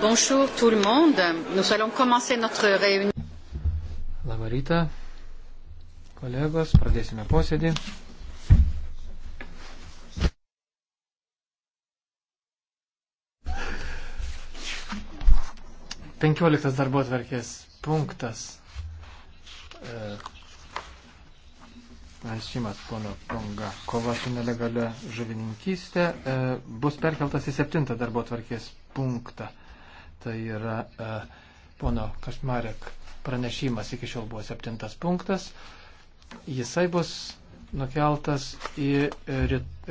Bonjour tout le monde. Nous allons commencer notre réunion. Labą rytą, kolegos, pradėsime posėdį. Penkioliktas darbo atverkės punktas. E, pranešimas pono Ponga, kova su nelegalia žuvininkystė, e, bus perkeltas į septintą darbo atverkės punktą. Tai yra e, pono Kašmarek pranešimas iki šiol buvo septintas punktas. Jisai bus nukeltas į e,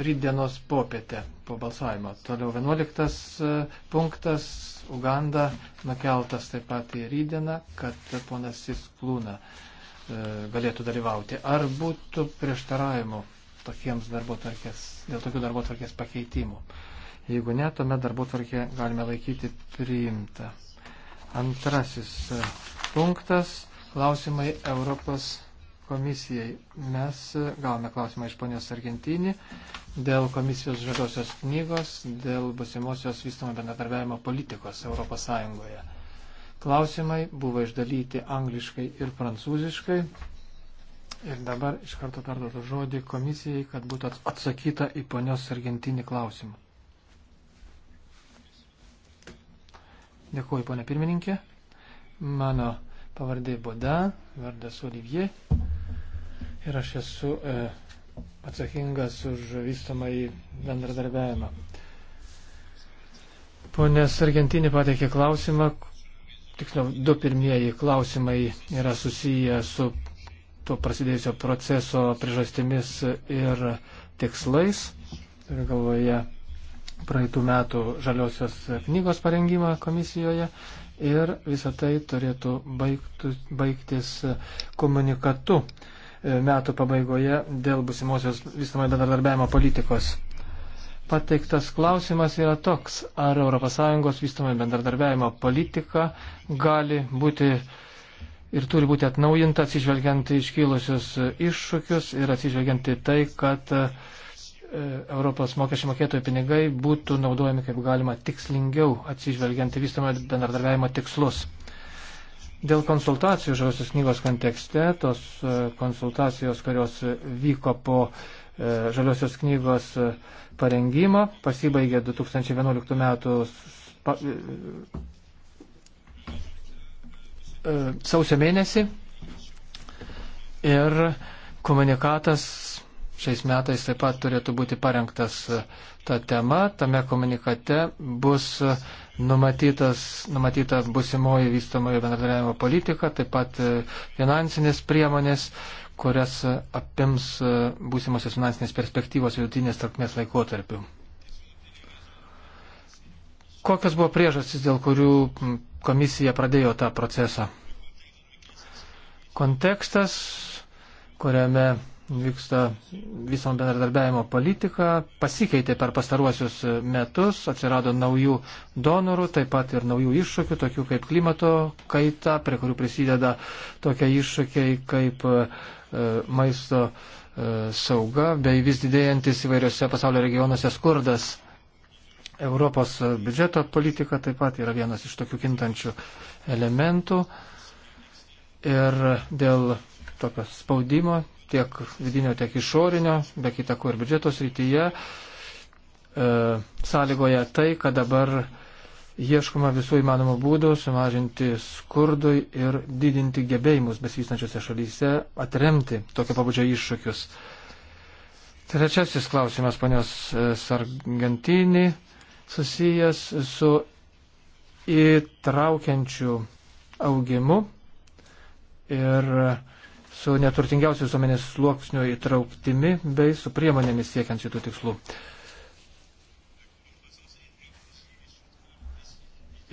rydienos popietę po balsavimo. Toliau 11 e, punktas, Uganda, nukeltas taip pat į rydieną, kad ponas Sisklūna e, galėtų dalyvauti. Ar būtų prieštaravimų tokiems darbo tvarkės, dėl tokių darbo tvarkės pakeitimų? Jeigu ne, tuomet darbo tvarkė galime laikyti priimta. Antrasis e, punktas - klausimai Europos komisijai. Mes e, gavome klausimą iš ponios Argentinį dėl komisijos žaliosios knygos, dėl busimosios vystomo bendradarbiavimo politikos ES. Klausimai buvo išdalyti angliškai ir prancūziškai. Ir dabar iš karto perduodu žodį komisijai, kad būtų atsakyta į ponios Argentinį klausimą. Dėkuoju, ponė pirmininkė. Mano pavardė Boda, vardas Olivier. Ir aš esu e, atsakingas už vystamą į bendradarbiavimą. Ponės Argentinė pateikė klausimą, tiksliau, du pirmieji klausimai yra susiję su tuo prasidėjusio proceso priežastimis ir tikslais. Turiu galvoje praeitų metų žaliosios knygos parengimą komisijoje ir visą tai turėtų baigtų, baigtis komunikatu e, metų pabaigoje dėl busimosios vystamai bendradarbiavimo politikos. Pateiktas klausimas yra toks, ar ES vystamai bendradarbiavimo politika gali būti ir turi būti atnaujinta atsižvelgiant iškilusius iššūkius ir atsižvelgiant į tai, kad uh, E, Europos mokesčių mokėtojų pinigai būtų naudojami kaip galima tikslingiau atsižvelgiant į vystamą bendradarbiavimo tikslus. Dėl konsultacijų žaliosios knygos kontekste, tos e, konsultacijos, kurios vyko po e, žaliosios knygos parengimo, pasibaigė 2011 metų sausio mėnesį ir komunikatas šiais metais taip pat turėtų būti parengtas e, ta tema. Tame komunikate bus e, numatyta busimoji vystamojo bendradarbiavimo politika, taip pat e, finansinės priemonės, kurias apims būsimosios finansinės perspektyvos vidutinės trukmės laikotarpių. Kokios buvo priežastys, dėl kurių komisija pradėjo tą procesą? Kontekstas, kuriame vyksta visom bendradarbiavimo politika, pasikeitė per pastaruosius metus, atsirado naujų donorų, taip pat ir naujų iššūkių, tokių kaip klimato kaita, prie kurių prisideda tokie iššūkiai kaip e, maisto e, sauga, bei vis didėjantis įvairiose pasaulio regionuose skurdas. Europos biudžeto politika taip pat yra vienas iš tokių kintančių elementų. Ir dėl tokio spaudimo tiek vidinio, tiek išorinio, be kita kur biudžeto srityje, e, sąlygoja tai, kad dabar ieškoma visų įmanomų būdų sumažinti skurdui ir didinti gebėjimus besivystančiose šalyse atremti tokio pabudžio iššūkius. Trečiasis klausimas, panios e, Sargentinį, susijęs su įtraukiančiu augimu ir su neturtingiausių visuomenės sluoksnių įtrauktimi bei su priemonėmis siekiant šitų tikslų.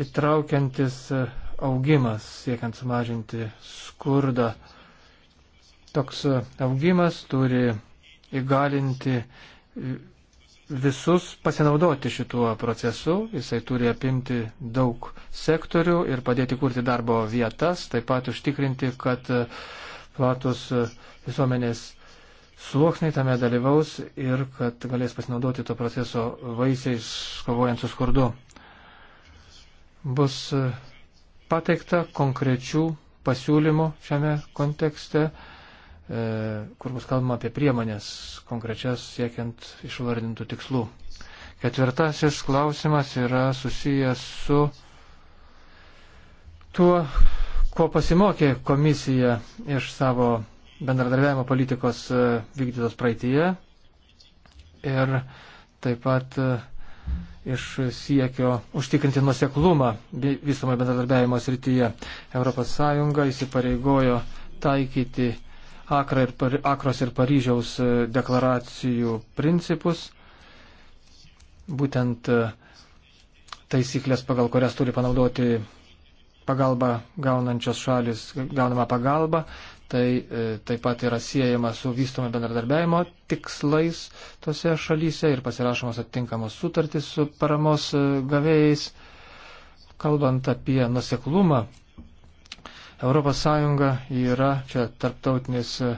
Įtraukiantis augimas siekiant sumažinti skurdą. Toks augimas turi įgalinti visus pasinaudoti šituo procesu, jisai turi apimti daug sektorių ir padėti kurti darbo vietas, taip pat užtikrinti, kad uh, platus e, visuomenės sluoksniai tame dalyvaus ir kad galės pasinaudoti to proceso vaisiais, kovojant su skurdu. Bus e, pateikta konkrečių pasiūlymų šiame kontekste, e, kur bus kalbama apie priemonės konkrečias siekiant išvardintų tikslų. Ketvirtasis klausimas yra susijęs su tuo, ko pasimokė komisija iš savo bendradarbiavimo politikos e, vykdytos praeitie ir taip pat e, iš siekio užtikrinti nuseklumą visomai bendradarbiavimo srityje. ES įsipareigojo taikyti Akra ir, Akros ir Paryžiaus e, deklaracijų principus, būtent taisyklės, pagal kurias turi panaudoti pagalbą gaunančios šalis, gaunama pagalba, tai e, taip pat yra siejama su vystomo bendradarbiajimo tikslais tose šalyse ir pasirašomos atitinkamos sutartys su paramos e, gavėjais. Kalbant apie nuseklumą, ES yra čia tarptautinis e,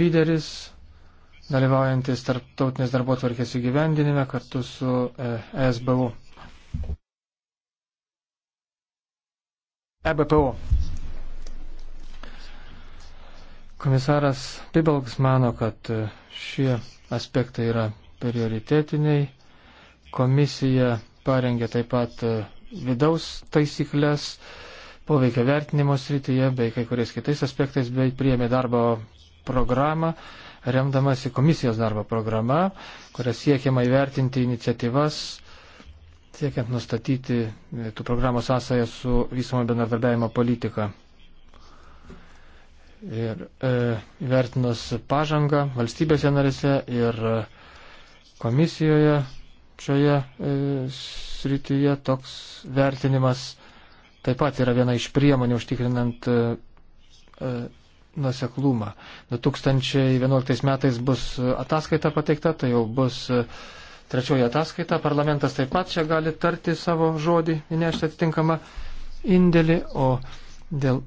lyderis, dalyvaujantis tarptautinės darbo tvarkės įgyvendinime kartu su ESBU. EBPO. Komisaras Pibalgs mano, kad e, šie aspektai yra prioritetiniai. Komisija parengė taip pat e, vidaus taisyklės poveikio vertinimo srityje bei kai kuriais kitais aspektais, bei priėmė darbo programą, remdamasi komisijos darbo programa, kuria siekiama įvertinti iniciatyvas siekiant nustatyti e, tų programų sąsąją su visamo bendradarbiavimo politika. Ir e, vertinus pažangą valstybėse narėse ir komisijoje šioje e, srityje toks vertinimas taip pat yra viena iš priemonių užtikrinant e, e, nuseklumą. 2011 metais bus ataskaita pateikta, tai jau bus e, trečioji ataskaita. Parlamentas taip pat čia gali tarti savo žodį, įnešti atitinkamą indėlį, o dėl,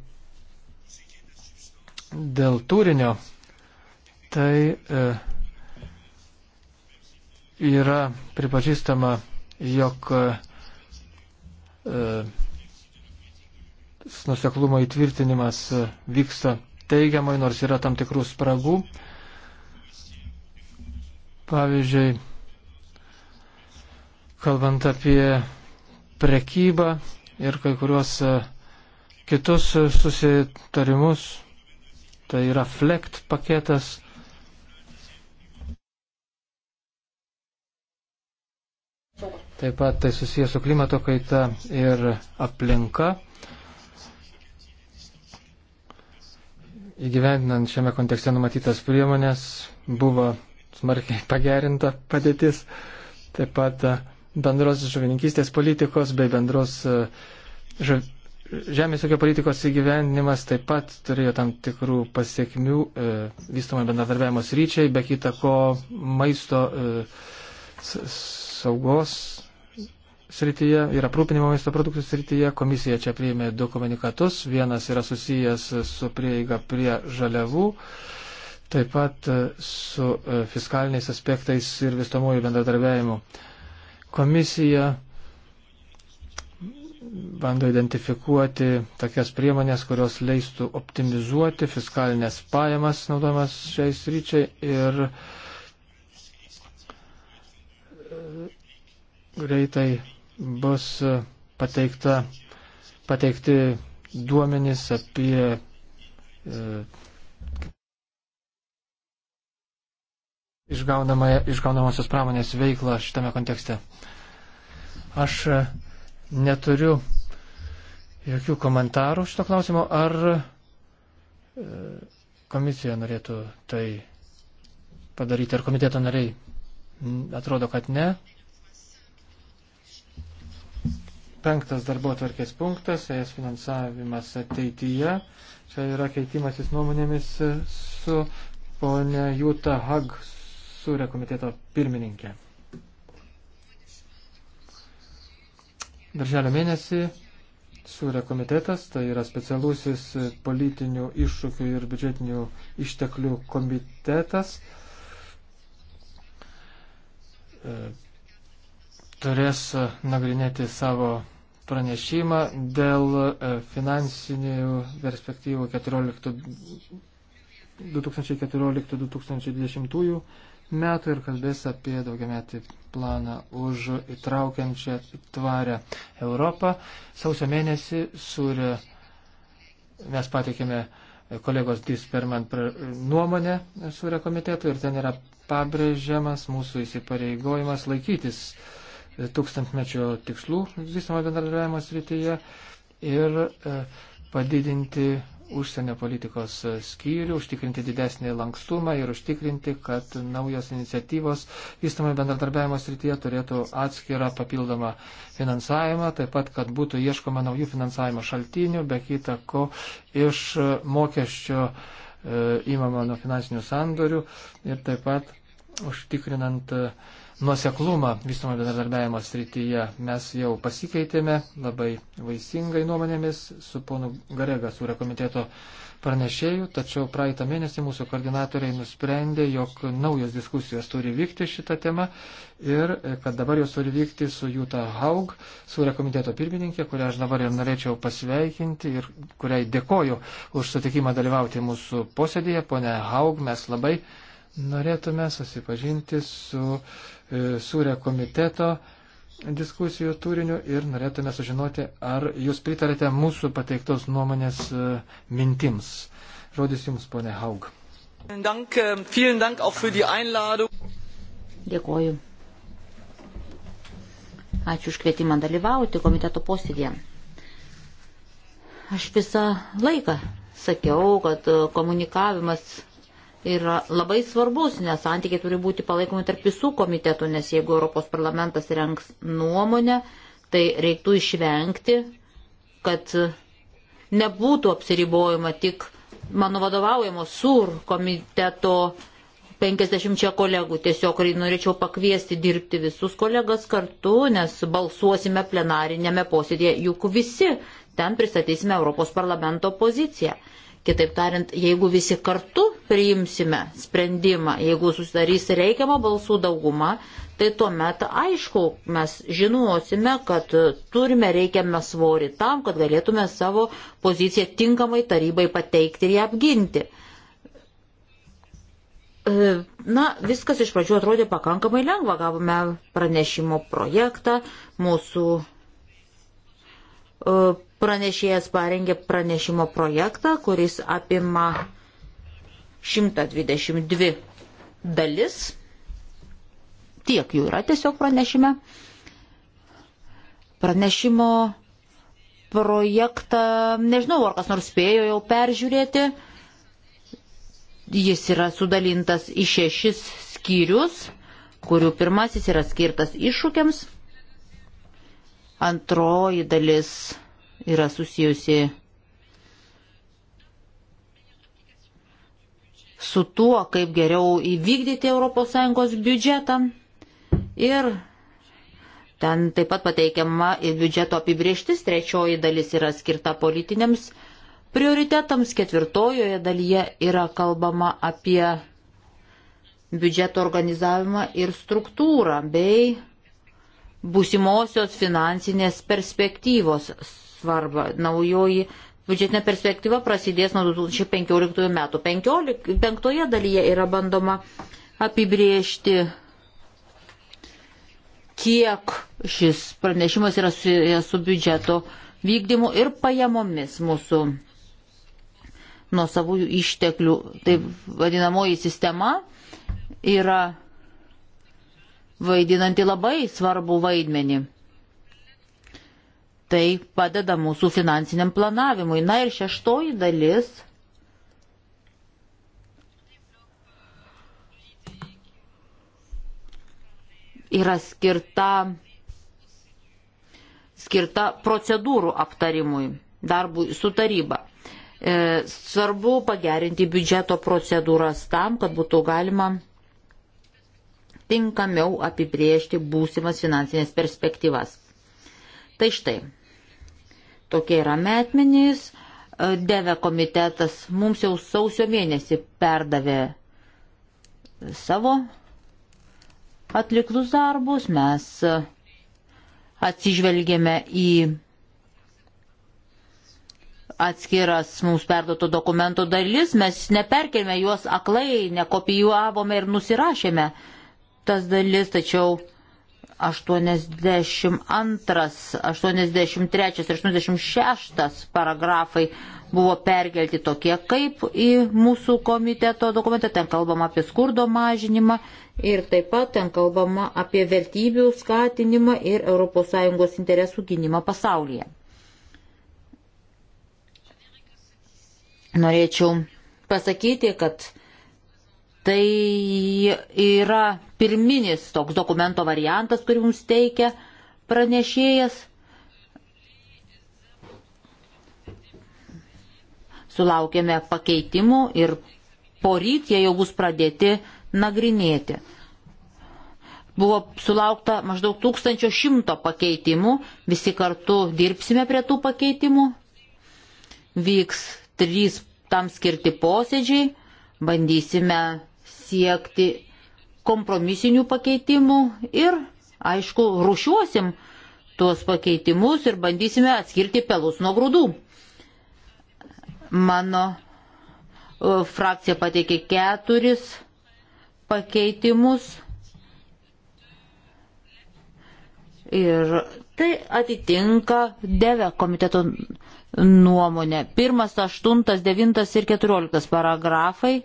dėl turinio tai e, yra pripažįstama, jog e, nuseklumo įtvirtinimas e, vyksta teigiamai, nors yra tam tikrų spragų. Pavyzdžiui, kalbant apie prekybą ir kai kuriuos e, kitus e, susitarimus. Tai yra FLECT paketas. Taip pat tai susijęs su klimato kaita ir aplinka. Įgyvendinant šiame kontekste numatytas priemonės buvo smarkiai pagerinta padėtis. Taip pat uh, bendros žuvininkystės politikos bei bendros e, žuv... žemės ūkio politikos įgyvendinimas taip pat turėjo tam tikrų pasiekmių e, vystomai bendradarbiavimo sryčiai, be kita ko maisto e, saugos srityje ir aprūpinimo maisto produktų srityje. Komisija čia priėmė du komunikatus. Vienas yra susijęs su prieiga prie žaliavų, taip pat e, su e, fiskaliniais aspektais ir vystomųjų bendradarbiavimu. E, Komisija bando identifikuoti tokias priemonės, kurios leistų optimizuoti fiskalinės pajamas naudojamas šiais ryčiai ir e, greitai bus pateikta, pateikti duomenys apie e, išgaunamosios pramonės veiklą šitame kontekste. Aš e, neturiu jokių komentarų šito klausimo, ar e, komisija norėtų tai padaryti, ar komiteto nariai. Atrodo, kad ne. Penktas darbo tvarkės punktas, es finansavimas ateityje. Čia yra keitimasis nuomonėmis e, su ponia Jūta Hag, Sūrė komiteto pirmininkė. Darželio mėnesį Sūrė komitetas, tai yra specialusis politinių iššūkių ir biudžetinių išteklių komitetas, e, turės nagrinėti savo pranešimą dėl e, finansinių perspektyvų 2014-2020 metų ir kalbės apie daugiametį planą už įtraukiančią tvarę Europą. Sausio mėnesį surė mes patikėme kolegos Disperman nuomonę surė komitetų ir ten yra pabrėžiamas mūsų įsipareigojimas laikytis tūkstantmečio tikslų vystamo bendradarbiavimo srityje ir e, padidinti užsienio politikos skyrių, užtikrinti didesnį lankstumą ir užtikrinti, kad naujos iniciatyvos vystamojo bendradarbiavimo srityje turėtų atskirą papildomą finansavimą, taip pat, kad būtų ieškoma naujų finansavimo šaltinių, be kita ko iš mokesčio e, įmama nuo finansinių sandorių ir taip pat užtikrinant e, nuoseklumą vystomo bendradarbiavimo srityje. Mes jau pasikeitėme labai vaisingai nuomonėmis su ponu Garega, su rekomiteto pranešėjų, tačiau praeitą mėnesį mūsų koordinatoriai nusprendė, jog naujos diskusijos turi vykti šitą temą ir kad dabar jos turi vykti su Jūta Haug, su rekomiteto pirmininkė, kurią aš dabar ir norėčiau pasveikinti ir kuriai dėkoju už sutikimą dalyvauti mūsų posėdėje. Pone Haug, mes labai norėtume susipažinti su e, Sūrė komiteto diskusijų turiniu ir norėtume sužinoti, ar jūs pritarėte mūsų pateiktos nuomonės e, mintims. Žodis jums, ponė Haug. E, Dėkuoju. Ačiū už kvietimą dalyvauti komiteto posėdėje. Aš visą laiką sakiau, kad e, komunikavimas yra labai svarbus, nes santykiai turi būti palaikomi tarp visų komitetų, nes jeigu Europos parlamentas renks nuomonę, tai reiktų išvengti, kad nebūtų apsiribojama tik mano vadovaujamo SUR komiteto 50 kolegų. Tiesiog norėčiau pakviesti dirbti visus kolegas kartu, nes balsuosime plenarinėme posėdėje, juk visi ten pristatysime Europos parlamento poziciją. Kitaip tariant, jeigu visi kartu priimsime sprendimą, jeigu susidarys reikiamą balsų daugumą, tai tuomet aišku, mes žinosime, kad turime reikiamą svorį tam, kad galėtume savo poziciją tinkamai tarybai pateikti ir ją apginti. E, na, viskas iš pradžių atrodė pakankamai lengva, gavome pranešimo projektą, mūsų e, Pranešėjas parengė pranešimo projektą, kuris apima 122 dalis. Tiek jų yra tiesiog pranešime. Pranešimo projektą, nežinau, ar kas nors spėjo jau peržiūrėti. Jis yra sudalintas į šešis skyrius, kurių pirmasis yra skirtas iššūkiams, antroji dalis yra susijusi su tuo, kaip geriau įvykdyti ES biudžetą. Ir ten taip pat pateikiama biudžeto apibrieštis, trečioji dalis yra skirta politiniams prioritetams, ketvirtojoje dalyje yra kalbama apie biudžeto organizavimą ir struktūrą bei būsimosios finansinės perspektyvos svarbą. Naujoji biudžetinė perspektyva prasidės nuo 2015 metų. 15, penktoje dalyje yra bandoma apibriežti, kiek šis pranešimas yra su, su biudžeto vykdymu ir pajamomis mūsų nuo savųjų išteklių. Taip vadinamoji sistema yra vaidinanti labai svarbų vaidmenį tai padeda mūsų finansiniam planavimui. Na ir šeštoji dalis. Yra skirta, skirta procedūrų aptarimui, darbui su taryba. E, svarbu pagerinti biudžeto procedūras tam, kad būtų galima tinkamiau apibriežti būsimas finansinės perspektyvas. Tai štai, Tokie yra metmenys. E, Deve komitetas mums jau sausio mėnesį perdavė savo atliktus darbus. Mes e, atsižvelgėme į atskiras mums perduoto dokumento dalis, mes neperkėme juos aklai, nekopijuavome ir nusirašėme tas dalis, tačiau 82, 83 ir 86 paragrafai buvo perkelti tokie kaip į mūsų komiteto dokumentą. Ten kalbama apie skurdo mažinimą ir taip pat ten kalbama apie vertybių skatinimą ir ES interesų gynimą pasaulyje. Norėčiau pasakyti, kad Tai yra pirminis toks dokumento variantas, kurį mums teikia pranešėjas. Sulaukėme pakeitimų ir poryt jie jau bus pradėti nagrinėti. Buvo sulaukta maždaug 1100 pakeitimų, visi kartu dirbsime prie tų pakeitimų. Vyks trys tam skirti posėdžiai, bandysime siekti kompromisinių pakeitimų ir, aišku, rušiuosim tuos pakeitimus ir bandysime atskirti pelus nuo grūdų. Mano e, frakcija pateikė keturis pakeitimus ir tai atitinka DEVE komiteto nuomonę. Pirmas, aštuntas, devintas ir keturioliktas paragrafai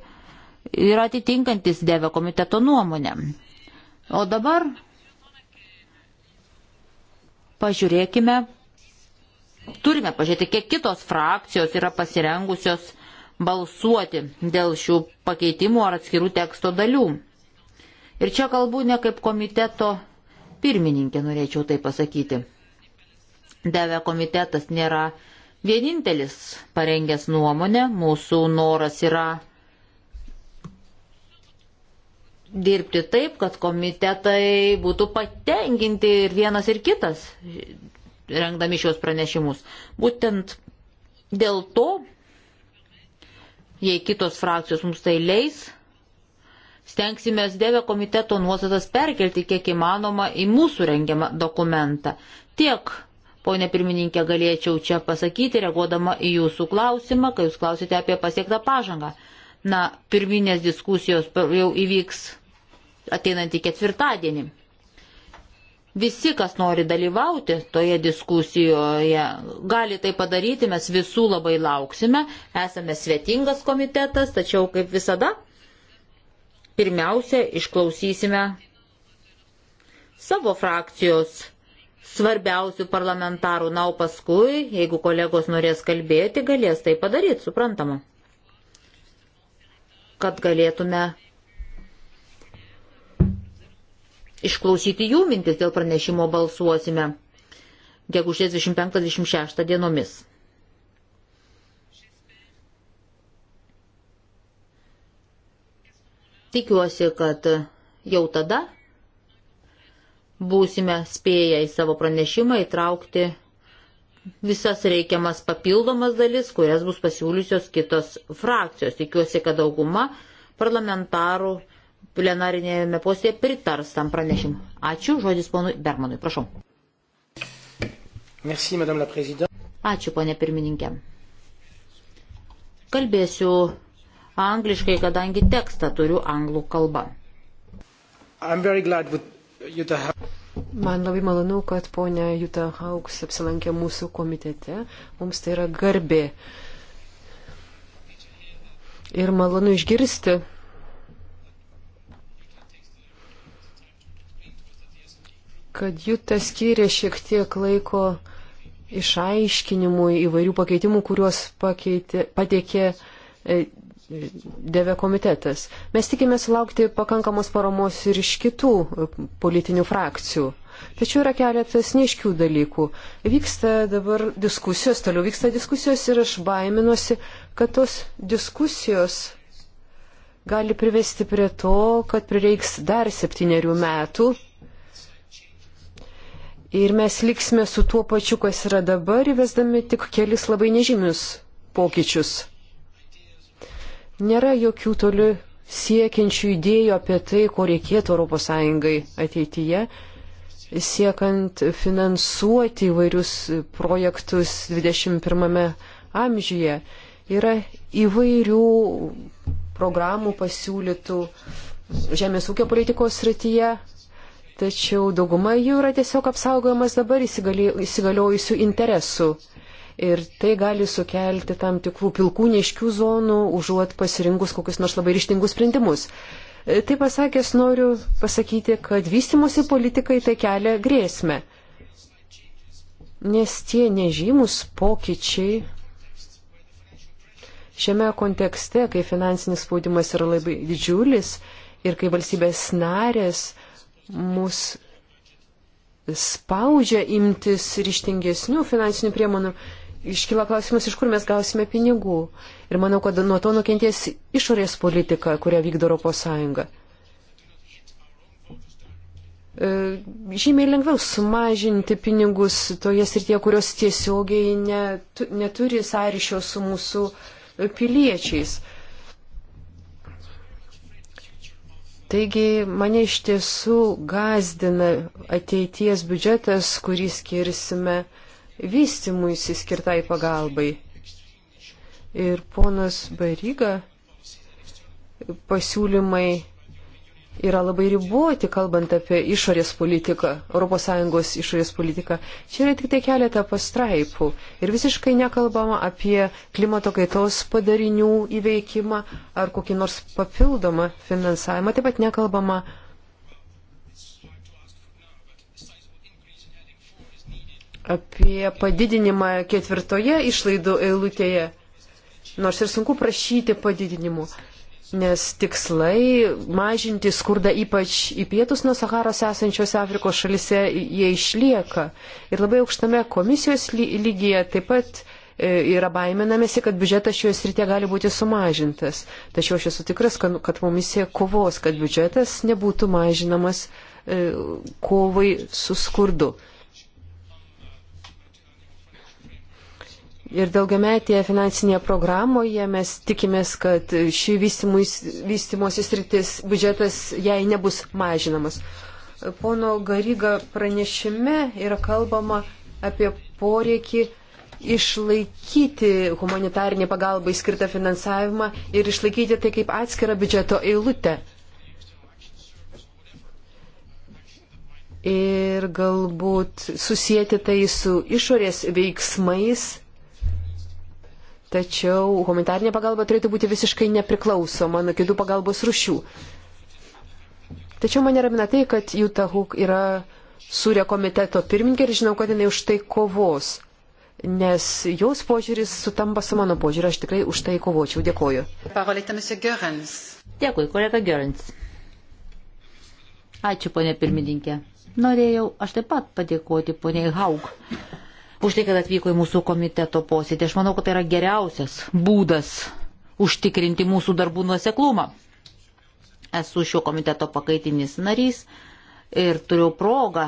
yra atitinkantis Deve komiteto nuomonę. O dabar pažiūrėkime, turime pažiūrėti, kiek kitos frakcijos yra pasirengusios balsuoti dėl šių pakeitimų ar atskirų teksto dalių. Ir čia kalbu ne kaip komiteto pirmininkė, norėčiau tai pasakyti. Deve komitetas nėra vienintelis parengęs nuomonę, mūsų noras yra dirbti taip, kad komitetai būtų patenkinti ir vienas ir kitas, rengdami šios pranešimus. Būtent dėl to, jei kitos frakcijos mums tai leis, stengsime dėvę komiteto nuostatas perkelti kiek įmanoma į mūsų rengiamą dokumentą. Tiek, ponė pirmininkė, galėčiau čia pasakyti, reaguodama į jūsų klausimą, kai jūs klausite apie pasiektą pažangą. Na, pirminės diskusijos jau įvyks ateinantį ketvirtadienį. Visi, kas nori dalyvauti toje diskusijoje, gali tai padaryti, mes visų labai lauksime, esame svetingas komitetas, tačiau kaip visada, pirmiausia, išklausysime savo frakcijos svarbiausių parlamentarų, na, o paskui, jeigu kolegos norės kalbėti, galės tai padaryti, suprantama. Kad galėtume išklausyti jų mintis dėl pranešimo balsuosime gegužės 25-26 dienomis. Tikiuosi, kad jau tada būsime spėję į savo pranešimą įtraukti visas reikiamas papildomas dalis, kurias bus pasiūlysios kitos frakcijos. Tikiuosi, kad dauguma parlamentarų plenarinėme posėdėje pritars tam pranešimu. Ačiū, žodis ponui Bermanui, prašau. Merci, Ačiū, ponė pirmininkė. Kalbėsiu angliškai, kadangi tekstą turiu anglų kalbą. Man labai malonu, kad ponia Juta Hauks apsilankė mūsų komitete. Mums tai yra garbė. Ir malonu išgirsti kad Jūta skyrė šiek tiek laiko išaiškinimui įvairių pakeitimų, kuriuos pakeitė, pateikė e, Deve komitetas. Mes tikime sulaukti pakankamos paramos ir iš kitų e, politinių frakcijų. Tačiau yra keletas neiškių dalykų. Vyksta dabar diskusijos, toliau vyksta diskusijos ir aš baiminuosi, kad tos diskusijos gali privesti prie to, kad prireiks dar septyniarių metų Ir mes liksime su tuo pačiu, kas yra dabar, įvesdami tik kelis labai nežymius pokyčius. Nėra jokių toli siekiančių idėjų apie tai, ko reikėtų ES ateityje, siekant finansuoti įvairius projektus 21 amžiuje. Yra įvairių programų pasiūlytų žemės ūkio politikos srityje, tačiau dauguma jų yra tiesiog apsaugojamas dabar įsigaliojusių interesų. Ir tai gali sukelti tam tikrų pilkų neiškių zonų, užuot pasirinkus kokius nors labai ryštingus sprendimus. E, tai pasakęs noriu pasakyti, kad vystimosi politikai tai kelia grėsmę. Nes tie nežymus pokyčiai šiame kontekste, kai finansinis spaudimas yra labai didžiulis ir kai valstybės narės mus spaudžia imtis ryštingesnių finansinių priemonių, iškyla klausimas, iš kur mes gausime pinigų. Ir manau, kad nuo to nukentės išorės politika, kurią vykdo Europos Sąjunga. E, žymiai lengviau sumažinti pinigus toje srityje, kurios tiesiogiai net, neturi sąryšio su mūsų piliečiais. Uh, Taigi mane iš tiesų gazdina ateities biudžetas, kurį skirsime vystimui įsiskirtai pagalbai. Ir ponas Baryga pasiūlymai yra labai riboti, kalbant apie išorės politiką, ES išorės politiką. Čia yra tik tai keletą pastraipų ir visiškai nekalbama apie klimato kaitos padarinių įveikimą ar kokį nors papildomą finansavimą, taip pat nekalbama. apie padidinimą ketvirtoje išlaidų eilutėje, nors ir sunku prašyti padidinimų nes tikslai mažinti skurdą ypač į pietus nuo Saharos esančiose Afrikos šalise jie išlieka. Ir labai aukštame komisijos lygyje taip pat e, yra baiminamėsi, kad biudžetas šioje srityje gali būti sumažintas. Tačiau aš esu tikras, kad komisija kovos, kad biudžetas nebūtų mažinamas e, kovai su skurdu. Ir daugiametėje finansinėje programoje mes tikimės, kad šį vystimosi sritis biudžetas jai nebus mažinamas. Pono Garyga pranešime yra kalbama apie poreikį išlaikyti humanitarinį pagalbą įskirtą finansavimą ir išlaikyti tai kaip atskirą biudžeto eilutę. Ir galbūt susijęti tai su išorės veiksmais tačiau humanitarinė pagalba turėtų būti visiškai nepriklausoma nuo kitų pagalbos rušių. Tačiau mane ramina tai, kad Juta Huk yra surė komiteto pirmininkė ir žinau, kad jinai už tai kovos, nes jos požiūris sutampa su mano požiūriu, aš tikrai už tai kovočiau. Dėkoju. Dėkui, kolega Gerins. Ačiū, ponė pirmininkė. Norėjau aš taip pat padėkoti poniai Haug už tai, kad atvyko į mūsų komiteto posėdį. Aš manau, kad tai yra geriausias būdas užtikrinti mūsų darbų nuoseklumą. Esu šio komiteto pakaitinis narys ir turiu progą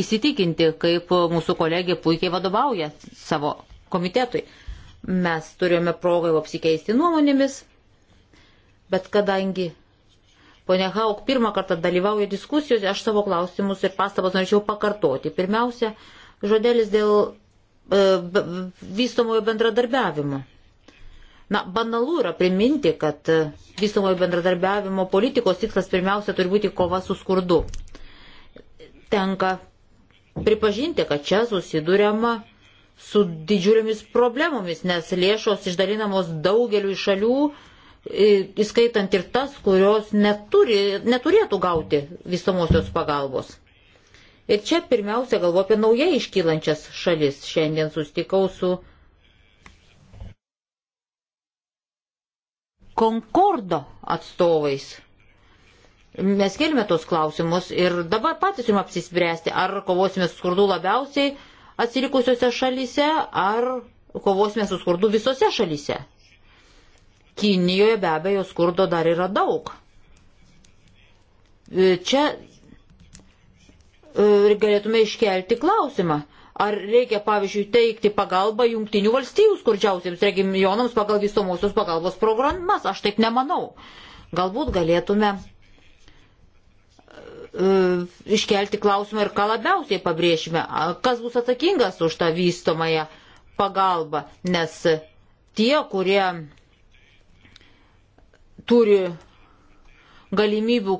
įsitikinti, kaip mūsų kolegė puikiai vadovauja savo komitetui. Mes turėjome progą jau apsikeisti nuomonėmis, bet kadangi ponia Hauk pirmą kartą dalyvauja diskusijose, aš savo klausimus ir pastabas norėčiau pakartoti. Pirmiausia, žodelis dėl e, vystomojo bendradarbiavimo. Na, banalu yra priminti, kad e, vystomojo bendradarbiavimo politikos tikslas pirmiausia turi būti kova su skurdu. Tenka pripažinti, kad čia susidūrėma su didžiulėmis problemomis, nes lėšos išdalinamos daugeliu šalių, įskaitant ir tas, kurios neturi, neturėtų gauti visomosios pagalbos. Ir čia pirmiausia galvo apie naujai iškylančias šalis. Šiandien sustikau su Konkordo atstovais. Mes kelime tos klausimus ir dabar patys jums apsispręsti, ar kovosime su skurdu labiausiai atsilikusiuose šalyse, ar kovosime su skurdu visose šalyse. Kinijoje be abejo skurdo dar yra daug. E, čia E, galėtume iškelti klausimą. Ar reikia, pavyzdžiui, teikti pagalbą jungtinių valstybių skurdžiausiems regionams pagal visomosios pagalbos programas? Aš taip nemanau. Galbūt galėtume e, iškelti klausimą ir ką labiausiai pabrėšime, kas bus atsakingas už tą vystomąją pagalbą, nes tie, kurie turi galimybių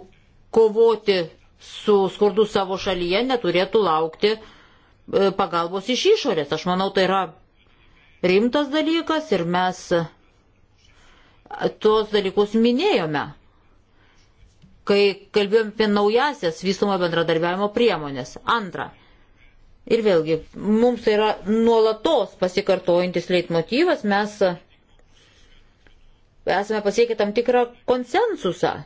kovoti su skurdu savo šalyje, neturėtų laukti e, pagalbos iš išorės. Aš manau, tai yra rimtas dalykas ir mes e, tuos dalykus minėjome, kai kalbėjom apie naujasias visumo bendradarbiavimo priemonės. Antra. Ir vėlgi, mums tai yra nuolatos pasikartojantis leitmotyvas, mes e, esame pasiekę tam tikrą konsensusą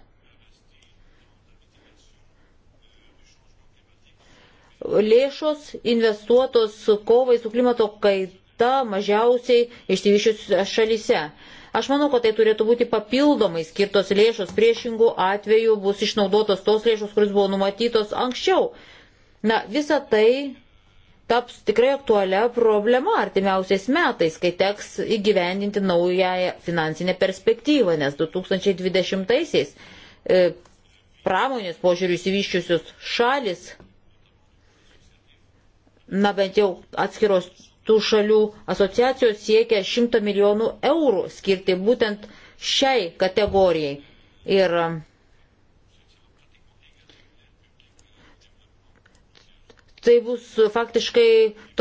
lėšos investuotos kovai su klimato kaita mažiausiai išsivyščiusiuose šalyse. Aš manau, kad tai turėtų būti papildomai skirtos lėšos, priešingų atveju bus išnaudotos tos lėšos, kuris buvo numatytos anksčiau. Na, visa tai taps tikrai aktualia problema artimiausiais metais, kai teks įgyvendinti naująją finansinę perspektyvą, nes 2020-aisiais e, pramonės požiūrių įsivyščiusios šalis na bent jau atskiros tų šalių asociacijos siekia 100 milijonų eurų skirti būtent šiai kategorijai. Ir um, tai bus faktiškai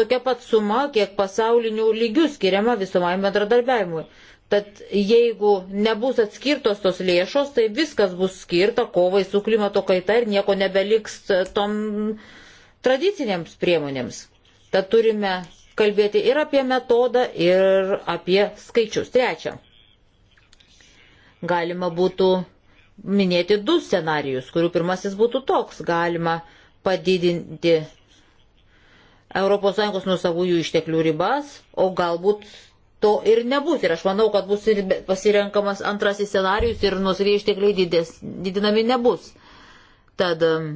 tokia pat suma, kiek pasaulinių lygių skiriama visumai bendradarbiavimui. Tad jeigu nebus atskirtos tos lėšos, tai viskas bus skirta kovai su klimato kaita ir nieko nebeliks uh, tom uh, tradicinėms priemonėms. Tad turime kalbėti ir apie metodą, ir apie skaičius. Trečia. Galima būtų minėti du scenarius, kurių pirmasis būtų toks. Galima padidinti ES nusavųjų išteklių ribas, o galbūt to ir nebus. Ir aš manau, kad bus ir pasirenkamas antrasis scenarijus ir nusavėjai ištekliai didinami nebus. Tad um,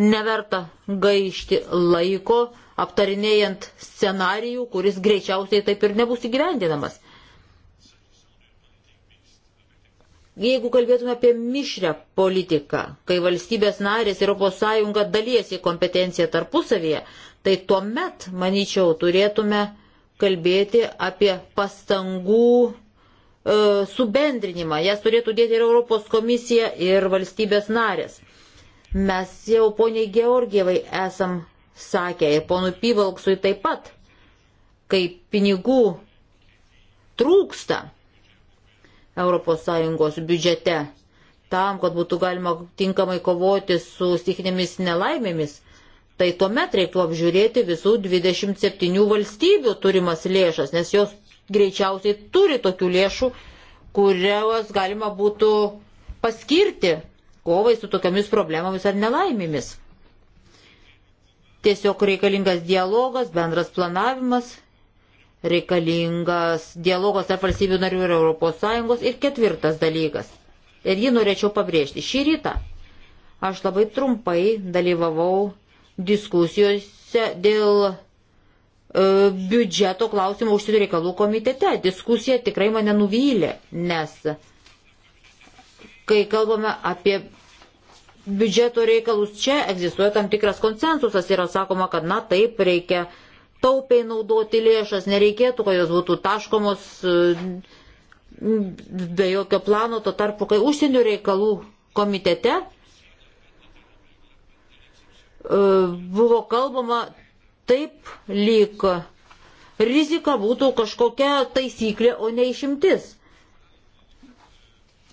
neverta gaišti laiko aptarinėjant scenarijų, kuris greičiausiai taip ir nebus įgyvendinamas. Jeigu kalbėtume apie mišrę politiką, kai valstybės narės ir ES dalysi kompetenciją tarpusavyje, tai tuomet, manyčiau, turėtume kalbėti apie pastangų e, subendrinimą. Jas turėtų dėti ir Europos komisija, ir valstybės narės. Mes jau poniai Georgievai esam sakę ir ponui Pivalksui taip pat, kai pinigų trūksta ES biudžete tam, kad būtų galima tinkamai kovoti su stichinėmis nelaimėmis, tai tuomet reiktų apžiūrėti visų 27 valstybių turimas lėšas, nes jos greičiausiai turi tokių lėšų, kurios galima būtų paskirti kovai su tokiamis problemomis ar nelaimėmis. Tiesiog reikalingas dialogas, bendras planavimas, reikalingas dialogas tarp valstybių narių ir ES. Ir ketvirtas dalykas. Ir jį norėčiau pabrėžti. Šį rytą aš labai trumpai dalyvavau diskusijose dėl e, biudžeto klausimo užsienio reikalų komitete. Diskusija tikrai mane nuvylė, nes kai kalbame apie biudžeto reikalus. Čia egzistuoja tam tikras konsensusas, yra sakoma, kad na taip reikia taupiai naudoti lėšas, nereikėtų, kad jos būtų taškomos e, be jokio plano, to tarpu, kai užsienio reikalų komitete e, buvo kalbama taip lyg rizika būtų kažkokia taisyklė, o ne išimtis.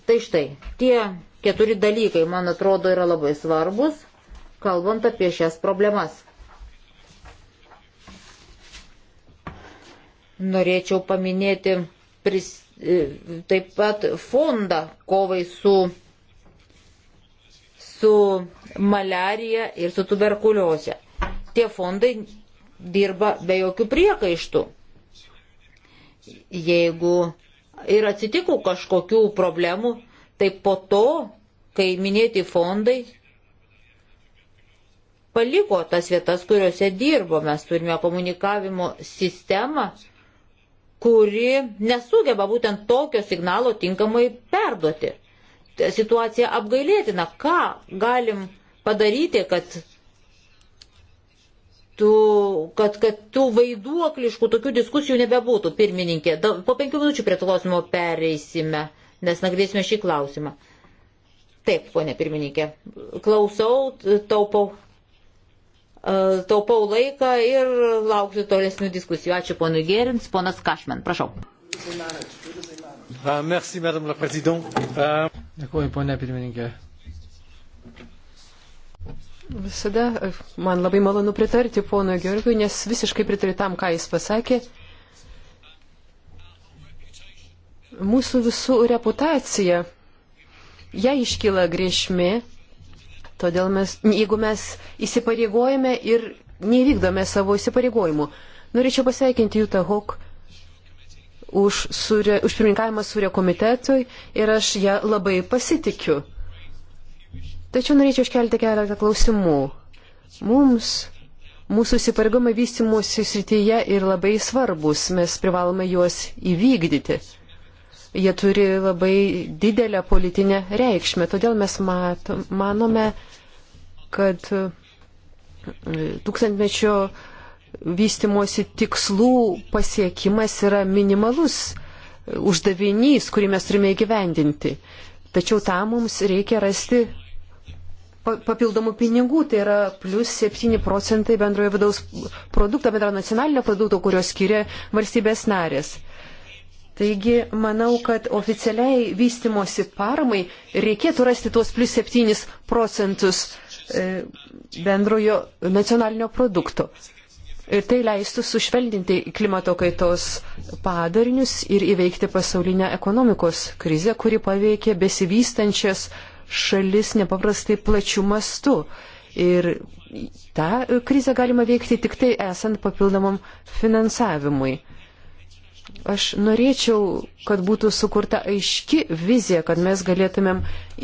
Tai štai, tie Keturi dalykai, man atrodo, yra labai svarbus, kalbant apie šias problemas. Norėčiau paminėti pris, e, taip pat fondą kovai su, su malarija ir su tuberkuliozė. Tie fondai dirba be jokių priekaištų. Jeigu ir atsitikų kažkokių problemų, tai po to, kai minėti fondai paliko tas vietas, kuriuose dirbo, mes turime komunikavimo sistemą, kuri nesugeba būtent tokio signalo tinkamai perduoti. Situacija apgailėtina, ką galim padaryti, kad tų, kad, kad tų vaiduokliškų tokių diskusijų nebebūtų, pirmininkė. Da, po penkių minučių prie to klausimo pereisime nes nagrėsime šį klausimą. Taip, ponė pirmininkė, klausau, taupau, e, taupau laiką ir lauksiu tolesnių diskusijų. Ačiū ponui Gerins, ponas Kašmen, prašau. Ah, merci, madame la présidente. Ah. Dėkuoju, ponė pirmininkė. Visada e, man labai malonu pritarti pono Georgiui, nes visiškai pritariu tam, ką jis pasakė. mūsų visų reputacija, ją iškyla grėsmė, todėl mes, jeigu mes įsipareigojame ir nevykdome savo įsipareigojimų. Norėčiau pasveikinti Jūtą Hok už, surė, už pirmininkavimą surė komitetui ir aš ją labai pasitikiu. Tačiau norėčiau iškelti keletą klausimų. Mums mūsų įsipareigojimai vystimuosi srityje ir labai svarbus, mes privalome juos įvykdyti jie turi labai didelę politinę reikšmę. Todėl mes matom, manome, kad e, tūkstantmečio vystimosi tikslų pasiekimas yra minimalus e, uždavinys, kurį mes turime įgyvendinti. Tačiau tam mums reikia rasti papildomų pinigų, tai yra plus 7 procentai bendrojo vidaus produkto, bendro nacionalinio produkto, kurio skiria valstybės narės. Taigi, manau, kad oficialiai vystimosi paramai reikėtų rasti tuos plus 7 procentus e, bendrojo nacionalinio produkto. Ir tai leistų sušvelninti klimato kaitos padarinius ir įveikti pasaulinę ekonomikos krizę, kuri paveikė besivystančias šalis nepaprastai plačių mastų. Ir tą krizę galima veikti tik tai esant papildomam finansavimui. Aš norėčiau, kad būtų sukurta aiški vizija, kad mes galėtumėm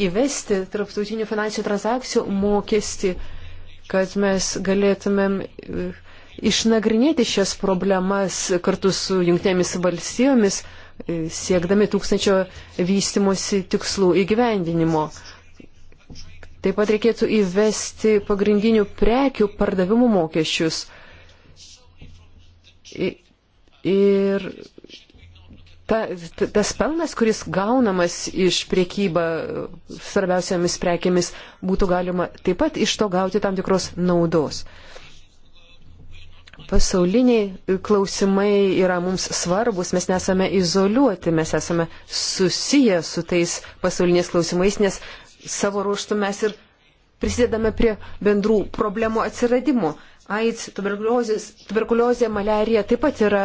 įvesti tarptautinių finansinių transakcijų mokestį, kad mes galėtumėm e, išnagrinėti šias problemas kartu su jungtėmis valstijomis, e, siekdami tūkstančio vystimosi tikslų įgyvendinimo. Taip pat reikėtų įvesti pagrindinių prekių pardavimų mokesčius Ir ta, tas pelnas, kuris gaunamas iš priekyba svarbiausiamis prekiamis, būtų galima taip pat iš to gauti tam tikros naudos. Pasauliniai klausimai yra mums svarbus, mes nesame izoliuoti, mes esame susiję su tais pasauliniais klausimais, nes savo ruoštų mes ir prisidedame prie bendrų problemų atsiradimo. AIDS, tuberkuliozė, malerija taip pat yra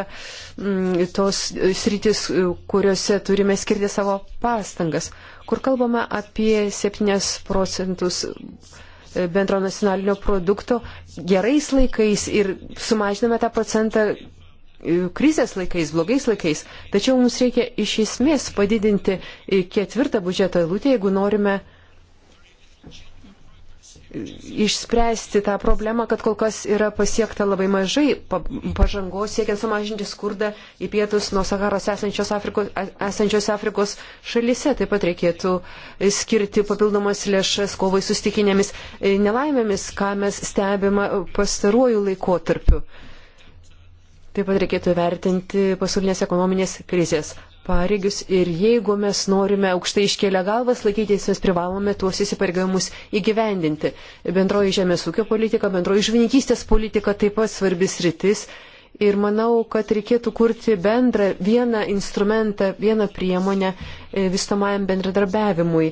mm, tos e, sritis, e, kuriuose turime skirti savo pastangas, kur kalbame apie 7 procentus e, bendro nacionalinio produkto gerais laikais ir sumažiname tą procentą krizės laikais, blogais laikais. Tačiau mums reikia iš esmės padidinti ketvirtą budžeto eilutę, jeigu norime uh, išspręsti tą problemą, kad kol kas yra pasiekta labai mažai pažangos siekiant sumažinti skurdą į pietus nuo Saharos esančios Afrikos, e, esančios Afrikos šalyse. Taip pat reikėtų skirti papildomas lėšas kovai sustikinėmis e, nelaimėmis, ką mes stebime pastaruoju laikotarpiu. Taip pat reikėtų vertinti pasaulinės ekonominės krizės pareigius ir jeigu mes norime aukštai iškėlę galvas laikytis, mes privalome tuos įsipareigojimus įgyvendinti. Bendroji žemės ūkio politika, bendroji žvininkystės politika taip pat svarbis rytis. Ir manau, kad reikėtų kurti bendrą vieną instrumentą, vieną priemonę e, vystamajam bendradarbiavimui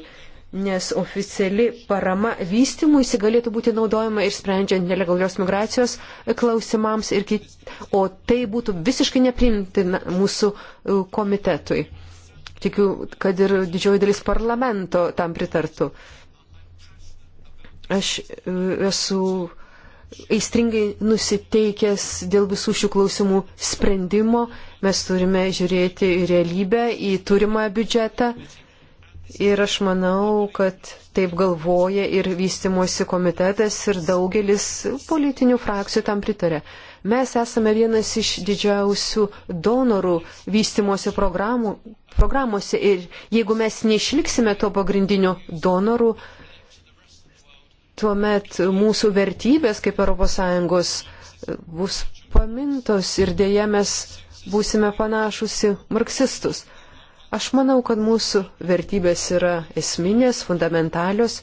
nes oficiali parama vystimui įsigalėtų būti naudojama ir sprendžiant nelegalios migracijos klausimams, ir kit... o tai būtų visiškai neprimtina mūsų e, komitetui. Tikiu, kad ir didžioji dalis parlamento tam pritartų. Aš e, esu aistringai nusiteikęs dėl visų šių klausimų sprendimo. Mes turime žiūrėti į realybę, į turimą biudžetą. Ir aš manau, kad taip galvoja ir vystimosi komitetas ir daugelis politinių frakcijų tam pritarė. Mes esame vienas iš didžiausių donorų vystimosi programų, programuose ir jeigu mes neišliksime to pagrindinio donorų, tuomet mūsų vertybės kaip ES bus pamintos ir dėja mes būsime panašusi marksistus. Aš manau, kad mūsų vertybės yra esminės, fundamentalios.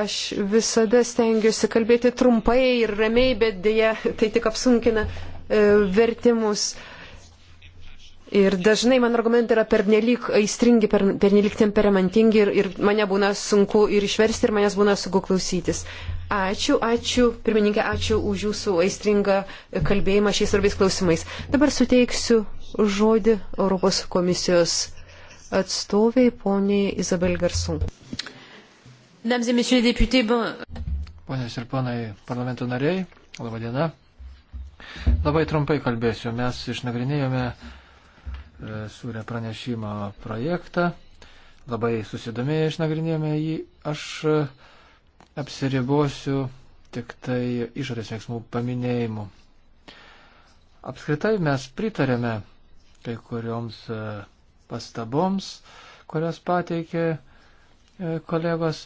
Aš visada stengiuosi kalbėti trumpai ir ramiai, bet dėja tai tik apsunkina e, vertimus. Ir dažnai man argumentai yra pernelyg aistringi, per, pernelyg temperamentingi ir, ir mane būna sunku ir išversti, ir manęs būna sunku klausytis. Ačiū, ačiū, pirmininkė, ačiū už jūsų aistringą kalbėjimą šiais svarbiais klausimais. Dabar suteiksiu žodį Europos komisijos atstoviai poniai Izabel Garson. Ponės ir ponai parlamento nariai, laba diena. Labai trumpai kalbėsiu. Mes išnagrinėjome e, surė pranešimo projektą. Labai susidomėję išnagrinėjome jį. Aš e, apsiribosiu tik tai išorės veiksmų paminėjimu. Apskritai mes pritarėme kai kurioms e, pastaboms, kurias pateikė e, kolegos.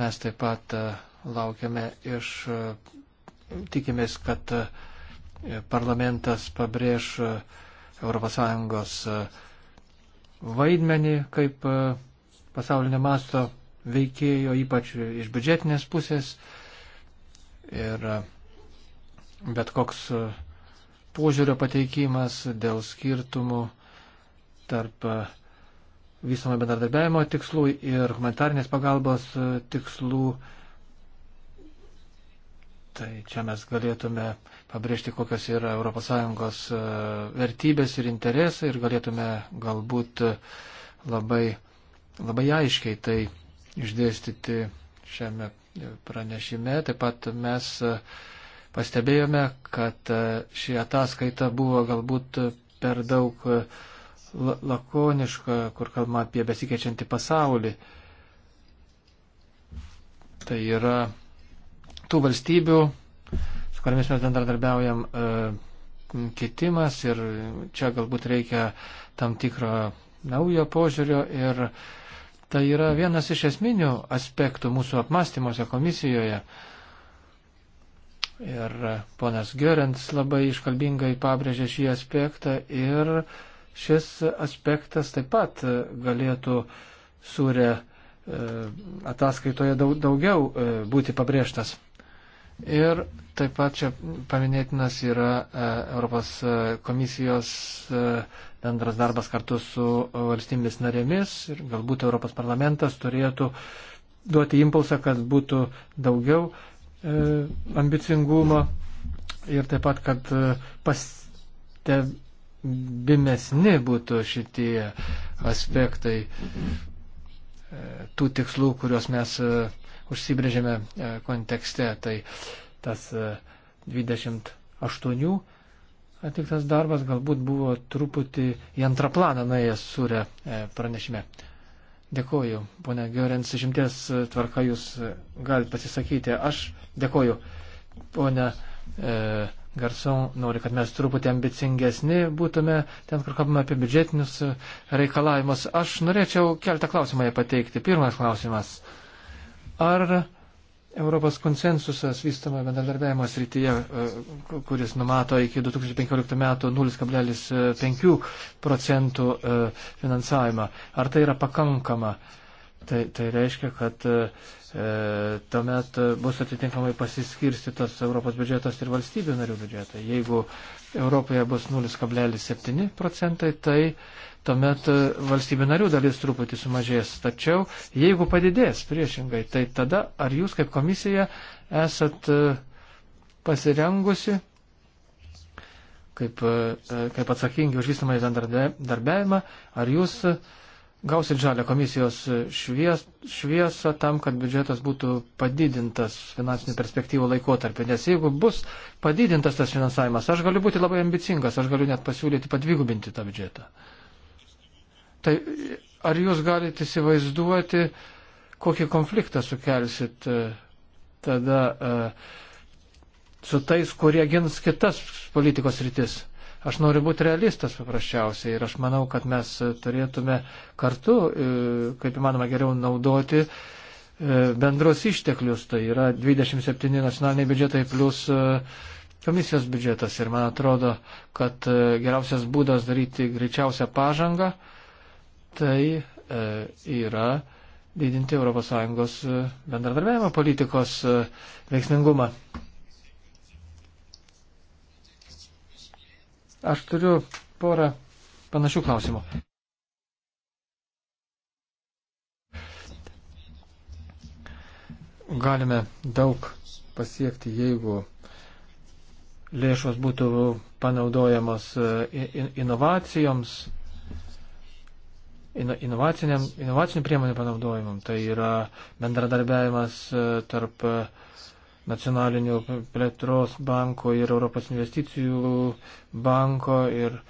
Mes taip pat e, laukiame iš, tikimės, kad parlamentas pabrėž ES vaidmenį kaip pasaulinio masto veikėjo, ypač iš biudžetinės pusės. Ir bet koks uh, požiūrio pateikimas, dėl skirtumų tarp e, visuomo bendradarbiavimo tikslų ir humanitarnės pagalbos e, tikslų. Tai čia mes galėtume pabrėžti, kokios yra ES e, vertybės ir interesai ir galėtume galbūt labai, labai aiškiai tai išdėstyti šiame pranešime. Taip pat mes uh, pastebėjome, kad e, ši ataskaita buvo galbūt per daug e, lakoniška, kur kalbama apie besikeičiantį pasaulį. Tai yra tų valstybių, su kuriamis mes bendradarbiaujam, e, kitimas ir čia galbūt reikia tam tikro naujo požiūrio ir tai yra vienas iš esminių aspektų mūsų apmastymuose komisijoje. Uh, Ir e, ponas Gerens labai iškalbingai pabrėžė šį aspektą ir šis aspektas taip pat galėtų surė e, ataskaitoje daug, daugiau e, būti pabrėžtas. Ir taip pat čia paminėtinas yra Europos komisijos bendras darbas kartu su valstybės narėmis ir galbūt Europos parlamentas turėtų duoti impulsą, kad būtų daugiau E, ambicingumo ir taip pat, kad e, pastebimesni būtų šitie aspektai e, tų tikslų, kuriuos mes užsibrėžėme kontekste. Tai tas 28 atliktas darbas galbūt buvo truputį į antrą planą nuėjęs surė pranešime. Dėkoju, ponia Gerens, žimties tvarka jūs e, galite pasisakyti. Aš dėkoju, ponia e, Garson, noriu, kad mes truputį ambicingesni būtume ten, kur kalbame apie biudžetinius e, reikalavimus. Aš norėčiau keltą klausimą pateikti. Pirmas klausimas. Ar Europos konsensusas vystamo bendradarbiavimo srityje, e, kuris numato iki 2015 metų 0,5 procentų e, finansavimą. Ar tai yra pakankama? Tai, tai reiškia, kad e, e tuomet bus atitinkamai pasiskirstytas Europos biudžetas ir valstybių narių biudžetai. Jeigu Europoje bus 0,7 procentai, tai tuomet e, valstybių narių dalis truputį sumažės. Tačiau jeigu padidės priešingai, tai tada ar jūs kaip komisija esat e, pasirengusi, kaip, e, kaip atsakingi už vystamą įbendradarbiavimą, ar jūs gausit žalę komisijos švies, šviesą tam, kad biudžetas būtų padidintas finansinių perspektyvų laikotarpį. Nes jeigu bus padidintas tas finansavimas, aš galiu būti labai ambicingas, aš galiu net pasiūlyti padvigubinti tą biudžetą. Uh, Tai ar jūs galite įsivaizduoti, kokį konfliktą sukelsit e, tada e, su tais, kurie gins kitas politikos rytis? Aš noriu būti realistas paprasčiausiai ir aš manau, kad mes turėtume kartu, e, kaip įmanoma, geriau naudoti bendros išteklius. Tai yra 27 nacionaliniai biudžetai plus komisijos biudžetas. Ir man atrodo, kad geriausias būdas daryti greičiausią pažangą tai e, yra didinti ES e, bendradarbiavimo politikos e, veiksmingumą. Aš turiu porą panašių klausimų. Galime daug pasiekti, jeigu lėšos būtų panaudojamos inovacijoms, inovacinių priemonių panaudojimam. Tai yra bendradarbiavimas e, tarp e, nacionalinių plėtros banko ir Europos investicijų banko ir,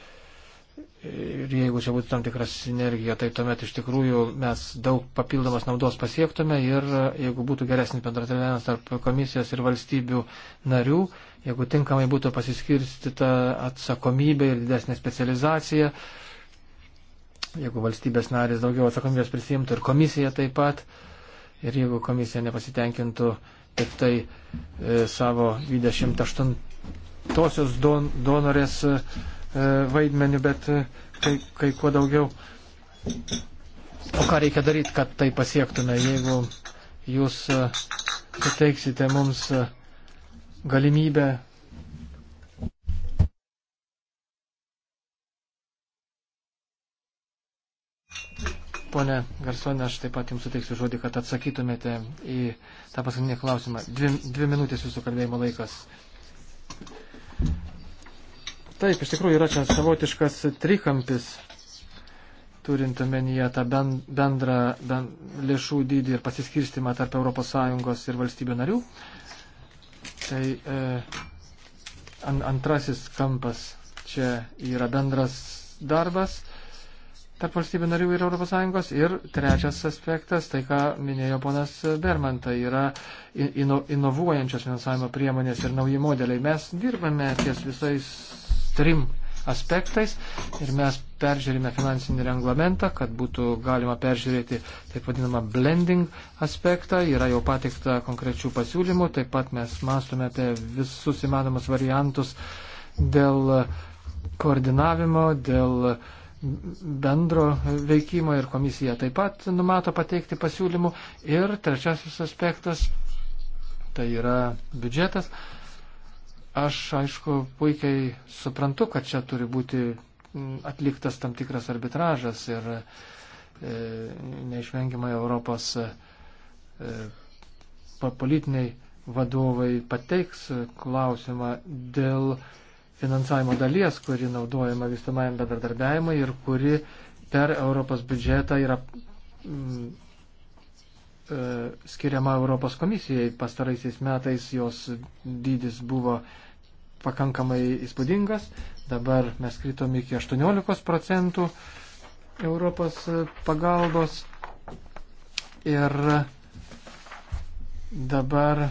ir jeigu čia būtų tam tikras sinergija, tai tuomet iš tikrųjų mes daug papildomos naudos pasiektume ir e, jeigu būtų geresnis bendradarbiavimas tarp komisijos ir valstybių narių, jeigu tinkamai būtų pasiskirstita atsakomybė ir didesnė specializacija, uh, jeigu valstybės narės daugiau atsakomybės prisimtų ir komisija taip pat, ir jeigu komisija nepasitenkintų tik tai e, savo 28-osios don, donorės e, e, vaidmeniu, bet e, kai, kai kuo daugiau. O ką reikia daryti, kad tai pasiektume, jeigu jūs e, suteiksite mums e, galimybę Pone Garsonė, aš taip pat jums suteiksiu žodį, kad atsakytumėte į tą paskutinį klausimą. Dvi, dvi minutės jūsų kalbėjimo laikas. Taip, iš tikrųjų yra čia savotiškas trikampis, turint omenyje tą bendrą ben, lėšų dydį ir pasiskirstimą tarp ES ir valstybių narių. Tai e, an, antrasis kampas čia yra bendras darbas tarp valstybių narių ir ES. Ir trečias aspektas, tai ką minėjo ponas Berman, tai yra ino, inovuojančios finansavimo priemonės ir nauji modeliai. Mes dirbame ties visais trim aspektais ir mes peržiūrime finansinį reglamentą, kad būtų galima peržiūrėti taip vadinamą blending aspektą. Yra jau pateikta konkrečių pasiūlymų, taip pat mes mąstome apie visus įmanomus variantus dėl koordinavimo, dėl uh, bendro veikimo ir komisija taip pat numato pateikti pasiūlymų. Ir trečiasis aspektas tai yra biudžetas. Aš aišku puikiai suprantu, kad čia turi būti atliktas tam tikras arbitražas ir e, neišvengiamai Europos e, politiniai vadovai pateiks klausimą dėl e, finansavimo dalies, kuri naudojama vystamajam bendradarbiavimui ir kuri per Europos biudžetą yra mm, e, skiriama Europos komisijai. Pastaraisiais metais jos dydis buvo pakankamai įspūdingas, dabar mes kritom iki 18 procentų Europos pagalbos ir dabar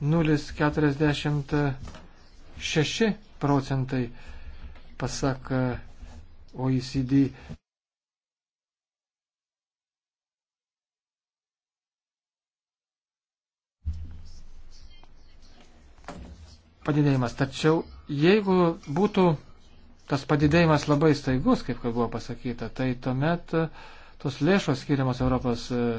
0,46 procentai, pasak e, OECD. Padidėjimas. Tačiau jeigu būtų tas padidėjimas labai staigus, kaip kad buvo pasakyta, tai tuomet e, tos lėšos skiriamos Europos uh,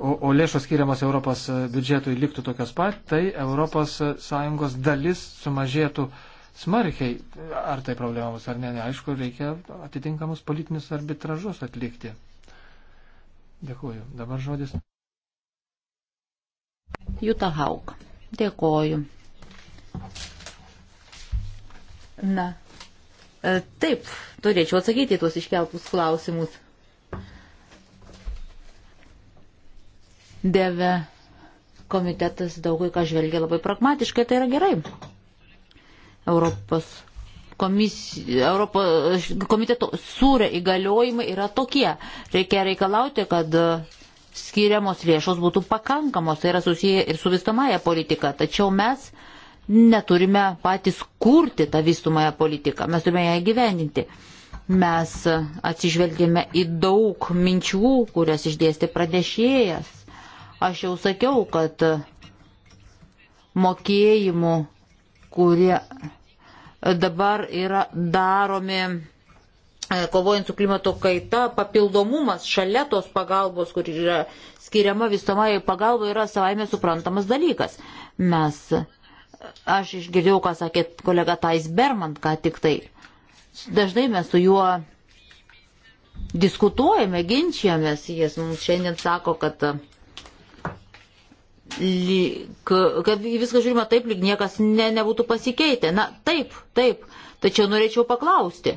o, o lėšos skiriamos Europos biudžetui liktų tokios pat, tai ES dalis sumažėtų smarkiai. Ar tai problemams ar ne, neaišku, reikia atitinkamus politinius arbitražus atlikti. Dėkuoju. Dabar žodis. Juta Hauk. Dėkuoju. Na, e, taip, turėčiau atsakyti tuos iškeltus klausimus. Deve komitetas daugai ką žvelgia labai pragmatiškai, tai yra gerai. Europos, komisija, Europos komiteto sūrė įgaliojimai yra tokie. Reikia reikalauti, kad skiriamos lėšos būtų pakankamos, tai yra susiję ir su vystamąją politiką. Tačiau mes neturime patys kurti tą vystamąją politiką, mes turime ją gyveninti. Mes atsižvelgėme į daug minčių, kurias išdėstė pradėšėjas Aš jau sakiau, kad mokėjimų, kurie dabar yra daromi e, kovojant su klimato kaita, papildomumas šalia tos pagalbos, kur yra skiriama visomai pagalba, yra savaime suprantamas dalykas. Mes, aš išgirdau, ką sakė kolega Tais Berman, ką tik tai. Dažnai mes su juo diskutuojame, ginčiamės, jis mums šiandien sako, kad lyg, kad viską žiūrima taip, lyg niekas ne, nebūtų pasikeitę. Na, taip, taip. Tačiau norėčiau paklausti,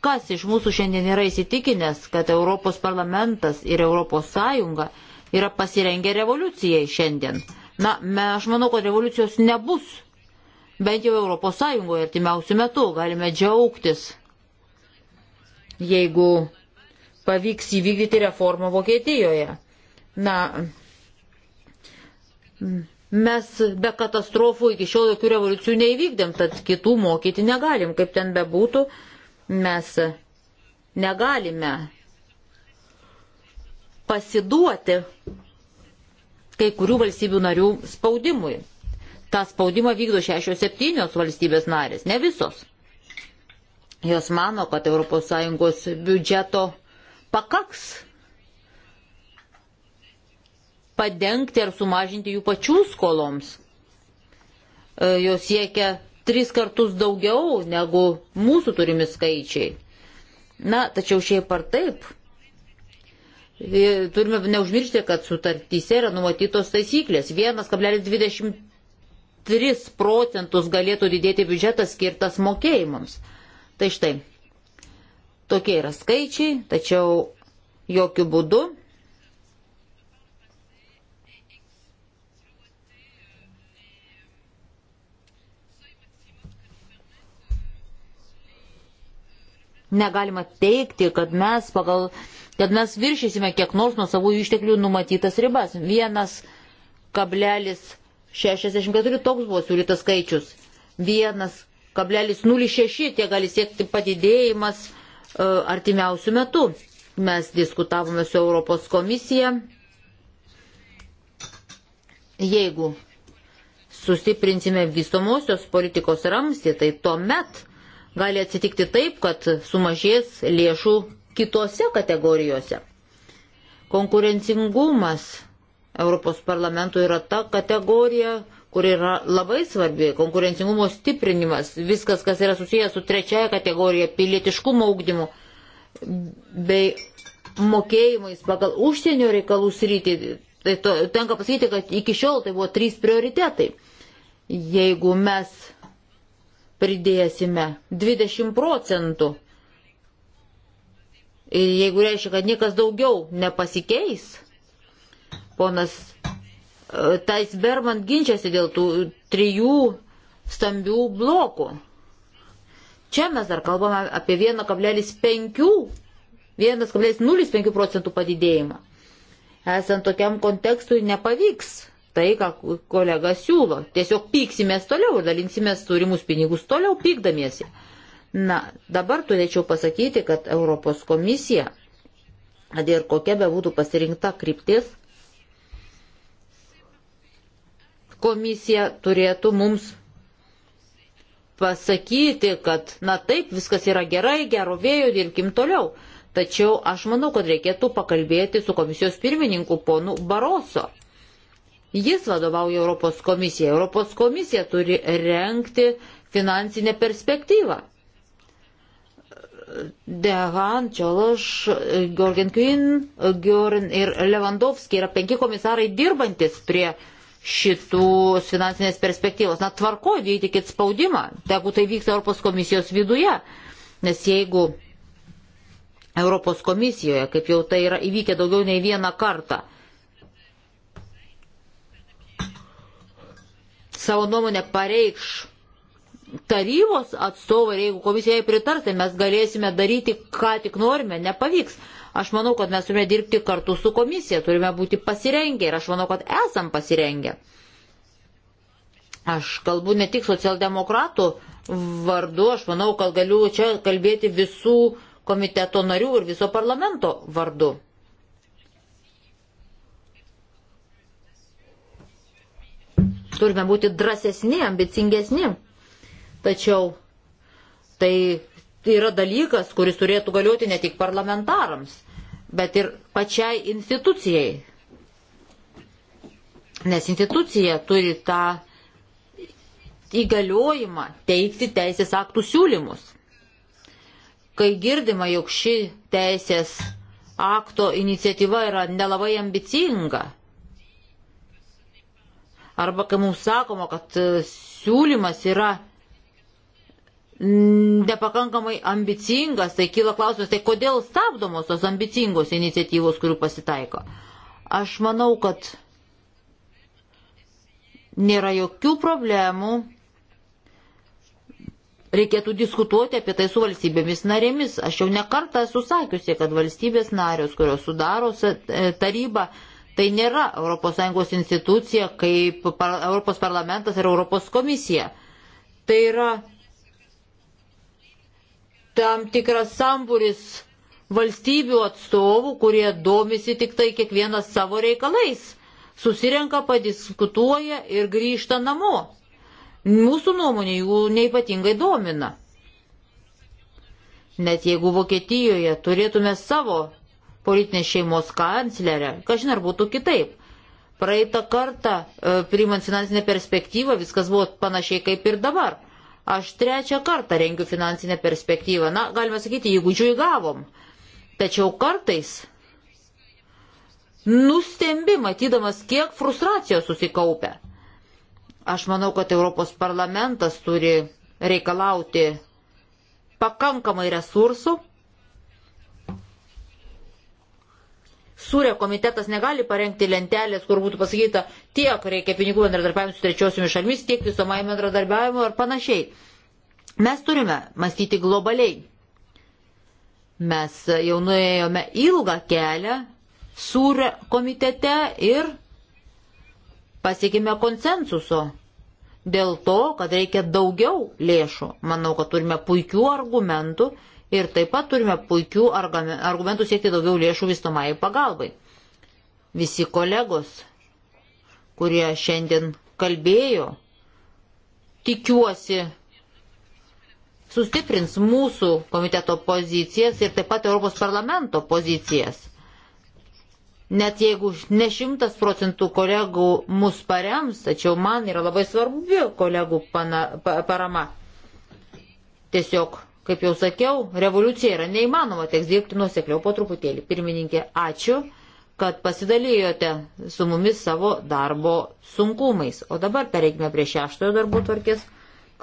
kas iš mūsų šiandien yra įsitikinęs, kad Europos parlamentas ir Europos Sąjunga yra pasirengę revoliucijai šiandien. Na, me, aš manau, kad revoliucijos nebus. Bent jau Europos Sąjungoje artimiausių metų galime džiaugtis, jeigu pavyks įvykdyti reformą Vokietijoje. Na, Mes be katastrofų iki šiol jokių revoliucijų neįvykdėm, tad kitų mokyti negalim, kaip ten bebūtų, mes negalime pasiduoti kai kurių valstybių narių spaudimui. Ta spaudimą vykdo šešios septynios valstybės narės, ne visos. Jos mano, kad ES biudžeto pakaks padengti ar sumažinti jų pačių skoloms. E, jos siekia tris kartus daugiau negu mūsų turimi skaičiai. Na, tačiau šiaip ar taip. E, turime neužmiršti, kad sutartyse yra numatytos taisyklės. 1,23 procentus galėtų didėti biudžetas skirtas mokėjimams. Tai štai, tokie yra skaičiai, tačiau jokių būdų negalima teikti, kad mes, pagal, kad mes viršysime kiek nors nuo savų išteklių numatytas ribas. Vienas kablelis 64 toks buvo siūlytas skaičius. Vienas kablelis 06 tie gali siekti padidėjimas e, artimiausių metų. Mes diskutavome su Europos komisija. Jeigu sustiprinsime visomosios politikos ramstį, tai tuomet gali atsitikti taip, kad sumažės lėšų kitose kategorijose. Konkurencingumas Europos parlamento yra ta kategorija, kur yra labai svarbi konkurencingumo stiprinimas, viskas, kas yra susijęs su trečiaja kategorija, pilietiškumo augdymu bei mokėjimais pagal užsienio reikalų sritį. Tai to, tenka pasakyti, kad iki šiol tai buvo trys prioritetai. Jeigu mes pridėsime 20 procentų. Ir jeigu reiškia, kad niekas daugiau nepasikeis, ponas e, Tais Berman ginčiasi dėl tų trijų stambių blokų. Čia mes dar kalbame apie 1,05 procentų padidėjimą. Esant tokiam kontekstui nepavyks tai, ką kolega siūlo. Tiesiog pyksimės toliau ir dalinsimės turimus pinigus toliau pykdamiesi. Na, dabar turėčiau pasakyti, kad Europos komisija, kad ir kokia be būtų pasirinkta kryptis, komisija turėtų mums pasakyti, kad, na taip, viskas yra gerai, gero vėjo, dirbkim toliau. Tačiau aš manau, kad reikėtų pakalbėti su komisijos pirmininku ponu Baroso Jis vadovauja Europos komisijai. Europos komisija turi renkti finansinę perspektyvą. Dehan, Čiološ, Gorgen Kvin, Giorin ir Lewandowski yra penki komisarai dirbantis prie šitų finansinės perspektyvos. Na, tvarko, vykdykit spaudimą, tegu tai vyksta Europos komisijos viduje. Nes jeigu Europos komisijoje, kaip jau tai yra įvykę daugiau nei vieną kartą, savo nuomonę pareikš tarybos atstovai, jeigu komisijai pritars, tai mes galėsime daryti, ką tik norime, nepavyks. Aš manau, kad mes turime dirbti kartu su komisija, turime būti pasirengę ir aš manau, kad esam pasirengę. Aš kalbu ne tik socialdemokratų vardu, aš manau, kad galiu čia kalbėti visų komiteto narių ir viso parlamento vardu. turime būti drąsesni, ambicingesni. Tačiau tai yra dalykas, kuris turėtų galioti ne tik parlamentarams, bet ir pačiai institucijai. Nes institucija turi tą įgaliojimą teikti teisės aktų siūlymus. Kai girdima, jog ši teisės akto iniciatyva yra nelabai ambicinga, arba kai mums sakoma, kad e, siūlymas yra nepakankamai ambicingas, tai kyla klausimas, tai kodėl stabdomos tos ambicingos iniciatyvos, kurių pasitaiko. Aš manau, kad nėra jokių problemų. Reikėtų diskutuoti apie tai su valstybėmis narėmis. Aš jau nekartą esu sakiusi, kad valstybės narios, kurios sudaro e, tarybą, Tai nėra ES institucija kaip par, Europos parlamentas ar Europos komisija. Tai yra tam tikras sambūris valstybių atstovų, kurie domisi tik tai kiekvienas savo reikalais, susirenka, padiskutuoja ir grįžta namo. Mūsų nuomonė jų neipatingai domina. Net jeigu Vokietijoje turėtume savo politinės šeimos kanclerę, kažin ar būtų kitaip. Praeitą kartą, e, priimant finansinę perspektyvą, viskas buvo panašiai kaip ir dabar. Aš trečią kartą rengiu finansinę perspektyvą. Na, galime sakyti, įgūdžių įgavom. Tačiau kartais nustembi, matydamas, kiek frustracijos susikaupia. Aš manau, kad Europos parlamentas turi reikalauti pakankamai resursų, Sūrė komitetas negali parengti lentelės, kur būtų pasakyta, tiek reikia pinigų bendradarbiavimui su trečiosiomis šalimis, tiek visomai bendradarbiavimui ar panašiai. Mes turime mąstyti globaliai. Mes jau nuėjome ilgą kelią Sūrė komitete ir pasiekime konsensuso dėl to, kad reikia daugiau lėšų. Manau, kad turime puikių argumentų ir taip pat turime puikių argumentų siekti daugiau lėšų vystomai pagalbai. Visi kolegos, kurie šiandien kalbėjo, tikiuosi, sustiprins mūsų komiteto pozicijas ir taip pat Europos parlamento pozicijas. Net jeigu ne šimtas procentų kolegų mus parems, tačiau man yra labai svarbi kolegų pana, pa, parama. Tiesiog Kaip jau sakiau, revoliucija yra neįmanoma, teks dirbti nuosekliau po truputėlį. Pirmininkė, ačiū, kad pasidalijote su mumis savo darbo sunkumais. O dabar pereikime prie šeštojo darbo tvarkės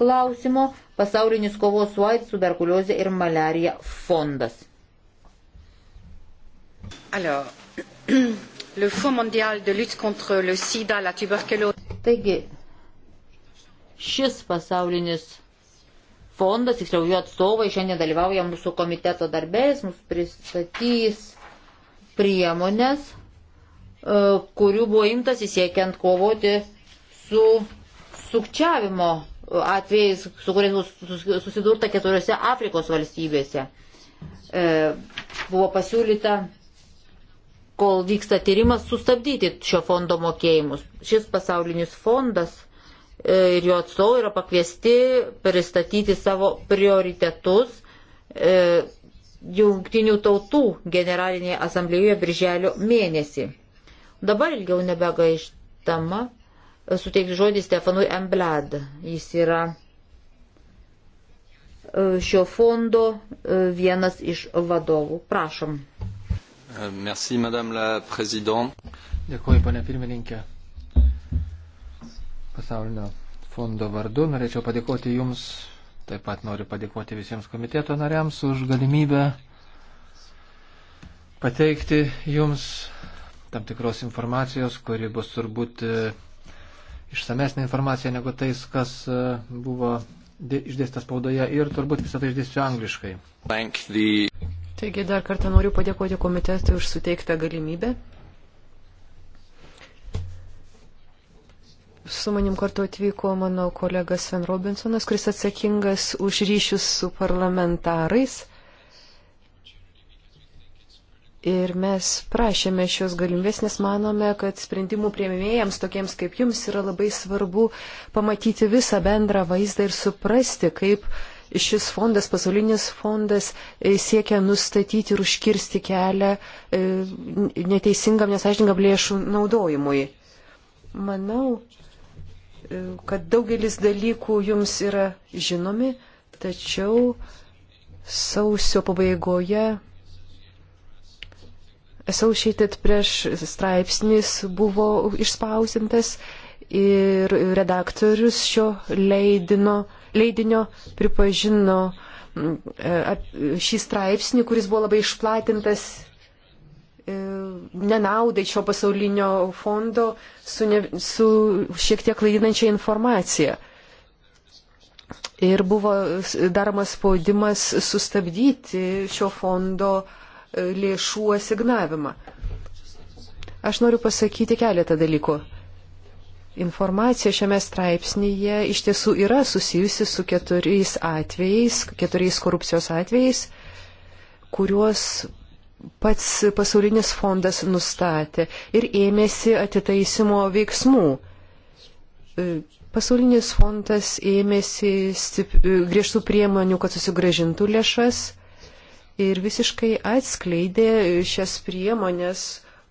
klausimo - pasaulinis kovos su AIDS, tuberkuliozė ir malerija fondas. Alors, le Fonds mondial de lutte contre le sida, la tuberculose. Taigi, šis pasaulinis fondas, tiksliau jų atstovai šiandien dalyvauja mūsų komiteto darbės, mus pristatys priemonės, e, kurių buvo imtas įsiekiant kovoti su sukčiavimo atvejais, su kuriais susidurta keturiose Afrikos valstybėse. E, buvo pasiūlyta, kol vyksta tyrimas, sustabdyti šio fondo mokėjimus. Šis pasaulinis fondas ir jo atstovai yra pakviesti pristatyti savo prioritetus e, jungtinių tautų generalinėje asamblėjoje birželio mėnesį. Dabar ilgiau nebegaištama, e, suteiksiu žodį Stefanui Emblad. Jis yra e, šio fondo vienas iš vadovų. Prašom. Merci, madame la présidente. Dėkuoju, ponia pirmininkė pasaulinio fondo vardu. Norėčiau padėkoti Jums, taip pat noriu padėkoti visiems komiteto nariams už galimybę pateikti Jums tam tikros informacijos, kuri bus turbūt e, išsamesnė informacija negu tais, kas e, buvo išdėstas spaudoje ir turbūt visą tai išdėsiu angliškai. Taigi dar kartą noriu padėkoti komitetui už suteiktą galimybę Su manim kartu atvyko mano kolega Sven Robinsonas, kuris atsakingas už ryšius su parlamentarais. Ir mes prašėme šios galimybės, nes manome, kad sprendimų prieimėjams, tokiems kaip jums, yra labai svarbu pamatyti visą bendrą vaizdą ir suprasti, kaip šis fondas, pasaulinis fondas, e, siekia nustatyti ir užkirsti kelią e, neteisingam, nesažininkam lėšų naudojimui. Manau, kad daugelis dalykų jums yra žinomi, tačiau sausio pabaigoje Associated Press straipsnis buvo išspausintas ir redaktorius šio leidino, leidinio pripažino mm, e, šį straipsnį, kuris buvo labai išplatintas E, nenaudai šio pasaulinio fondo su, ne, su šiek tiek klaidinančia informacija. Ir buvo daromas spaudimas sustabdyti šio fondo e, lėšų asignavimą. Aš noriu pasakyti keletą dalykų. Informacija šiame straipsnėje iš tiesų yra susijusi su keturiais atvejais, keturiais korupcijos atvejais, kuriuos pats pasaulinis fondas nustatė ir ėmėsi atitaisimo veiksmų. E, pasaulinis fondas ėmėsi stip, e, griežtų priemonių, kad susigražintų lėšas ir visiškai atskleidė šias priemonės,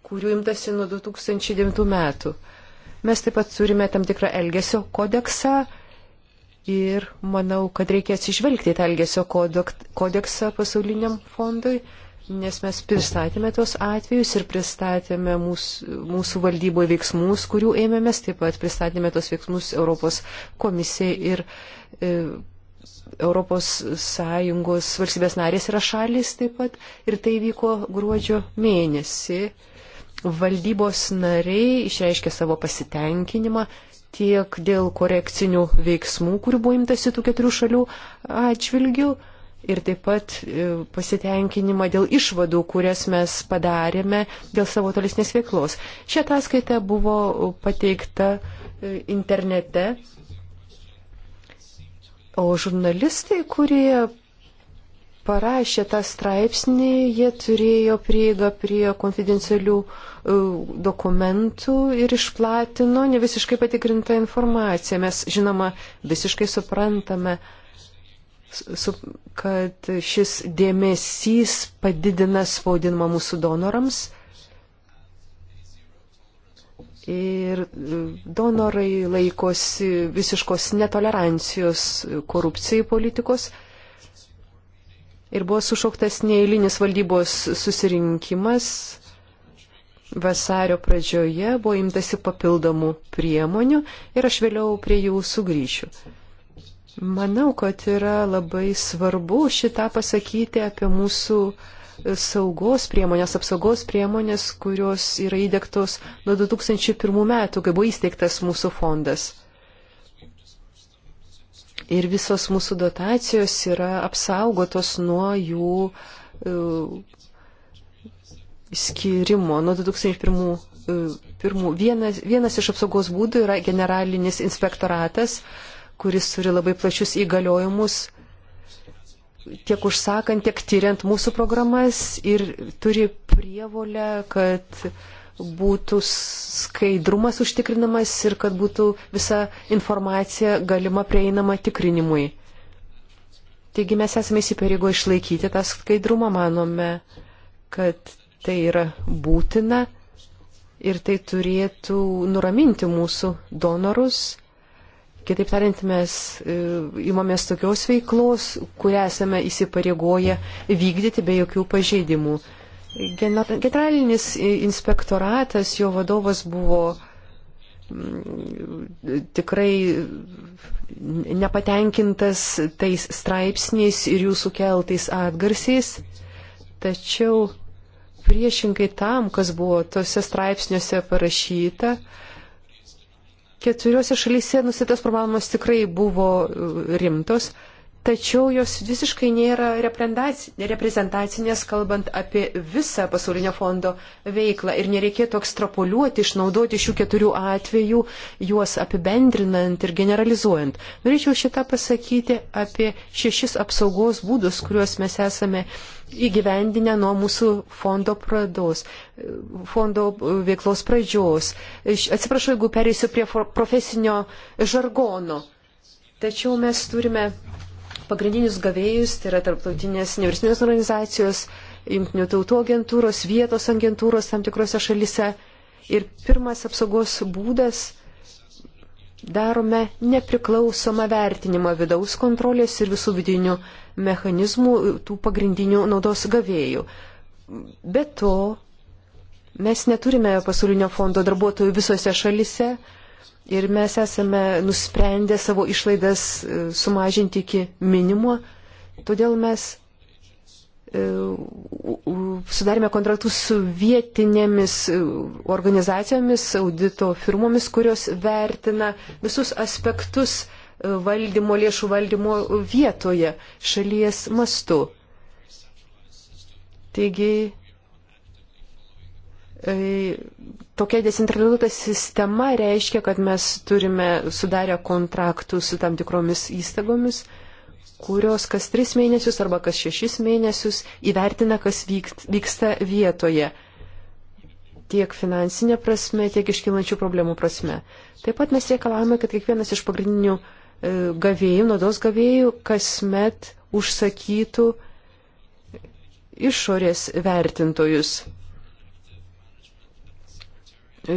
kurių imtasi nuo 2009 metų. Mes taip pat turime tam tikrą elgesio kodeksą, Ir manau, kad reikia atsižvelgti tą Elgesio kodeksą pasauliniam fondui. Nes mes pristatėme tos atvejus ir pristatėme mūsų, mūsų valdyboje veiksmus, kurių ėmėmės, taip pat pristatėme tos veiksmus Europos komisijai ir e, Europos Sąjungos valstybės narės yra šalis taip pat. Ir tai vyko gruodžio mėnesį. Valdybos nariai išreiškė savo pasitenkinimą tiek dėl korekcinių veiksmų, kurių buvo imtasi tų keturių šalių atžvilgių. E, ir taip pat e, pasitenkinimą dėl išvadų, kurias mes padarėme dėl savo tolesnės veiklos. Ši ataskaita buvo pateikta e, internete, o žurnalistai, kurie parašė tą straipsnį, jie turėjo prieigą prie konfidencialių e, dokumentų ir išplatino nevisiškai patikrintą informaciją. Mes, žinoma, visiškai suprantame, su, kad šis dėmesys padidina spaudinimą mūsų donorams. Ir donorai laikosi visiškos netolerancijos korupcijai politikos. Ir buvo sušauktas neįlinis valdybos susirinkimas. Vasario pradžioje buvo imtasi papildomų priemonių ir aš vėliau prie jų sugrįšiu. Manau, kad yra labai svarbu šitą pasakyti apie mūsų saugos priemonės, apsaugos priemonės, kurios yra įdėktos nuo 2001 metų, kai buvo įsteigtas mūsų fondas. Ir visos mūsų dotacijos yra apsaugotos nuo jų e, skirimo nuo 2001. E, pirmų. Vienas, vienas iš apsaugos būdų yra generalinis inspektoratas, kuris turi labai plačius įgaliojimus tiek užsakant, tiek tyriant mūsų programas ir turi prievolę, kad būtų skaidrumas užtikrinamas ir kad būtų visa informacija galima prieinama tikrinimui. Taigi mes esame įsipareigo išlaikyti tą skaidrumą, manome, kad tai yra būtina ir tai turėtų nuraminti mūsų donorus Kitaip tariant, mes įmamės e, tokios veiklos, kurią esame įsipareigoję vykdyti be jokių pažeidimų. Generalinis e, inspektoratas, jo vadovas buvo mm, tikrai nepatenkintas tais straipsniais ir jų sukeltais atgarsiais, tačiau priešinkai tam, kas buvo tose straipsniuose parašyta, uh, Keturiose šalyse nusitas problemos tikrai buvo e, rimtos, tačiau jos visiškai nėra reprezentacinės, kalbant apie visą pasaulinio fondo veiklą. Ir nereikėtų ekstrapoliuoti, išnaudoti šių keturių atvejų, juos apibendrinant ir generalizuojant. Norėčiau šitą pasakyti apie šešis apsaugos būdus, kuriuos mes esame uh, įgyvendinę nuo mūsų fondo, prados, fondo veiklos pradžios. Atsiprašau, jeigu perėsiu prie profesinio žargono. Tačiau mes turime pagrindinius gavėjus, tai yra tarptautinės nevyriausybinės organizacijos, jungtinių tautų agentūros, vietos agentūros tam tikrose šalise. Ir pirmas apsaugos būdas darome nepriklausomą vertinimą vidaus kontrolės ir visų vidinių mechanizmų tų pagrindinių naudos gavėjų. Be to, mes neturime pasaulinio fondo darbuotojų visose šalise ir mes esame nusprendę savo išlaidas e, sumažinti iki minimumo, todėl mes e, sudarėme kontraktus su vietinėmis e, organizacijomis, audito firmomis, kurios vertina visus aspektus valdymo, lėšų valdymo vietoje, šalies mastu. Taigi, e, tokia decentralizuota sistema reiškia, kad mes turime sudarę kontraktų su tam tikromis įstagomis, kurios kas tris mėnesius arba kas šešis mėnesius įvertina, kas vyksta vietoje tiek finansinė prasme, tiek iškilančių problemų prasme. Taip pat mes reikalavome, kad kiekvienas iš pagrindinių E, gavėjų, naudos gavėjų kasmet užsakytų išorės vertintojus.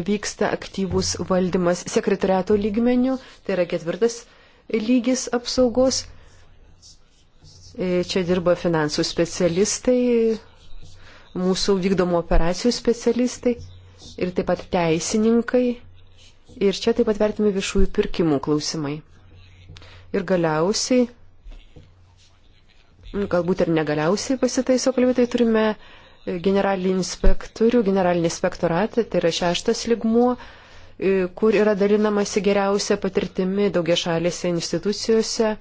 Vyksta aktyvus valdymas sekretariato lygmenių, tai yra ketvirtas lygis apsaugos. E, čia dirba finansų specialistai, mūsų vykdomų operacijų specialistai ir taip pat teisininkai. Ir čia taip pat vertimi viešųjų pirkimų klausimai. Ir galiausiai, galbūt ir negaliausiai pasitaiso kalbėtai, turime generalinį inspektorių, generalinį inspektoratą, tai yra šeštas ligmuo, e, kur yra dalinamasi geriausia patirtimi daugia šalėse institucijose.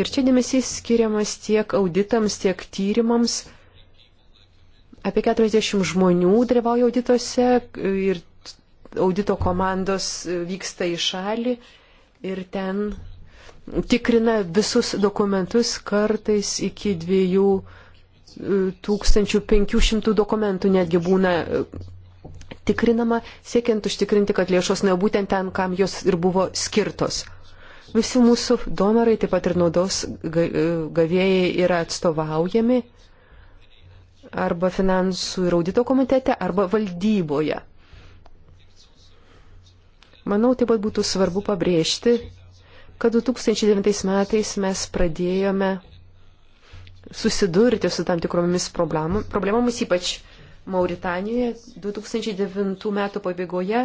Ir čia dėmesys skiriamas tiek auditams, tiek tyrimams. Apie 40 žmonių dalyvauja audituose ir audito komandos vyksta į šalį ir ten tikrina visus dokumentus kartais iki 2500 e, dokumentų netgi būna e, tikrinama, siekiant užtikrinti, kad lėšos nuėjo būtent ten, kam jos ir buvo skirtos. Visi mūsų donorai, taip pat ir naudos e, gavėjai yra atstovaujami arba finansų ir audito komitete, arba valdyboje. Manau, taip pat būtų svarbu pabrėžti, kad 2009 metais mes pradėjome susidurti su tam tikromis problemomis, ypač Mauritanijoje 2009 metų pabaigoje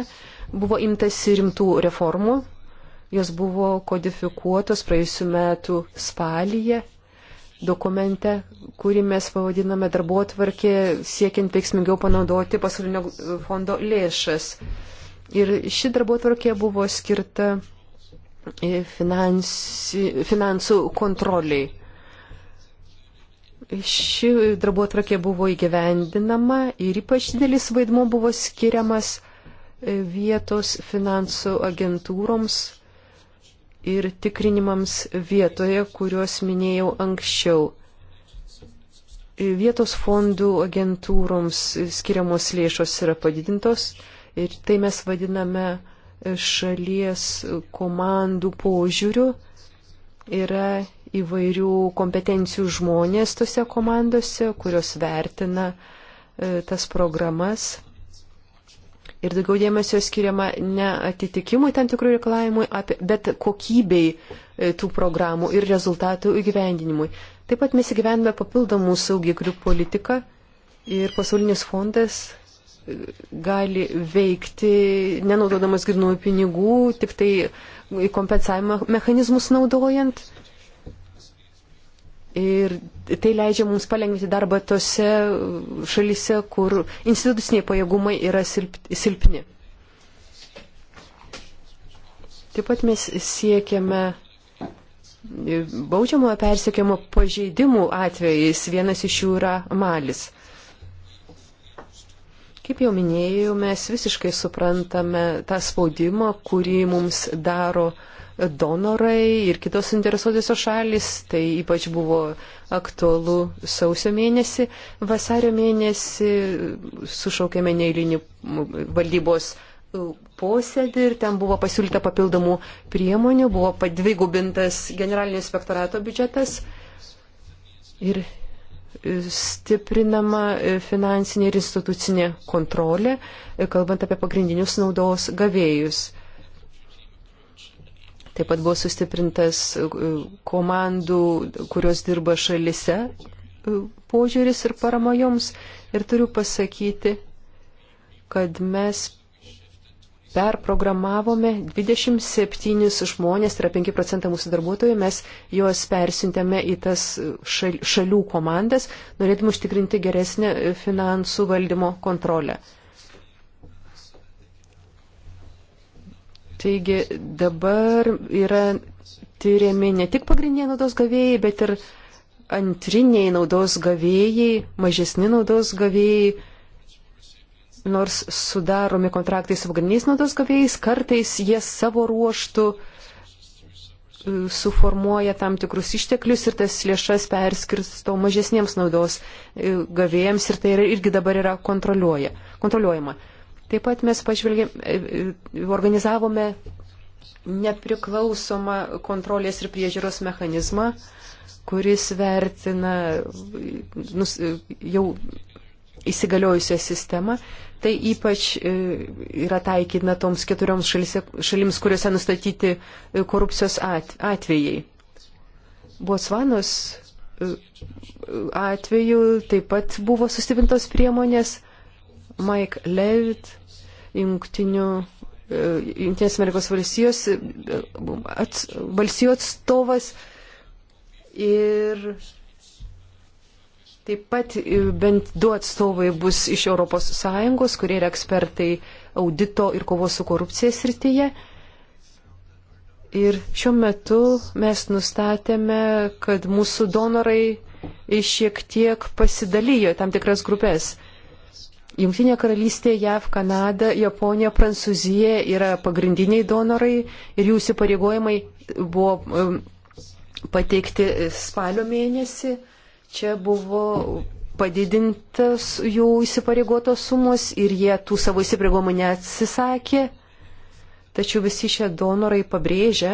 buvo imtasi rimtų reformų, jos buvo kodifikuotos praėjusiu metu spalyje dokumente, kurį mes pavadiname darbo atvarkė siekiant veiksmingiau panaudoti pasaulinio fondo lėšas. Ir ši darbo atvarkė buvo skirta finansi, finansų kontroliai. Ši darbuotvarkė buvo įgyvendinama ir ypač didelis vaidmo buvo skiriamas e, vietos finansų agentūroms ir tikrinimams vietoje, kuriuos minėjau anksčiau. E, vietos fondų agentūroms skiriamos lėšos yra padidintos ir tai mes vadiname uh, šalies komandų požiūrių yra įvairių kompetencijų žmonės tose komandose, kurios vertina e, tas programas. Ir daugiau dėmesio skiriama ne atitikimui tam tikrų reikalavimui, bet kokybei e, tų programų ir rezultatų įgyvendinimui. Taip pat mes įgyvendame papildomų saugiklių politiką ir pasaulinis fondas gali veikti, nenaudodamas grinųjų pinigų, tik tai kompensavimo mechanizmus naudojant. Ir tai leidžia mums palengvinti darbą tose šalise, kur instituciniai pajėgumai yra silpni. Taip pat mes siekiame baudžiamojo persiekiamo pažeidimų atvejais, vienas iš jų yra malis. Kaip jau minėjau, mes visiškai suprantame tą spaudimą, kurį mums daro donorai ir kitos interesuotėsios šalis. Tai ypač buvo aktualu sausio mėnesį. Vasario mėnesį sušaukėme neįlinį valdybos posėdį ir ten buvo pasiūlyta papildomų priemonių, buvo padvigubintas generalinio inspektorato biudžetas. Ir stiprinama e, finansinė ir institucinė kontrolė, e, kalbant apie pagrindinius naudos gavėjus. Taip pat buvo sustiprintas e, komandų, kurios dirba šalise, požiūris ir parama joms. Ir turiu pasakyti, kad mes perprogramavome 27 žmonės, tai yra 5 procentai mūsų darbuotojų, mes juos persintėme į tas šalių komandas, norėdami užtikrinti geresnę finansų valdymo kontrolę. Taigi dabar yra tyriami ne tik pagrindiniai naudos gavėjai, bet ir antriniai naudos gavėjai, mažesni naudos gavėjai nors sudaromi kontraktai su pagrindiniais naudos gavėjais, kartais jie savo ruoštų e, suformuoja tam tikrus išteklius ir tas lėšas perskirsto mažesniems naudos e, gavėjams ir tai yra, irgi dabar yra kontroliuojama. Taip pat mes pažvelgėm, e, organizavome nepriklausomą kontrolės ir priežiūros mechanizmą, kuris vertina nus, jau įsigaliojusią sistemą. Tai ypač e, yra taikytina toms keturioms šalise, šalims, kuriuose nustatyti e, korupcijos atvejai. Botsvanos e, atveju taip pat buvo sustiprintos priemonės. Mike Levitt, jungtinių Junktinės Amerikos valstijos, ats, valstijų atstovas ir Taip pat e, bent du atstovai bus iš ES, kurie yra ekspertai audito ir kovos su korupcija srityje. Ir šiuo metu mes nustatėme, kad mūsų donorai šiek tiek pasidalijo tam tikras grupės. Junktinė karalystė, JAV, Kanada, Japonija, Prancūzija yra pagrindiniai donorai ir jų įsipareigojimai buvo pateikti spalio mėnesį. Čia buvo padidintas jų įsipareigotos sumos ir jie tų savo įsipareigomų neatsisakė. Tačiau visi šie donorai pabrėžia,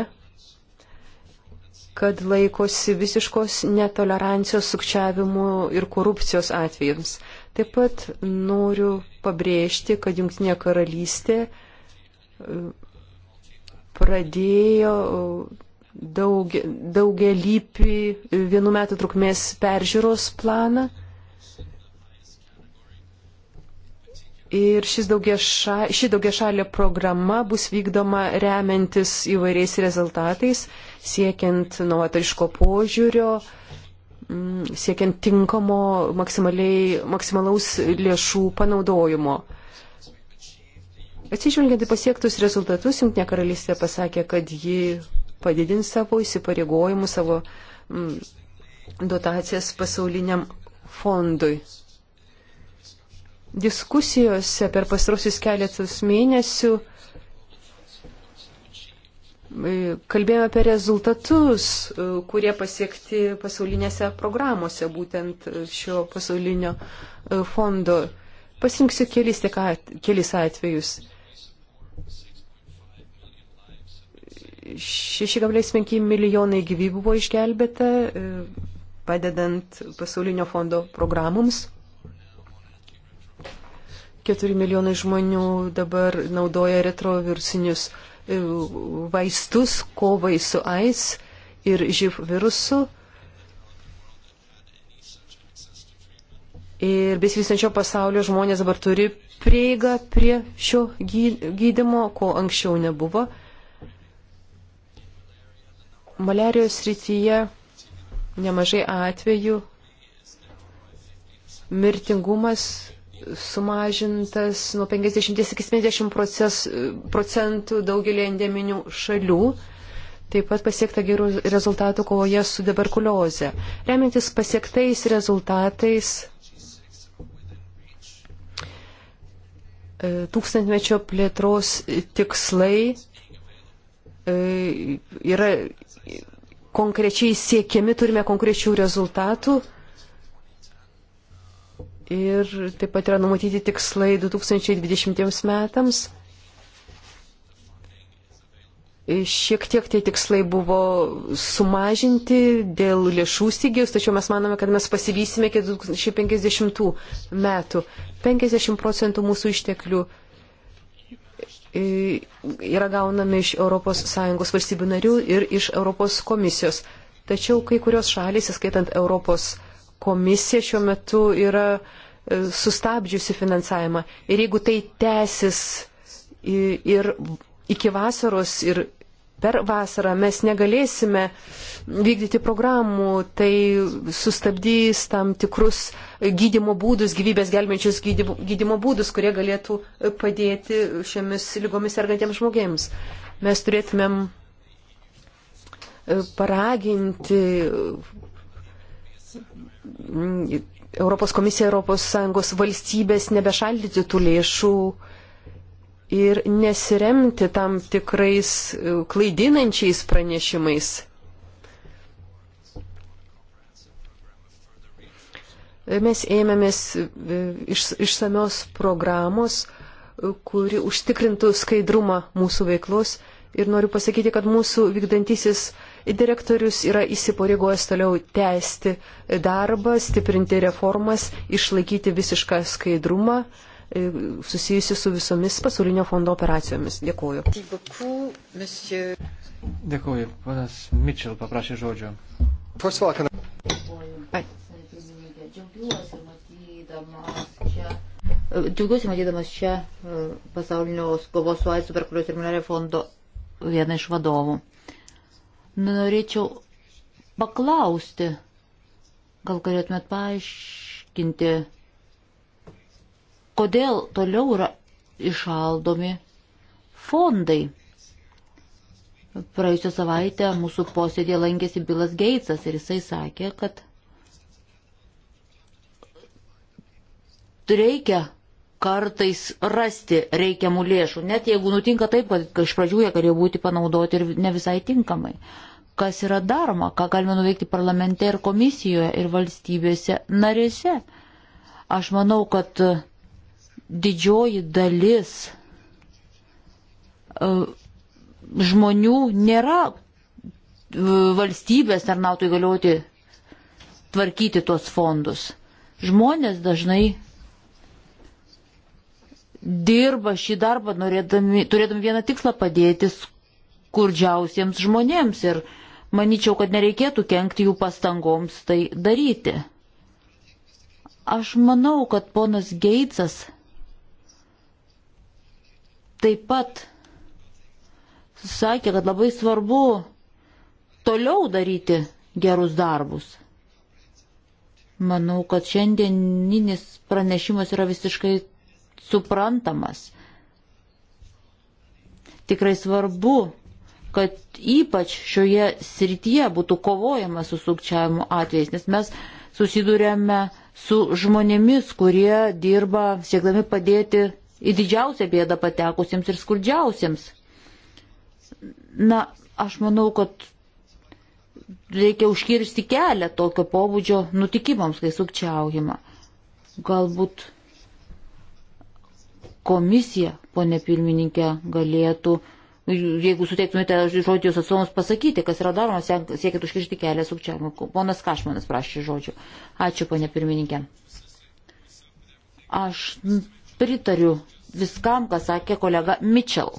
kad laikosi visiškos netolerancijos sukčiavimų ir korupcijos atvejams. Taip pat noriu pabrėžti, kad Junktinė karalystė e, pradėjo daug, daugelįpį vienu metu trukmės peržiūros planą. Ir daugia ša, ši daugiašalė programa bus vykdoma remiantis įvairiais rezultatais, siekiant novatoriško požiūrio, mm, siekiant tinkamo maksimalaus lėšų panaudojimo. Atsižvelgiant į pasiektus rezultatus, Junktinė karalystė pasakė, kad ji padidins savo įsipareigojimus, savo mm, dotacijas pasauliniam fondui. Diskusijose per pastrosius keletus mėnesių e, kalbėjome apie rezultatus, e, kurie pasiekti pasaulinėse programuose, būtent šio pasaulinio e, fondo. Pasirinksiu kelis, kelis atvejus. 6,5 milijonai gyvybių buvo išgelbėta, e, padedant pasaulinio fondo programoms. 4 milijonai žmonių dabar naudoja retrovirusinius e, vaistus kovai su AIDS ir živ virusu. Ir besivystančio pasaulio žmonės dabar turi prieigą prie šio gydimo, ko anksčiau nebuvo. Malerijos srityje nemažai atvejų mirtingumas sumažintas nuo 50 iki 70 proces, procentų daugelį endeminių šalių. Taip pat pasiekta gerų rezultatų kovoje su tuberkulioze. Remiantis pasiektais rezultatais, e, tūkstantmečio plėtros tikslai e, yra konkrečiai siekiami, turime konkrečių rezultatų. Ir taip pat yra numatyti tikslai 2020 metams. Šiek tiek tie tikslai buvo sumažinti dėl lėšų stygius, tačiau mes manome, kad mes pasivysime iki 2050 metų. 50 procentų mūsų išteklių yra gaunami iš ES valstybių narių ir iš ES komisijos. Tačiau kai kurios šalys, įskaitant ES komisiją, šiuo metu yra e, sustabdžiusi finansavimą. Ir jeigu tai tęsis ir iki vasaros ir per vasarą mes negalėsime vykdyti programų, tai sustabdys tam tikrus gydimo būdus, gyvybės gelbėčius gydimo būdus, kurie galėtų padėti šiomis lygomis sergantiems žmogėms. Mes turėtumėm e, paraginti mm, Europos komisija, Europos Sąjungos valstybės nebešaldyti tų lėšų ir nesiremti tam tikrais e, klaidinančiais pranešimais. Mes ėmėmės e, iš, išsamios programos, e, kuri užtikrintų skaidrumą mūsų veiklos ir noriu pasakyti, kad mūsų vykdantisis direktorius yra įsipareigojęs toliau tęsti darbą, stiprinti reformas, išlaikyti visišką skaidrumą E, susijusi su visomis pasaulinio fondo operacijomis. Dėkuoju. Dėkuoju. Panas Mitchell paprašė žodžio. Džiaugiuosi matydamas čia e, pasaulinio kovos su AIDS tuberkuliozė ir malerija fondo vieną iš vadovų. Norėčiau paklausti, gal galėtumėt paaiškinti, kodėl toliau yra išaldomi fondai. Praėjusią savaitę mūsų posėdė lankėsi Bilas Geitsas ir jisai sakė, kad reikia kartais rasti reikiamų lėšų, net jeigu nutinka taip, kad iš pradžių jie galėjo būti panaudoti ir ne visai tinkamai. Kas yra daroma, ką galime nuveikti parlamente ir komisijoje ir valstybėse narėse. Aš manau, kad didžioji dalis e, žmonių nėra e, valstybės tarnautojų galioti tvarkyti tuos fondus. Žmonės dažnai dirba šį darbą norėdami, turėdami vieną tikslą padėti skurdžiausiems žmonėms ir manyčiau, kad nereikėtų kenkti jų pastangoms tai daryti. Aš manau, kad ponas Geitsas taip pat sakė, kad labai svarbu toliau daryti gerus darbus. Manau, kad šiandieninis pranešimas yra visiškai suprantamas. Tikrai svarbu, kad ypač šioje srityje būtų kovojama su sukčiavimo atvejais, nes mes susidurėme su žmonėmis, kurie dirba siekdami padėti į didžiausią bėdą patekusiems ir skurdžiausiems. Na, aš manau, kad reikia užkirsti kelią tokio pobūdžio nutikimams, kai sukčiaujama. Galbūt komisija, ponė pirmininkė, galėtų, jeigu suteiktumėte žodžius atstovams pasakyti, kas yra daroma, siekit užkirsti kelią sukčiavimą. Ponas Kašmanas prašė žodžių. Ačiū, ponė pirmininkė. Aš pritariu viskam, ką sakė kolega Mitchell.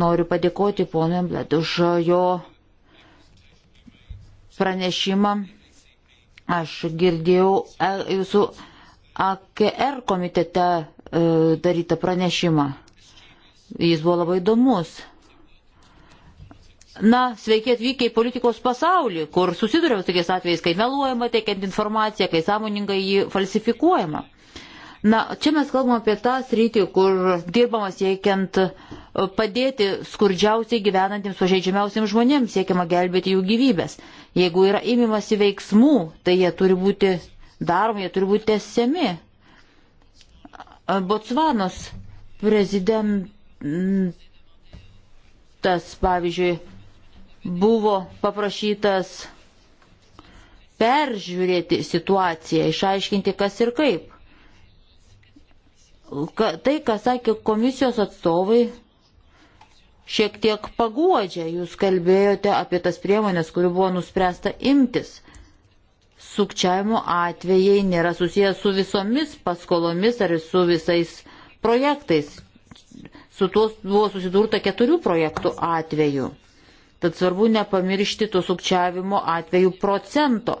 Noriu padėkoti ponui Bled už jo pranešimą. Aš girdėjau e, jūsų AKR komitete e, darytą pranešimą. Jis buvo labai įdomus. Na, sveiki atvykę į politikos pasaulį, kur susidurėm su tokiais atvejais, kai meluojama teikiant informaciją, kai sąmoningai jį falsifikuojama. Na, čia mes kalbam apie tą sritį, kur dirbama siekiant e, padėti skurdžiausiai gyvenantiems pažeidžiamiausiems žmonėms, siekiama gelbėti jų gyvybės. Jeigu yra imimasi veiksmų, tai jie turi būti daromi, jie turi būti tesiami. E, Botsvanos prezidentas, pavyzdžiui, buvo paprašytas peržiūrėti situaciją, išaiškinti kas ir kaip. Tai, ką sakė komisijos atstovai, šiek tiek paguodžia. Jūs kalbėjote apie tas priemonės, kurių buvo nuspręsta imtis. Sukčiavimo atvejai nėra susijęs su visomis paskolomis ar su visais projektais. Su tuo buvo susidurta keturių projektų atveju. Tad svarbu nepamiršti tų sukčiavimo atvejų procento.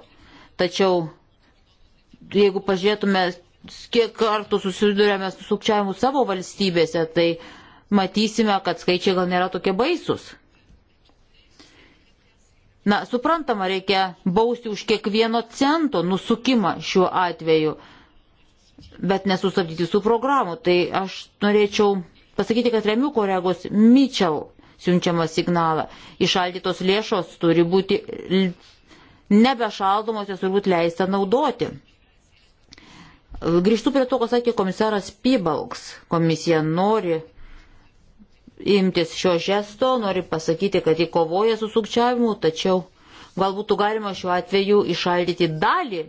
Tačiau jeigu pažiūrėtume kiek kartų susidurėme su sukčiavimu savo valstybėse, tai matysime, kad skaičiai gal nėra tokie baisus. Na, suprantama, reikia bausti už kiekvieno cento nusukimą šiuo atveju, bet nesustabdyti su programu. Tai aš norėčiau pasakyti, kad remiu kolegos Mitchell siunčiamą signalą. Išaldytos lėšos turi būti nebešaldomos, jas turbūt leista naudoti. Grįžtu prie to, ką sakė komisaras Pybalks. Komisija nori imtis šio žesto, nori pasakyti, kad jį kovoja su sukčiavimu, tačiau galbūt galima šiuo atveju išaldyti dalį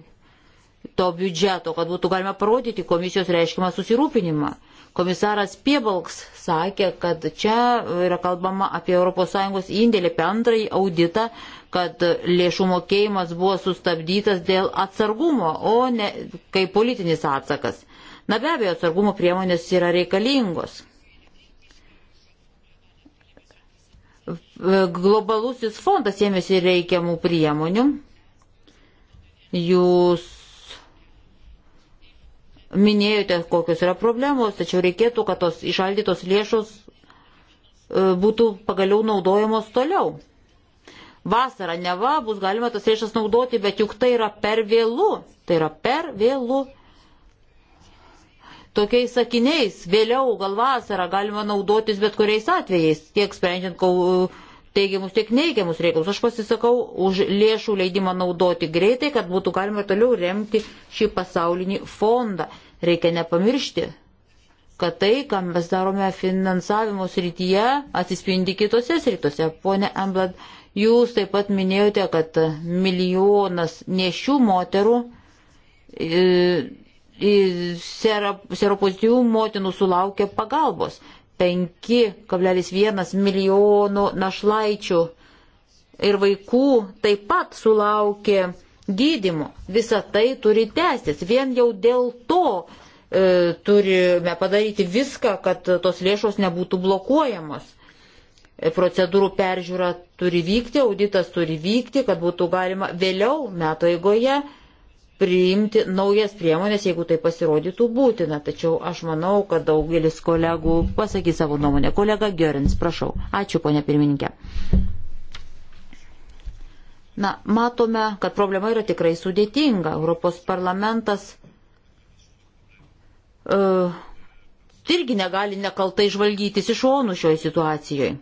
to biudžeto, kad būtų galima parodyti komisijos reiškimą susirūpinimą. Komisaras Piebalks sakė, kad čia yra kalbama apie ES indėlį bendrąjį auditą kad lėšų mokėjimas buvo sustabdytas dėl atsargumo, o ne kaip politinis atsakas. Na be abejo, atsargumo priemonės yra reikalingos. Globalusis fondas ėmėsi reikiamų priemonių. Jūs minėjote, kokios yra problemos, tačiau reikėtų, kad tos išaldytos lėšos e, būtų pagaliau naudojamos toliau vasarą neva bus galima tas lėšas naudoti, bet juk tai yra per vėlų. Tai yra per vėlų. Tokiais sakiniais vėliau gal vasarą galima naudotis bet kuriais atvejais, tiek sprendžiant teigiamus, tiek neigiamus reikalus. Aš pasisakau už lėšų leidimą naudoti greitai, kad būtų galima toliau remti šį pasaulinį fondą. Reikia nepamiršti, kad tai, ką mes darome finansavimo srityje, atsispindi kitose srityse. Pone Emblad, uh, Jūs taip pat minėjote, kad milijonas nešių moterų e, seropozityvių motinų sulaukia pagalbos. 5,1 milijonų našlaičių ir vaikų taip pat sulaukė gydimo. Visa tai turi tęstis. Vien jau dėl to e, turime padaryti viską, kad tos lėšos nebūtų blokuojamos. E, procedūrų peržiūra turi vykti, auditas turi vykti, kad būtų galima vėliau metų eigoje priimti naujas priemonės, jeigu tai pasirodytų būtina. Tačiau aš manau, kad daugelis kolegų pasakys savo nuomonę. Kolega Gerins, prašau. Ačiū, ponė pirmininkė. Na, matome, kad problema yra tikrai sudėtinga. Europos parlamentas uh, irgi negali nekaltai žvalgytis iš onų šioje situacijoje.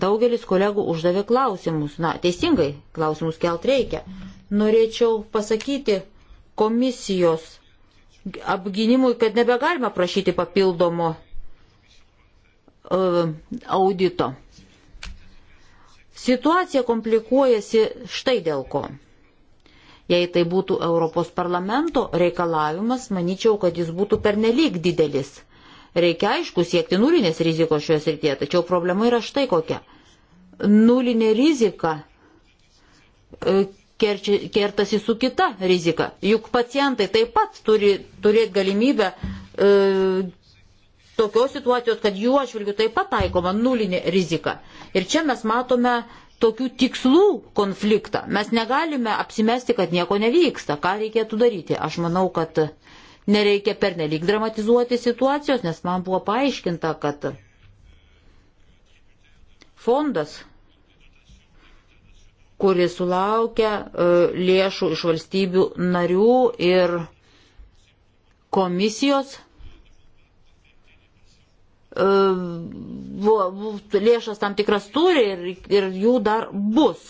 Daugelis kolegų uždavė klausimus. Na, teisingai, klausimus kelt reikia. Norėčiau pasakyti komisijos apginimui, kad nebegalima prašyti papildomo uh, audito. Situacija komplikuojasi štai dėl ko. Jei tai būtų Europos parlamento reikalavimas, manyčiau, kad jis būtų pernelyg didelis Reikia aišku siekti nulinės rizikos šioje srityje, tačiau problema yra štai kokia. Nulinė rizika e, kertasi su kita rizika. Juk pacientai taip pat turi turėti galimybę e, tokios situacijos, kad jų atžvilgių taip pat taikoma nulinė rizika. Ir čia mes matome tokių tikslų konfliktą. Mes negalime apsimesti, kad nieko nevyksta. Ką reikėtų daryti? Aš manau, kad Nereikia pernelyg dramatizuoti situacijos, nes man buvo paaiškinta, kad fondas, kuris sulaukia e, lėšų iš valstybių narių ir komisijos, e, lėšas tam tikras turi ir, ir jų dar bus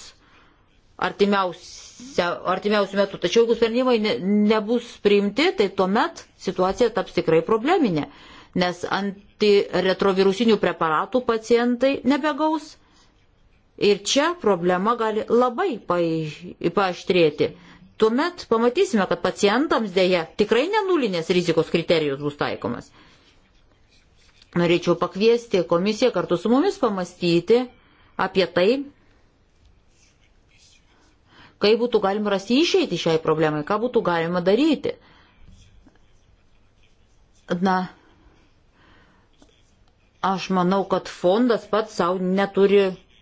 artimiausių metų. Tačiau jeigu sprendimai ne, nebus priimti, tai tuomet situacija taps tikrai probleminė, nes antiretrovirusinių preparatų pacientai nebegaus. Ir čia problema gali labai paaštrėti. Tuomet pamatysime, kad pacientams dėja tikrai nenulinės rizikos kriterijus bus taikomas. Norėčiau pakviesti komisiją kartu su mumis pamastyti apie tai, kaip būtų galima rasti išeitį šiai problemai, ką būtų galima daryti. Na, aš manau, kad fondas pats savo neturi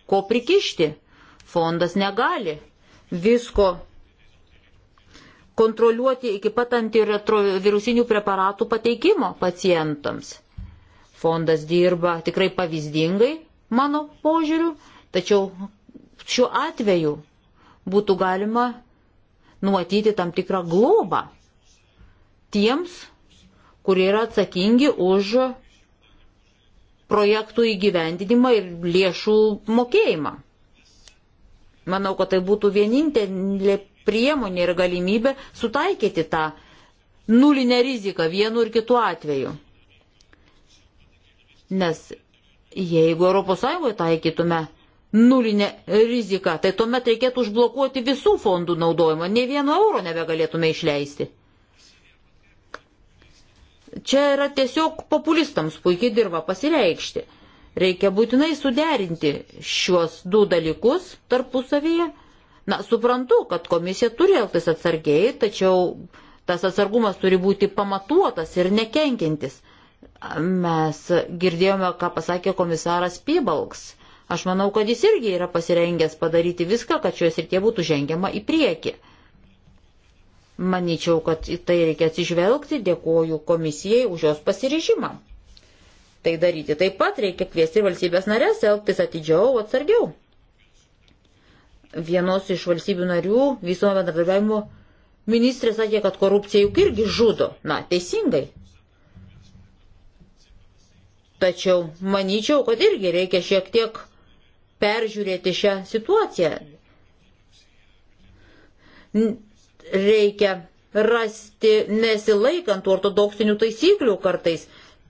ko prikišti. Fondas negali visko kontroliuoti iki pat antiretrovirusinių preparatų pateikimo pacientams. Fondas dirba tikrai pavyzdingai, mano požiūriu, tačiau šiuo atveju būtų galima numatyti tam tikrą globą tiems, kurie yra atsakingi už projektų įgyvendinimą ir lėšų mokėjimą. Manau, kad tai būtų vienintelė priemonė ir galimybė sutaikyti tą nulinę riziką vienu ir kitu atveju. Nes jeigu ES taikytume nulinę riziką, tai tuomet reikėtų užblokuoti visų fondų naudojimą, ne vieno euro nebegalėtume išleisti. Čia yra tiesiog populistams puikiai dirba pasireikšti. Reikia būtinai suderinti šiuos du dalykus tarpusavyje. Na, suprantu, kad komisija turi elgtis atsargiai, tačiau tas atsargumas turi būti pamatuotas ir nekenkintis. Mes girdėjome, ką pasakė komisaras Pybalks Aš manau, kad jis irgi yra pasirengęs padaryti viską, kad šios ir tie būtų žengiama į priekį. Maničiau, kad į tai reikia atsižvelgti, dėkoju komisijai už jos pasirižimą. Tai daryti taip pat reikia kviesti valstybės narės elgtis atidžiau, atsargiau. Vienos iš valstybių narių visuomenio bendradarbiavimo ministrė sakė, kad korupcija juk irgi žudo. Na, teisingai, Tačiau manyčiau, kad irgi reikia šiek tiek peržiūrėti šią situaciją. Reikia rasti nesilaikant ortodoksinių taisyklių kartais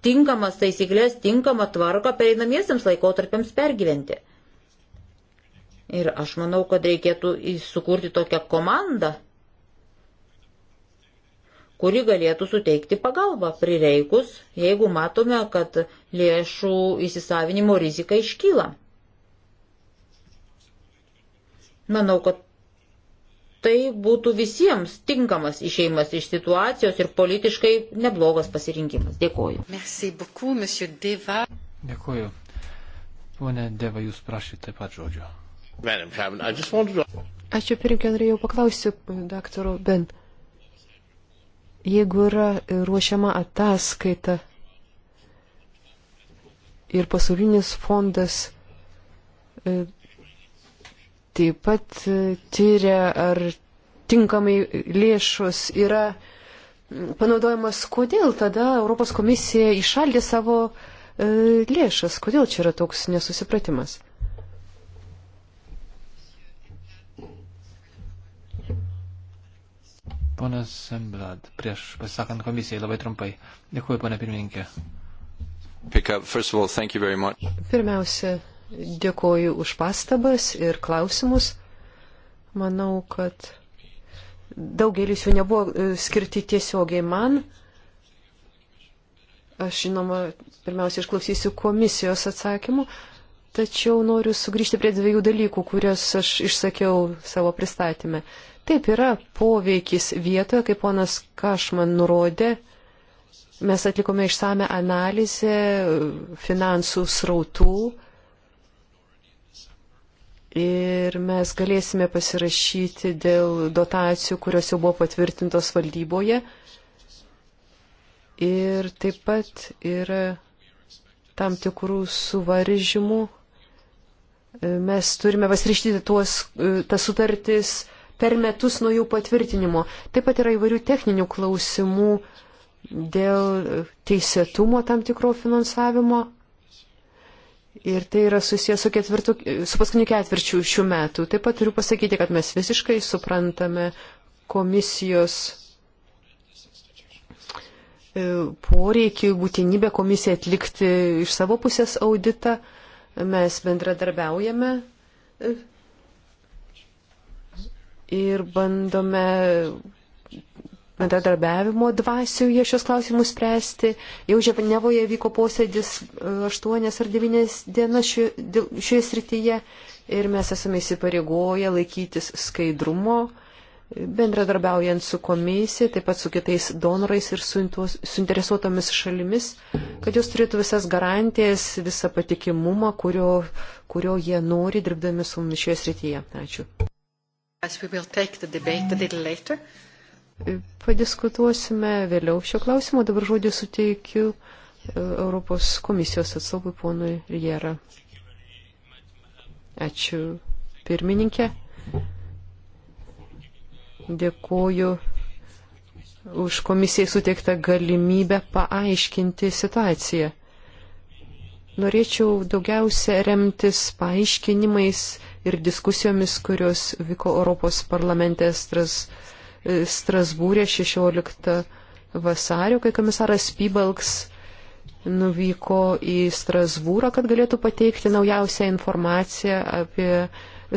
tinkamas taisyklės, tinkamą tvarką pereinamiesiams laikotarpiams pergyventi. Ir aš manau, kad reikėtų sukurti tokią komandą, kuri galėtų suteikti pagalbą prireikus, jeigu matome, kad lėšų įsisavinimo rizika iškyla. Manau, kad tai būtų visiems tinkamas išeimas iš situacijos ir politiškai neblogas pasirinkimas. Dėkoju. Beaucoup, Dėkoju. Pone Deva, jūs prašyte taip pat žodžio. Ačiū pirmininkė, norėjau paklausyti daktaro Ben. Jeigu yra ruošiama ataskaita ir pasaulinis fondas e, taip pat e, tyria, ar tinkamai lėšos yra panaudojamas, kodėl tada Europos komisija išaldė savo e, lėšas, kodėl čia yra toks nesusipratimas. Ponas Semblad, prieš pasisakant komisijai labai trumpai. Dėkuoju, ponė pirmininkė. Pirmiausia, Dėkoju už pastabas ir klausimus. Manau, kad daugelis jų nebuvo e, skirti tiesiogiai man. Aš žinoma, pirmiausia, išklausysiu komisijos atsakymų, tačiau noriu sugrįžti prie dviejų dalykų, kurias aš išsakiau savo pristatymę. Taip yra poveikis vietoje, kaip ponas Kašman nurodė, mes atlikome išsame analizę finansų srautų Ir mes galėsime pasirašyti dėl dotacijų, kurios jau buvo patvirtintos valdyboje. Ir taip pat yra tam tikrų suvaržymų. Mes turime pasirašyti tuos, tas sutartis per metus nuo jų patvirtinimo. Taip pat yra įvairių techninių klausimų dėl teisėtumo tam tikro finansavimo Ir tai yra susijęs su, ketvirtu, su paskutiniu ketvirčiu šių metų. Taip pat turiu pasakyti, kad mes visiškai suprantame komisijos e, poreikį, būtinybę komisija atlikti iš savo pusės auditą. Mes bendradarbiaujame e, ir bandome bendradarbiavimo dvasioje šios klausimus spręsti. Jau Ževanevoje vyko posėdis 8 e, ar 9 dienas šioje, šioje srityje ir mes esame įsipareigoję laikytis skaidrumo, bendradarbiaujant su komisija, taip pat su kitais donorais ir suinteresuotomis šalimis, kad jos turėtų visas garantijas, visą patikimumą, kurio, kurio jie nori dirbdami su mumis šioje srityje. Ačiū padiskutuosime vėliau šio klausimo. Dabar žodį suteikiu e, Europos komisijos atstovui ponui Riera. Ačiū pirmininkė. Dėkuoju už komisijai suteiktą galimybę paaiškinti situaciją. Norėčiau daugiausia remtis paaiškinimais ir diskusijomis, kurios vyko Europos parlamente Strasbūrė Strasbūrė 16 vasario, kai komisaras Pybalks nuvyko į Strasbūrą, kad galėtų pateikti naujausią informaciją apie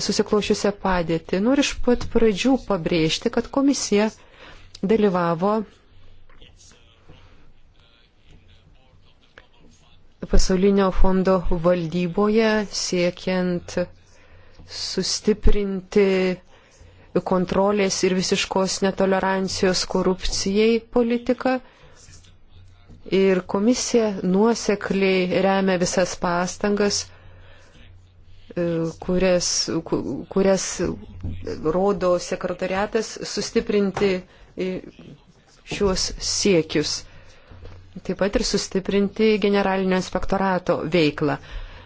susiklošiusią padėtį. Noriu iš pat pradžių pabrėžti, kad komisija dalyvavo pasaulinio fondo valdyboje siekiant sustiprinti kontrolės ir visiškos netolerancijos korupcijai politika. Ir komisija nuosekliai remia visas pastangas, e, kurias, kurias rodo sekretariatas sustiprinti e, šiuos siekius. Taip pat ir sustiprinti generalinio inspektorato veiklą.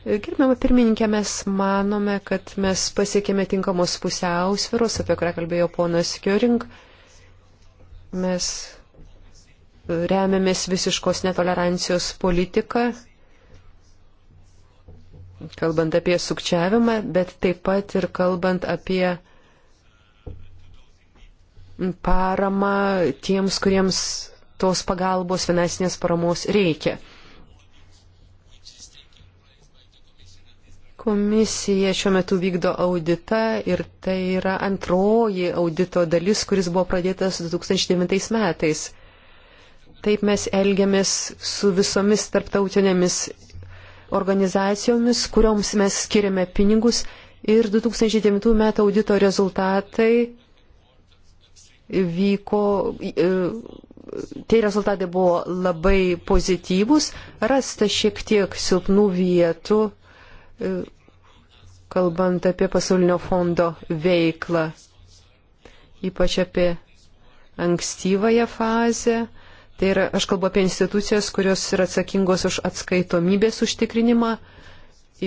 Gerbiamą pirmininkę, mes manome, kad mes pasiekėme tinkamos pusiausviros, apie kurią kalbėjo ponas Kjöring. Mes remiamės visiškos netolerancijos politiką, kalbant apie sukčiavimą, bet taip pat ir kalbant apie paramą tiems, kuriems tos pagalbos finansinės paramos reikia. Komisija šiuo metu vykdo auditą ir tai yra antroji audito dalis, kuris buvo pradėtas 2009 metais. Taip mes elgiamės su visomis tarptautinėmis organizacijomis, kurioms mes skiriame pinigus ir 2009 metų audito rezultatai vyko, e, tie rezultatai buvo labai pozityvus, rasta šiek tiek silpnų vietų e, kalbant apie pasaulinio fondo veiklą, ypač apie ankstyvąją fazę. Tai yra, aš kalbu apie institucijas, kurios yra atsakingos už atskaitomybės užtikrinimą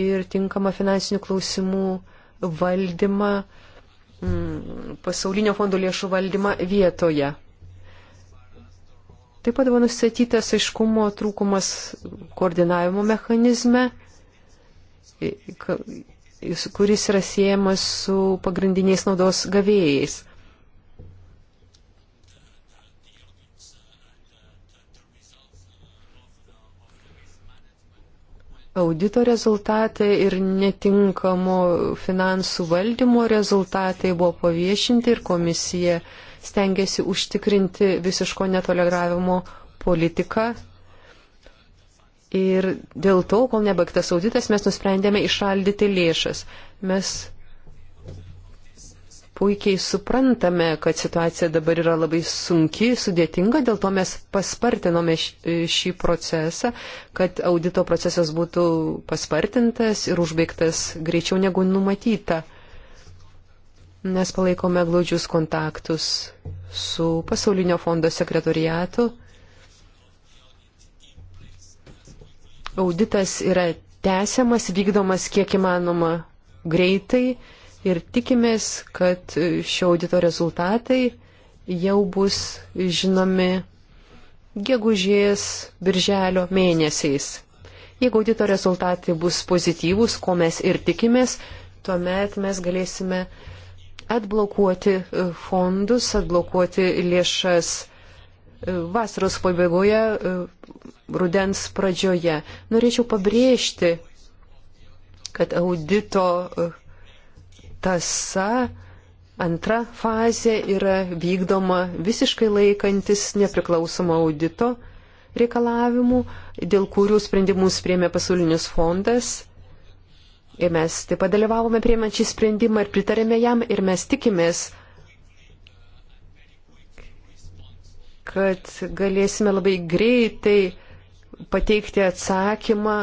ir tinkamą finansinių klausimų valdymą, mm, pasaulinio fondo lėšų valdymą vietoje. Taip pat buvo nustatytas aiškumo trūkumas koordinavimo mechanizme, kuris yra siejamas su pagrindiniais naudos gavėjais. audito rezultatai ir netinkamo finansų valdymo rezultatai buvo paviešinti ir komisija stengiasi užtikrinti visiško netoleravimo politiką Ir dėl to, kol nebaigtas auditas, mes nusprendėme išaldyti lėšas. Mes puikiai suprantame, kad situacija dabar yra labai sunki, sudėtinga, dėl to mes paspartinome e, šį procesą, kad audito procesas būtų paspartintas ir užbaigtas greičiau negu numatyta. Mes palaikome glaudžius kontaktus su pasaulinio fondo sekretoriatu Auditas yra tęsiamas, vykdomas kiek įmanoma greitai ir tikimės, kad šio audito rezultatai jau bus žinomi gegužės, birželio mėnesiais. Jeigu audito rezultatai bus pozityvūs, ko mes ir tikimės, tuomet mes galėsime atblokuoti fondus, atblokuoti lėšas vasaros pabaigoje, e, rudens pradžioje. Norėčiau pabrėžti, kad audito e, tasa antra fazė yra vykdoma visiškai laikantis nepriklausomo audito reikalavimų, dėl kurių sprendimus priemė pasaulinis fondas. Ir mes taip pat dalyvavome priemančiai sprendimą ir pritarėme jam ir mes tikimės, kad galėsime labai greitai pateikti atsakymą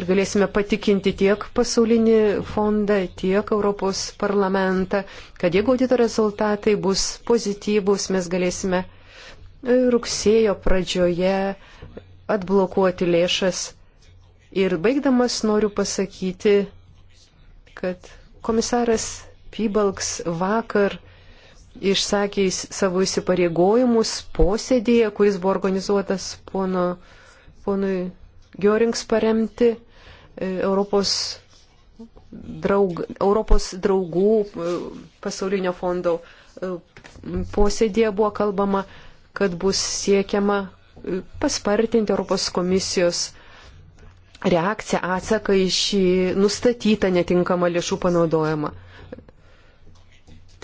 ir galėsime patikinti tiek pasaulinį fondą, tiek Europos parlamentą, kad jeigu audito rezultatai bus pozityvus, mes galėsime rugsėjo pradžioje atblokuoti lėšas. Ir baigdamas noriu pasakyti, kad komisaras Pybalks vakar išsakė savo įsipareigojimus posėdėje, kuris buvo organizuotas pono, ponui Giorings paremti e, Europos, draug, Europos draugų e, pasaulinio fondo e, posėdėje buvo kalbama, kad bus siekiama paspartinti Europos komisijos reakciją, atsaką į šį nustatytą netinkamą lėšų panaudojimą.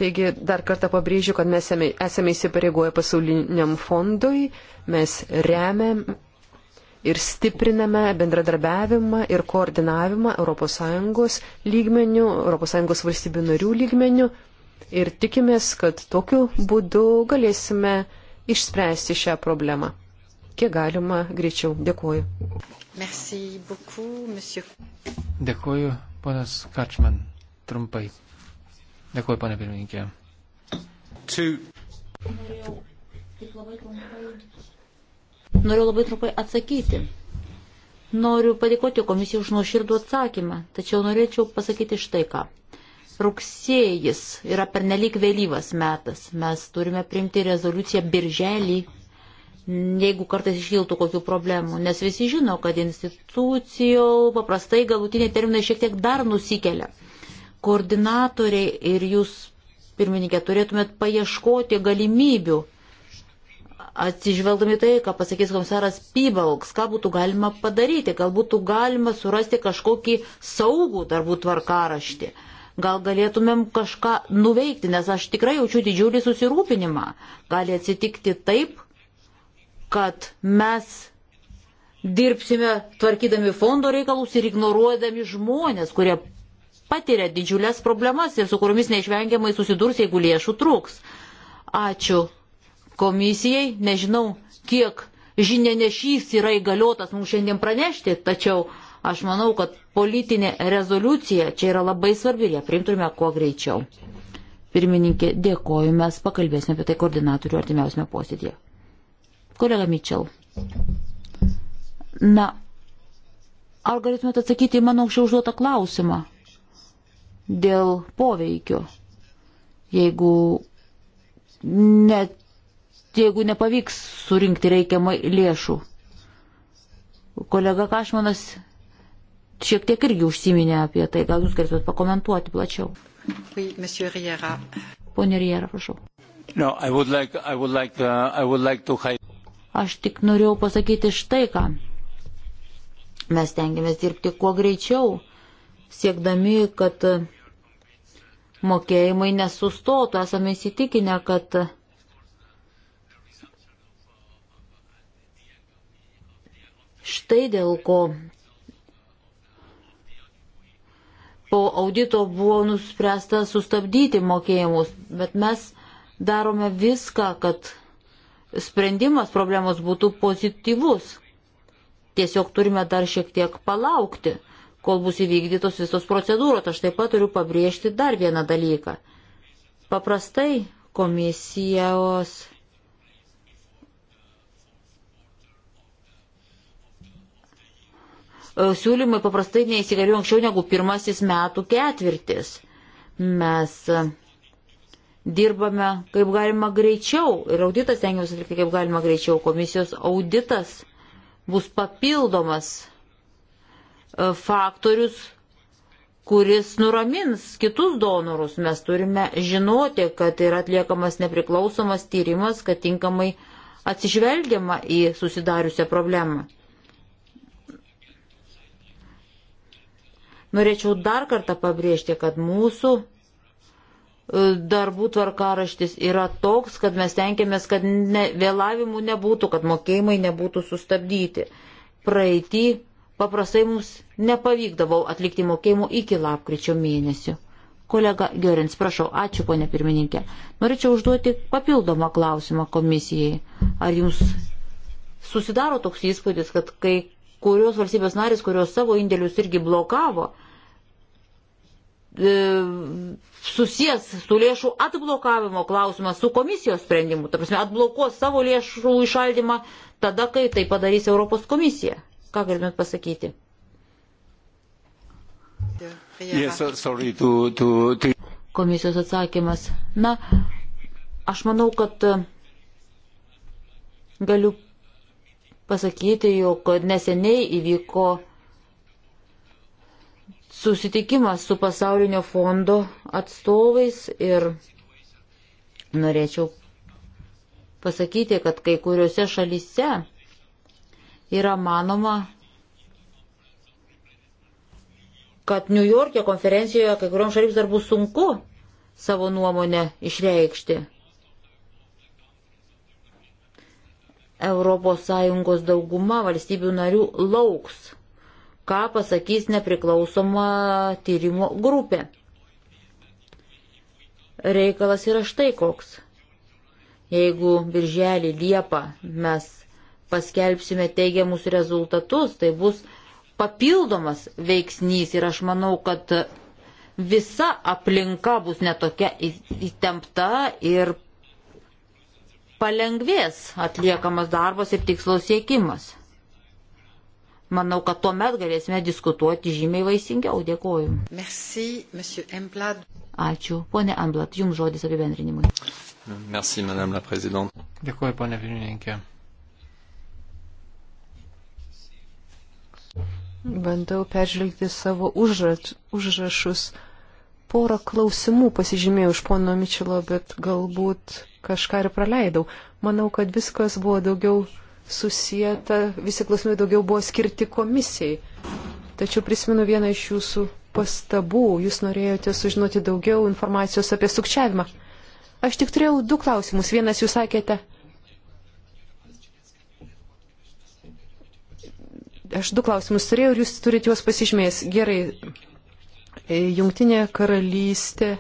Taigi dar kartą pabrėžiu, kad mes esame įsipareigoję pasauliniam fondui, mes remiam ir stipriname bendradarbiavimą ir koordinavimą ES lygmenių, ES valstybių narių lygmenių ir tikimės, kad tokiu būdu galėsime išspręsti šią problemą. Kiek galima greičiau. Dėkuoju. Beaucoup, monsieur. Dėkuoju, ponas Kačman. Trumpai. Dėkuoju, pane pirmininkė. Two. Norėjau tik labai trumpai. Noriu labai trumpai atsakyti. Noriu padėkoti komisijai už nuoširdų atsakymą, tačiau norėčiau pasakyti štai ką. Rugsėjis yra pernelyg vėlyvas metas. Mes turime priimti rezoliuciją birželį, jeigu kartais iškiltų kokių problemų, nes visi žino, kad institucijų paprastai galutiniai terminai šiek tiek dar nusikelia koordinatoriai ir jūs, pirmininkė, turėtumėt paieškoti galimybių, atsižvelgdami tai, ką pasakys komisaras Pybalks, ką būtų galima padaryti, gal būtų galima surasti kažkokį saugų darbų tvarkaraštį. Gal galėtumėm kažką nuveikti, nes aš tikrai jaučiu didžiulį susirūpinimą. Gali atsitikti taip, kad mes dirbsime tvarkydami fondo reikalus ir ignoruodami žmonės, kurie patiria didžiulės problemas ir su kuriomis neišvengiamai susidurs, jeigu lėšų trūks. Ačiū komisijai, nežinau, kiek žinianešys yra įgaliotas mums šiandien pranešti, tačiau aš manau, kad politinė rezoliucija čia yra labai svarbi ir ją priimtume kuo greičiau. Pirmininkė, dėkoju, mes pakalbėsime apie tai koordinatorių artimiausiame posėdėje. Kolega Mičel. Na, ar galėtumėte atsakyti į mano anksčiau užduotą klausimą? dėl poveikio. Jeigu, ne, jeigu nepavyks surinkti reikiamai lėšų. Kolega Kašmanas šiek tiek irgi užsiminė apie tai, gal jūs galėtumėt pakomentuoti plačiau. Oui, Riera. Pone Riera, prašau. No, I would like, I would like, uh, I would like to... Aš tik norėjau pasakyti štai ką. Mes tengiamės dirbti kuo greičiau, siekdami, kad uh, mokėjimai nesustotų. Esame įsitikinę, kad štai dėl ko po audito buvo nuspręsta sustabdyti mokėjimus, bet mes darome viską, kad sprendimas problemos būtų pozityvus. Tiesiog turime dar šiek tiek palaukti kol bus įvykdytos visos procedūros. Aš taip pat turiu pabrėžti dar vieną dalyką. Paprastai komisijos e, siūlymai paprastai neįsigaliuoja anksčiau negu pirmasis metų ketvirtis. Mes e, dirbame kaip galima greičiau ir auditas tengiamės atlikti kaip galima greičiau. Komisijos auditas bus papildomas E, faktorius, kuris nuramins kitus donorus. Mes turime žinoti, kad yra atliekamas nepriklausomas tyrimas, kad tinkamai atsižvelgiama į susidariusią problemą. Norėčiau dar kartą pabrėžti, kad mūsų e, darbų tvarkaraštis yra toks, kad mes tenkėmės, kad ne, vėlavimų nebūtų, kad mokėjimai nebūtų sustabdyti. Praeitį paprastai mums nepavykdavo atlikti mokėjimų iki lapkričio mėnesio. Kolega Gerins, prašau, ačiū ponė pirmininkė. Norėčiau užduoti papildomą klausimą komisijai. Ar jums susidaro toks įspūdis, kad kai kurios valstybės narės, kurios savo indėlius irgi blokavo, e, susijęs su lėšų atblokavimo klausimas su komisijos sprendimu. Ta prasme, atblokuos savo lėšų išaldymą tada, kai tai padarys Europos komisija. Ką galėtumėt pasakyti? Yes, sorry, to, to, to... Komisijos atsakymas. Na, aš manau, kad e, galiu pasakyti, jog neseniai įvyko susitikimas su pasaulinio fondo atstovais ir norėčiau pasakyti, kad kai kuriuose šalyse yra manoma, kad New York'e konferencijoje kai kuriuom šalims dar bus sunku savo nuomonę išreikšti. ES dauguma valstybių narių lauks, ką pasakys nepriklausoma tyrimo grupė. Reikalas yra štai koks. Jeigu birželį Liepą mes paskelbsime teigiamus rezultatus, tai bus papildomas veiksnys ir aš manau, kad visa aplinka bus netokia įtempta ir palengvės atliekamas darbas ir tikslo siekimas. Manau, kad tuomet galėsime diskutuoti žymiai vaisingiau. Dėkuoju. Merci, Ačiū. Pone Amblat, jums žodis apibendrinimui. Merci, Madame la Présidente. Dėkuoju, ponė Vilininkė. Bandau peržvelgti savo užrač, užrašus. Porą klausimų pasižymėjau iš pono Mičilo, bet galbūt kažką ir praleidau. Manau, kad viskas buvo daugiau susijęta, visi klausimai daugiau buvo skirti komisijai. Tačiau prisimenu vieną iš jūsų pastabų. Jūs norėjote sužinoti daugiau informacijos apie sukčiavimą. Aš tik turėjau du klausimus. Vienas jūs sakėte, Aš du klausimus turėjau ir jūs turite juos pasižymėjęs. Gerai, e, Jungtinė karalystė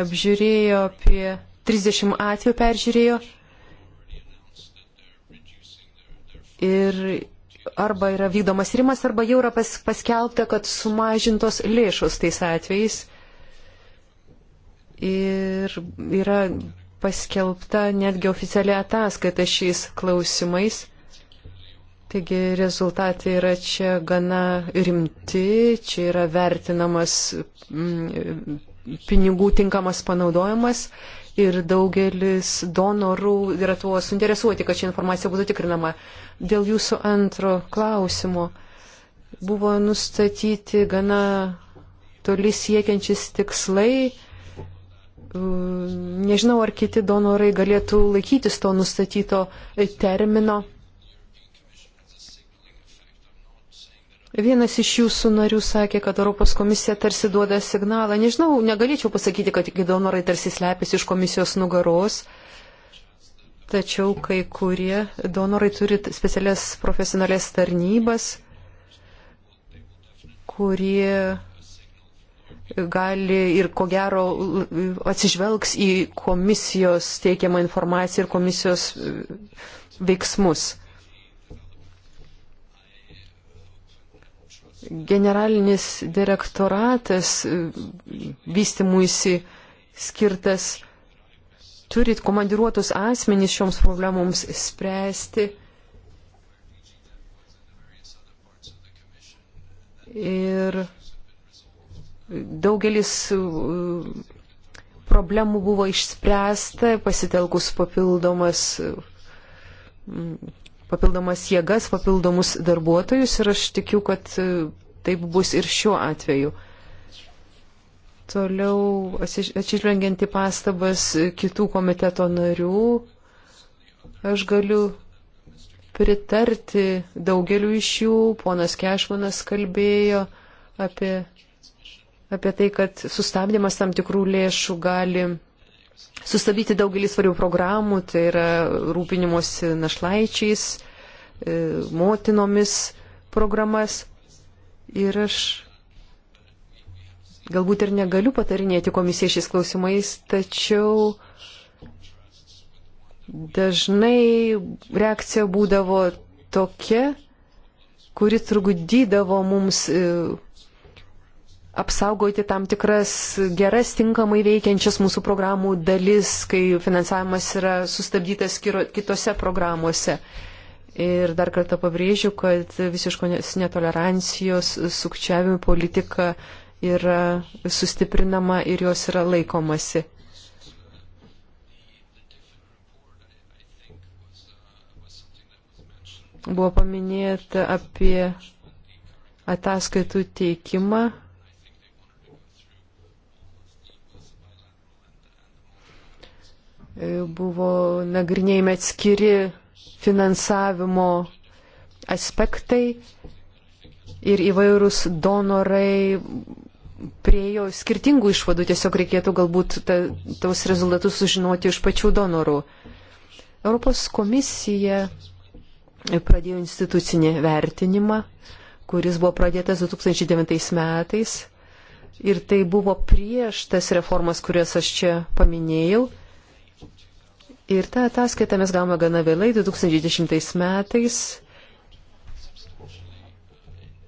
apžiūrėjo apie 30 atvejų peržiūrėjo ir arba yra vykdomas rimas, arba jau yra pas, paskelbta, kad sumažintos lėšos tais atvejais ir yra paskelbta netgi oficialiai ataskaita šiais klausimais. Taigi rezultatai yra čia gana rimti, čia yra vertinamas m, mm, pinigų tinkamas panaudojimas ir daugelis donorų yra tuo suinteresuoti, kad ši informacija būtų tikrinama. Dėl jūsų antro klausimo buvo nustatyti gana toli siekiančiais tikslai. Nežinau, ar kiti donorai galėtų laikytis to nustatyto termino. Vienas iš jūsų narių sakė, kad Europos komisija tarsi duoda signalą. Nežinau, negalėčiau pasakyti, kad gidonorai tarsi slepiasi iš komisijos nugaros. Tačiau kai kurie donorai turi specialias profesionalės tarnybas, kurie gali ir ko gero atsižvelgs į komisijos teikiamą informaciją ir komisijos veiksmus. generalinis direktoratas vystimuisi skirtas turit komandiruotus asmenys šioms problemoms spręsti. Ir daugelis uh, problemų buvo išspręsta pasitelkus papildomas uh, papildomas jėgas, papildomus darbuotojus ir aš tikiu, kad e, taip bus ir šiuo atveju. Toliau atsižvelgiant į pastabas kitų komiteto narių, aš galiu pritarti daugeliu iš jų. Ponas Kešmanas kalbėjo apie, apie tai, kad sustabdymas tam tikrų lėšų gali sustabdyti daugelį svarių programų, tai yra rūpinimuose našlaičiais, e, motinomis programas. Ir aš galbūt ir negaliu patarinėti komisijai šiais klausimais, tačiau dažnai reakcija būdavo tokia, kuri trukdydavo mums e, apsaugoti tam tikras geras tinkamai veikiančias mūsų programų dalis, kai finansavimas yra sustabdytas kitose programuose. Ir dar kartą pabrėžiu, kad visiškos netolerancijos sukčiavimo politika yra sustiprinama ir jos yra laikomasi. Buvo paminėta apie ataskaitų teikimą E, buvo nagrinėjami atskiri finansavimo aspektai ir įvairūs donorai priejo skirtingų išvadų, tiesiog reikėtų galbūt ta, tos rezultatus sužinoti iš pačių donorų. Europos komisija pradėjo institucinį vertinimą, kuris buvo pradėtas 2009 metais ir tai buvo prieš tas reformas, kurias aš čia paminėjau Ir tą ataskaitą mes gavome gana vėlai, 2010 metais.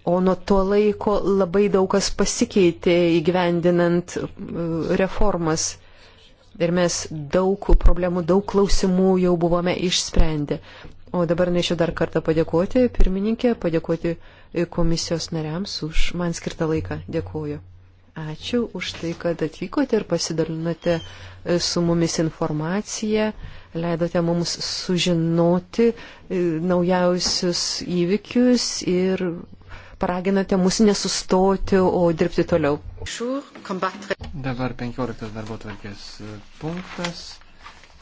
O nuo to laiko labai daug kas pasikeitė įgyvendinant uh, reformas. Ir mes daug problemų, daug klausimų jau buvome išsprendę. O dabar norėčiau dar kartą padėkoti pirmininkė, padėkoti uh, komisijos nariams už man skirtą laiką. Dėkuoju. Ačiū už tai, kad atvykote ir pasidalinote e, su mumis informaciją, leidote mums sužinoti e, naujausius įvykius ir paraginate mus nesustoti, o dirbti toliau. Dabar 15 darbo tvarkės e, punktas,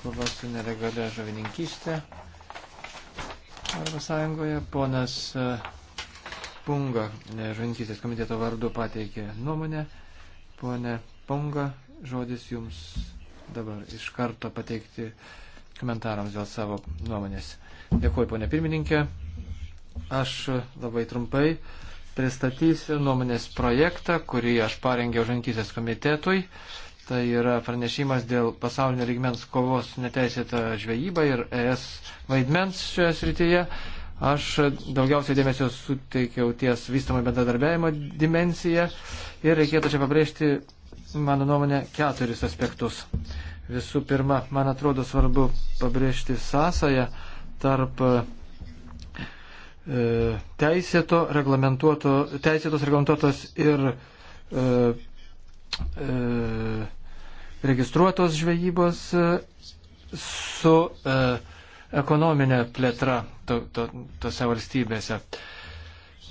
kova su nelegalia žavininkystė Europos Sąjungoje. Ponas Punga žuvininkystės komiteto vardu pateikė nuomonę. Pone Ponga, žodis jums dabar iš karto pateikti komentarams dėl savo nuomonės. Dėkuoju, ponė pirmininkė. Aš labai trumpai pristatysiu nuomonės projektą, kurį aš parengiau žankysės komitetui. Tai yra pranešimas dėl pasaulinio lygmens kovos neteisėta žvejyba ir ES vaidmens šioje srityje. Aš daugiausiai dėmesio suteikiau ties vystamą bendradarbiavimo dimenciją ir reikėtų čia pabrėžti, mano nuomonė, keturis aspektus. Visų pirma, man atrodo svarbu pabrėžti sąsąją tarp e, teisėto reglamentuoto, teisėtos reglamentuotos ir e, e, registruotos žvejybos e, su e, ekonominė plėtra to, to, tose valstybėse.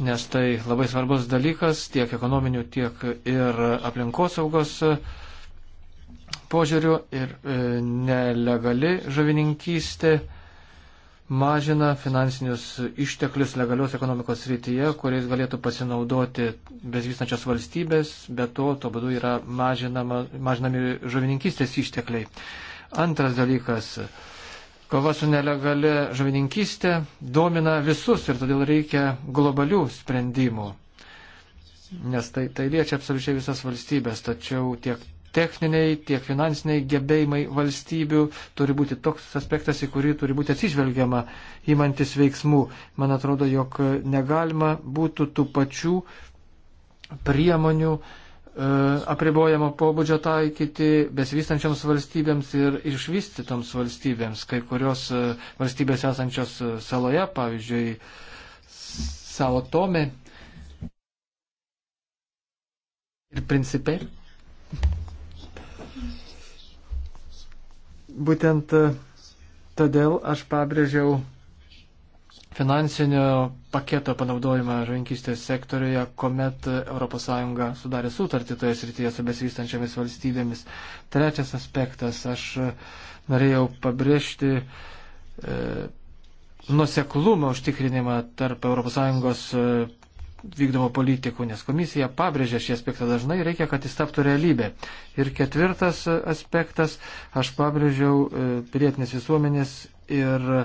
Nes tai labai svarbus dalykas tiek ekonominių, tiek ir aplinkosaugos požiūrių ir e, nelegali žavininkystė mažina finansinius išteklius legalios ekonomikos rytyje, kuriais galėtų pasinaudoti besvystančios valstybės, bet to, to būdu yra mažinama, mažinami žuvininkystės ištekliai. Antras dalykas Kova su nelegali žavininkystė domina visus ir todėl reikia globalių sprendimų, nes tai, tai liečia absoliučiai visas valstybės, tačiau tiek techniniai, tiek finansiniai gebėjimai valstybių turi būti toks aspektas, į kurį turi būti atsižvelgiama įmantis veiksmų. Man atrodo, jog negalima būtų tų pačių priemonių uh, E, apribojamo pobūdžio taikyti besivystančioms valstybėms ir išvystytoms valstybėms. Kai kurios e, valstybės esančios e, saloje, pavyzdžiui, Salotome ir Principe. Būtent todėl aš pabrėžiau finansinio paketo panaudojimą žuvininkystės sektoriuje, kuomet ES sudarė sutartį toje srityje su besivystančiamis valstybėmis. Trečias aspektas, aš norėjau pabrėžti e, nuseklumą užtikrinimą tarp ES e, vykdomo politikų, nes komisija pabrėžia šį aspektą dažnai, reikia, kad jis taptų realybė. Ir ketvirtas aspektas, aš pabrėžiau e, pilietinės visuomenės ir e,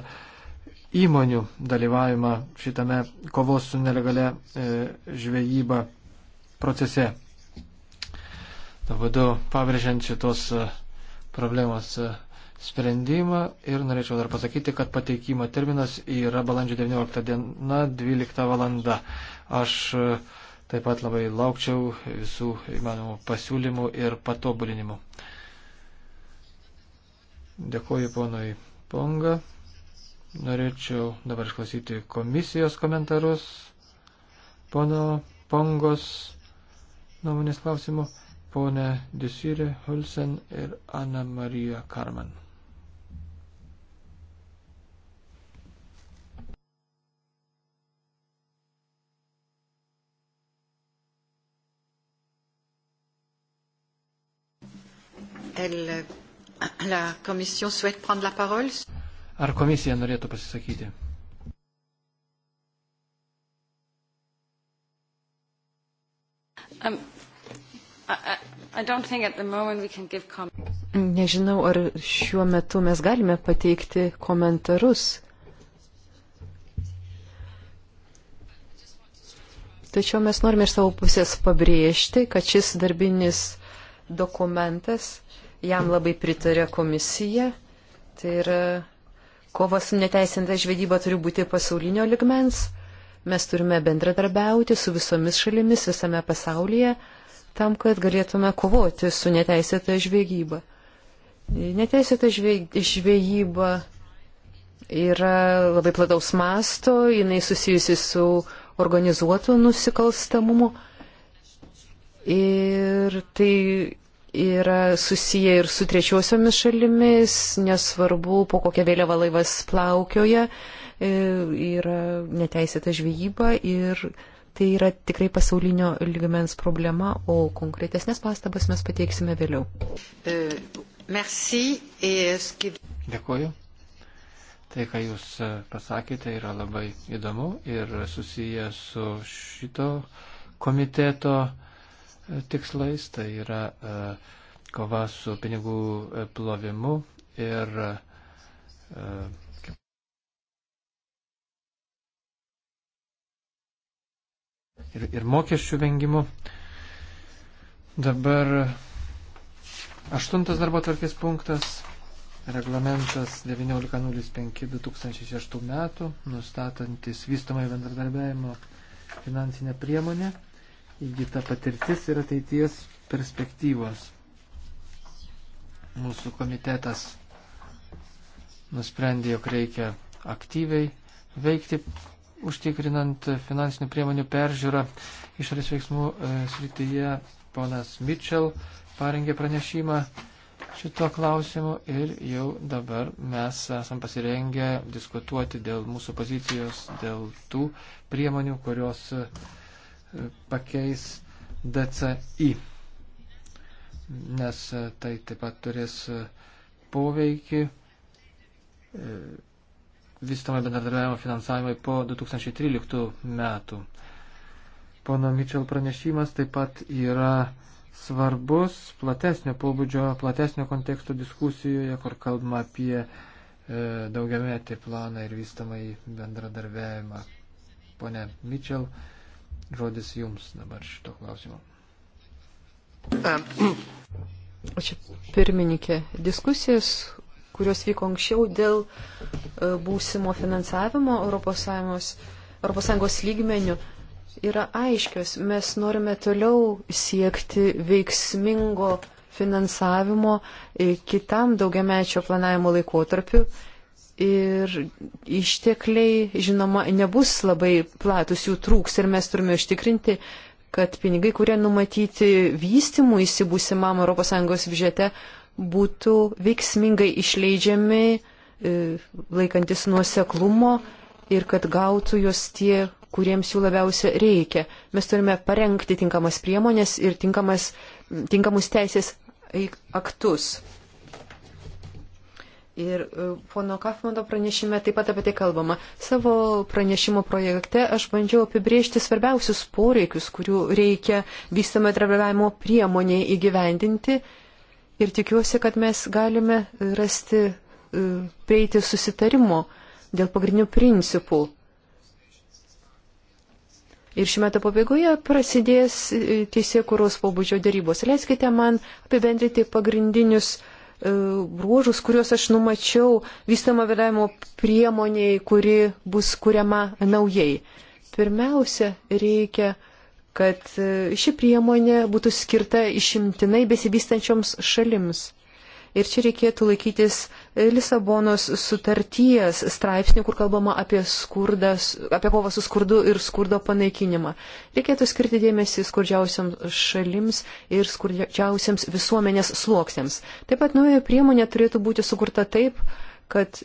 įmonių dalyvavimą šitame kovos su nelegale žvejyba procese. Vadu pabrėžiant šitos e, problemos e, sprendimą ir norėčiau dar pasakyti, kad pateikimo terminas yra balandžio 19 diena 12 valanda. Aš e, taip pat labai laukčiau visų įmanomų pasiūlymų ir patobulinimų. Dėkuoju ponui Ponga. Norėčiau dabar išklausyti komisijos komentarus, pono Pongos nuomonės klausimų, ponė Desirė Hulsen ir Ana Marija Karman. Elle, la commission souhaite prendre la parole Ar komisija norėtų pasisakyti? Um, I, I don't think at the moment we can give comments. Nežinau, ar šiuo metu mes galime pateikti komentarus. Tačiau mes norime iš savo pusės pabrėžti, kad šis darbinis dokumentas, jam labai pritarė komisija, tai yra Kova su neteisinta žvedyba turi būti pasaulinio ligmens. Mes turime bendradarbiauti su visomis šalimis visame pasaulyje tam, kad galėtume kovoti su neteisėta žvejyba. Neteisėta žvejyba yra labai plataus masto, jinai susijusi su organizuotu nusikalstamumu. Ir tai yra susiję ir su trečiosiomis šalimis, nesvarbu, po kokią vėliavą laivas plaukioja, e, yra neteisėta žvejyba ir tai yra tikrai pasaulinio lygmens problema, o konkretesnės pastabas mes pateiksime vėliau. E, e, Dėkuoju. Tai, ką Jūs pasakėte, yra labai įdomu ir susiję su šito komiteto tikslais, tai yra e, kova su pinigų e, plovimu ir e, ir, ir mokesčių vengimu. Dabar aštuntas darbo tvarkės punktas, reglamentas 1905-2006 metų, nustatantis vystomai bendradarbiavimo finansinę priemonę įgyta patirtis ir ateities perspektyvos. Mūsų komitetas nusprendė, jog reikia aktyviai veikti, užtikrinant finansinių priemonių peržiūrą išorės veiksmų e, srityje. Ponas Mitchell parengė pranešimą šito klausimu ir jau dabar mes esam pasirengę diskutuoti dėl mūsų pozicijos, dėl tų priemonių, kurios uh, pakeis DCI, nes tai taip pat turės poveikį e, vystamai bendradarbiavimo finansavimai po 2013 metų. Pono Mitchell pranešimas taip pat yra svarbus platesnio pobūdžio, platesnio konteksto diskusijoje, kur kalbama apie e, daugiametį planą ir vystamą į bendradarbiavimą. Pone Mitchell Žodis jums dabar šito klausimo. Ačiū pirmininkė. Diskusijas, kurios vyko anksčiau dėl e, būsimo finansavimo ES, ES lygmenių, yra aiškios. Mes norime toliau siekti veiksmingo finansavimo e, kitam daugiamečio planavimo laikotarpiu Ir ištekliai, žinoma, nebus labai platus, jų trūks ir mes turime ištikrinti, kad pinigai, kurie numatyti vystimų įsibūsimam ES biudžete, būtų veiksmingai išleidžiami, e, laikantis nuoseklumo ir kad gautų juos tie, kuriems jų labiausia reikia. Mes turime parengti tinkamas priemonės ir tinkamas, tinkamus teisės aktus. Ir e, pono Kafmano pranešime taip pat apie tai kalbama. Savo pranešimo projekte aš bandžiau apibriežti svarbiausius poreikius, kurių reikia vystamo atrabiavimo priemonėje įgyvendinti. Ir tikiuosi, kad mes galime rasti, e, prieiti susitarimo dėl pagrindinių principų. Ir šiuo metu pabaigoje prasidės e, teisėkuros pobūdžio darybos. Leiskite man apibendrinti pagrindinius uh, E, bruožus, kuriuos aš numačiau vystamo vėdavimo priemoniai, kuri bus kuriama naujai. Pirmiausia, reikia, kad e, ši priemonė būtų skirta išimtinai besivystančioms šalims. Ir čia reikėtų laikytis Lisabonos sutarties straipsnių, kur kalbama apie, skurdas, apie kovą su skurdu ir skurdo panaikinimą. Reikėtų skirti dėmesį skurdžiausiams šalims ir skurdžiausiams visuomenės sluoksniams. Taip pat nauja priemonė turėtų būti sukurta taip, kad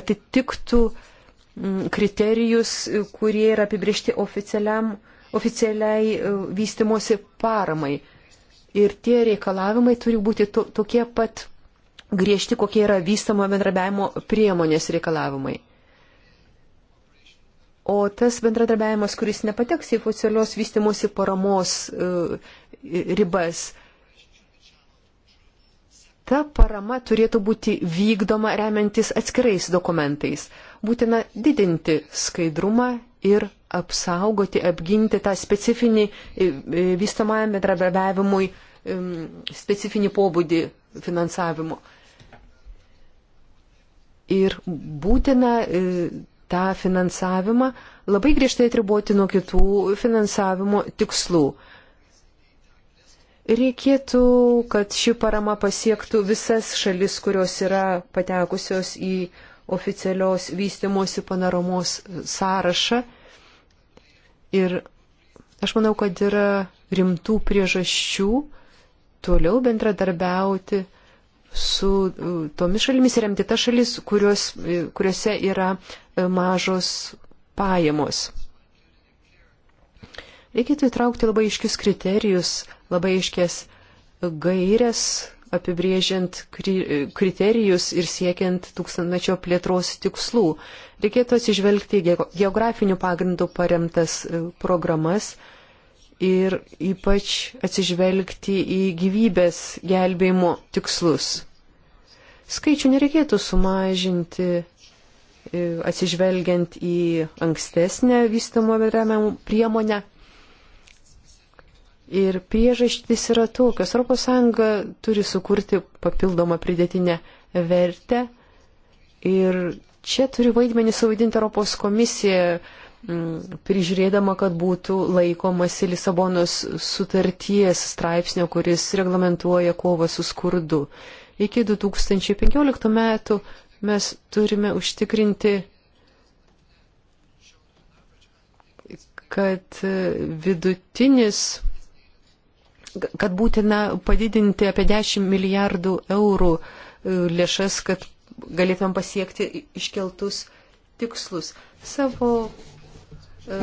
atitiktų mm, kriterijus, kurie yra apibriešti oficialiai e, vystimosi paramai ir tie reikalavimai turi būti to, tokie pat griežti, kokie yra vystamo bendradarbiavimo priemonės reikalavimai. O tas bendradarbiavimas, kuris nepateks į oficialios vystimosi paramos uh, ribas, ta parama turėtų būti vykdoma remiantis atskirais dokumentais. Būtina didinti skaidrumą, ir apsaugoti, apginti tą specifinį e, e, vystamajam bendradarbiavimui specifinį pobūdį finansavimo. Ir būtina e, tą finansavimą labai griežtai atribuoti nuo kitų finansavimo tikslų. Reikėtų, kad ši parama pasiektų visas šalis, kurios yra patekusios į oficialios vystimosi panoramos sąrašą. Ir aš manau, kad yra rimtų priežasčių toliau bendradarbiauti su e, tomis šalimis ir remti tas šalis, kurios, e, kuriuose yra e, mažos pajamos. Reikėtų įtraukti labai iškius kriterijus, labai iškės gairias, apibrėžiant kri kriterijus ir siekiant tūkstantmečio plėtros tikslų. Reikėtų atsižvelgti geografinių pagrindų paremtas e, programas ir ypač atsižvelgti į gyvybės gelbėjimo tikslus. Skaičių nereikėtų sumažinti e, atsižvelgiant į ankstesnę vystamo bendravimo priemonę, Ir priežastys yra tokios. ES turi sukurti papildomą pridėtinę vertę. Ir čia turi vaidmenį suvaidinti Europos komisija, mm, prižiūrėdama, kad būtų laikomasi Lisabonos sutarties straipsnio, kuris reglamentuoja kovą su skurdu. Iki 2015 metų mes turime užtikrinti, kad vidutinis kad būtina padidinti apie 10 milijardų eurų e, lėšas, kad galėtumėm pasiekti iškeltus tikslus. Savo e,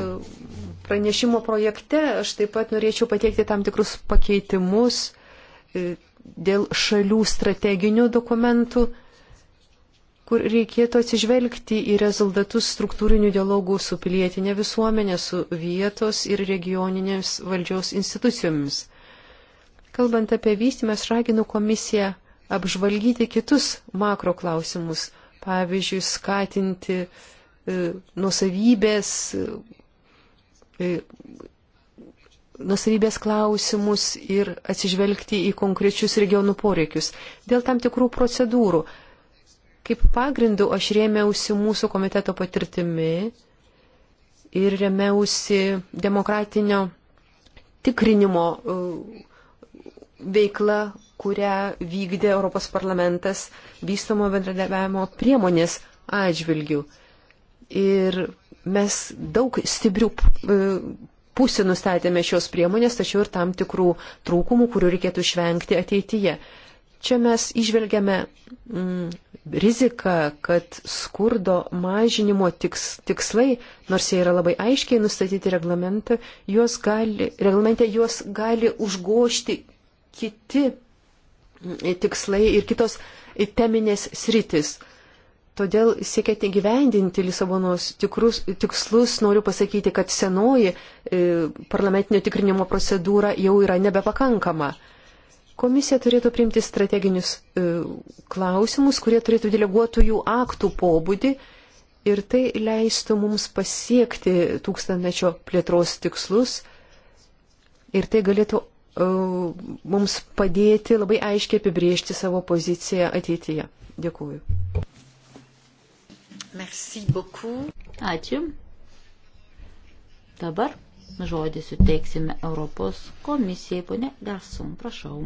pranešimo projekte aš taip pat norėčiau pateikti tam tikrus pakeitimus e, dėl šalių strateginių dokumentų, kur reikėtų atsižvelgti į rezultatus struktūrinių dialogų su pilietinė visuomenė, su vietos ir regioninėms valdžios institucijomis. Kalbant apie vystymą, aš raginu komisiją apžvalgyti kitus makro klausimus, pavyzdžiui, skatinti e, nusavybės, e, e nusavybės klausimus ir atsižvelgti į konkrečius regionų poreikius dėl tam tikrų procedūrų. Kaip pagrindu aš rėmiausi mūsų komiteto patirtimi ir rėmiausi demokratinio tikrinimo e, veikla, kurią vykdė Europos parlamentas vystomo bendradarbiavimo priemonės atžvilgių. Ir mes daug stiprių e, pusių nustatėme šios priemonės, tačiau ir tam tikrų trūkumų, kurių reikėtų išvengti ateityje. Čia mes išvelgiame mm, riziką, kad skurdo mažinimo tiks, tikslai, nors jie yra labai aiškiai nustatyti juos gali, reglamente, juos gali užgošti kiti tikslai ir kitos teminės sritis. Todėl siekiant įgyvendinti Lisabonos tikrus, tikslus, noriu pasakyti, kad senoji e, parlamentinio tikrinimo procedūra jau yra nebepakankama. Komisija turėtų priimti strateginius e, klausimus, kurie turėtų deleguotųjų aktų pobūdį ir tai leistų mums pasiekti tūkstantmečio plėtros tikslus ir tai galėtų E, mums padėti labai aiškiai apibriežti savo poziciją ateityje. Dėkuoju. Merci beaucoup. Ačiū. Dabar žodį suteiksime Europos komisijai. Pone Garson, prašau.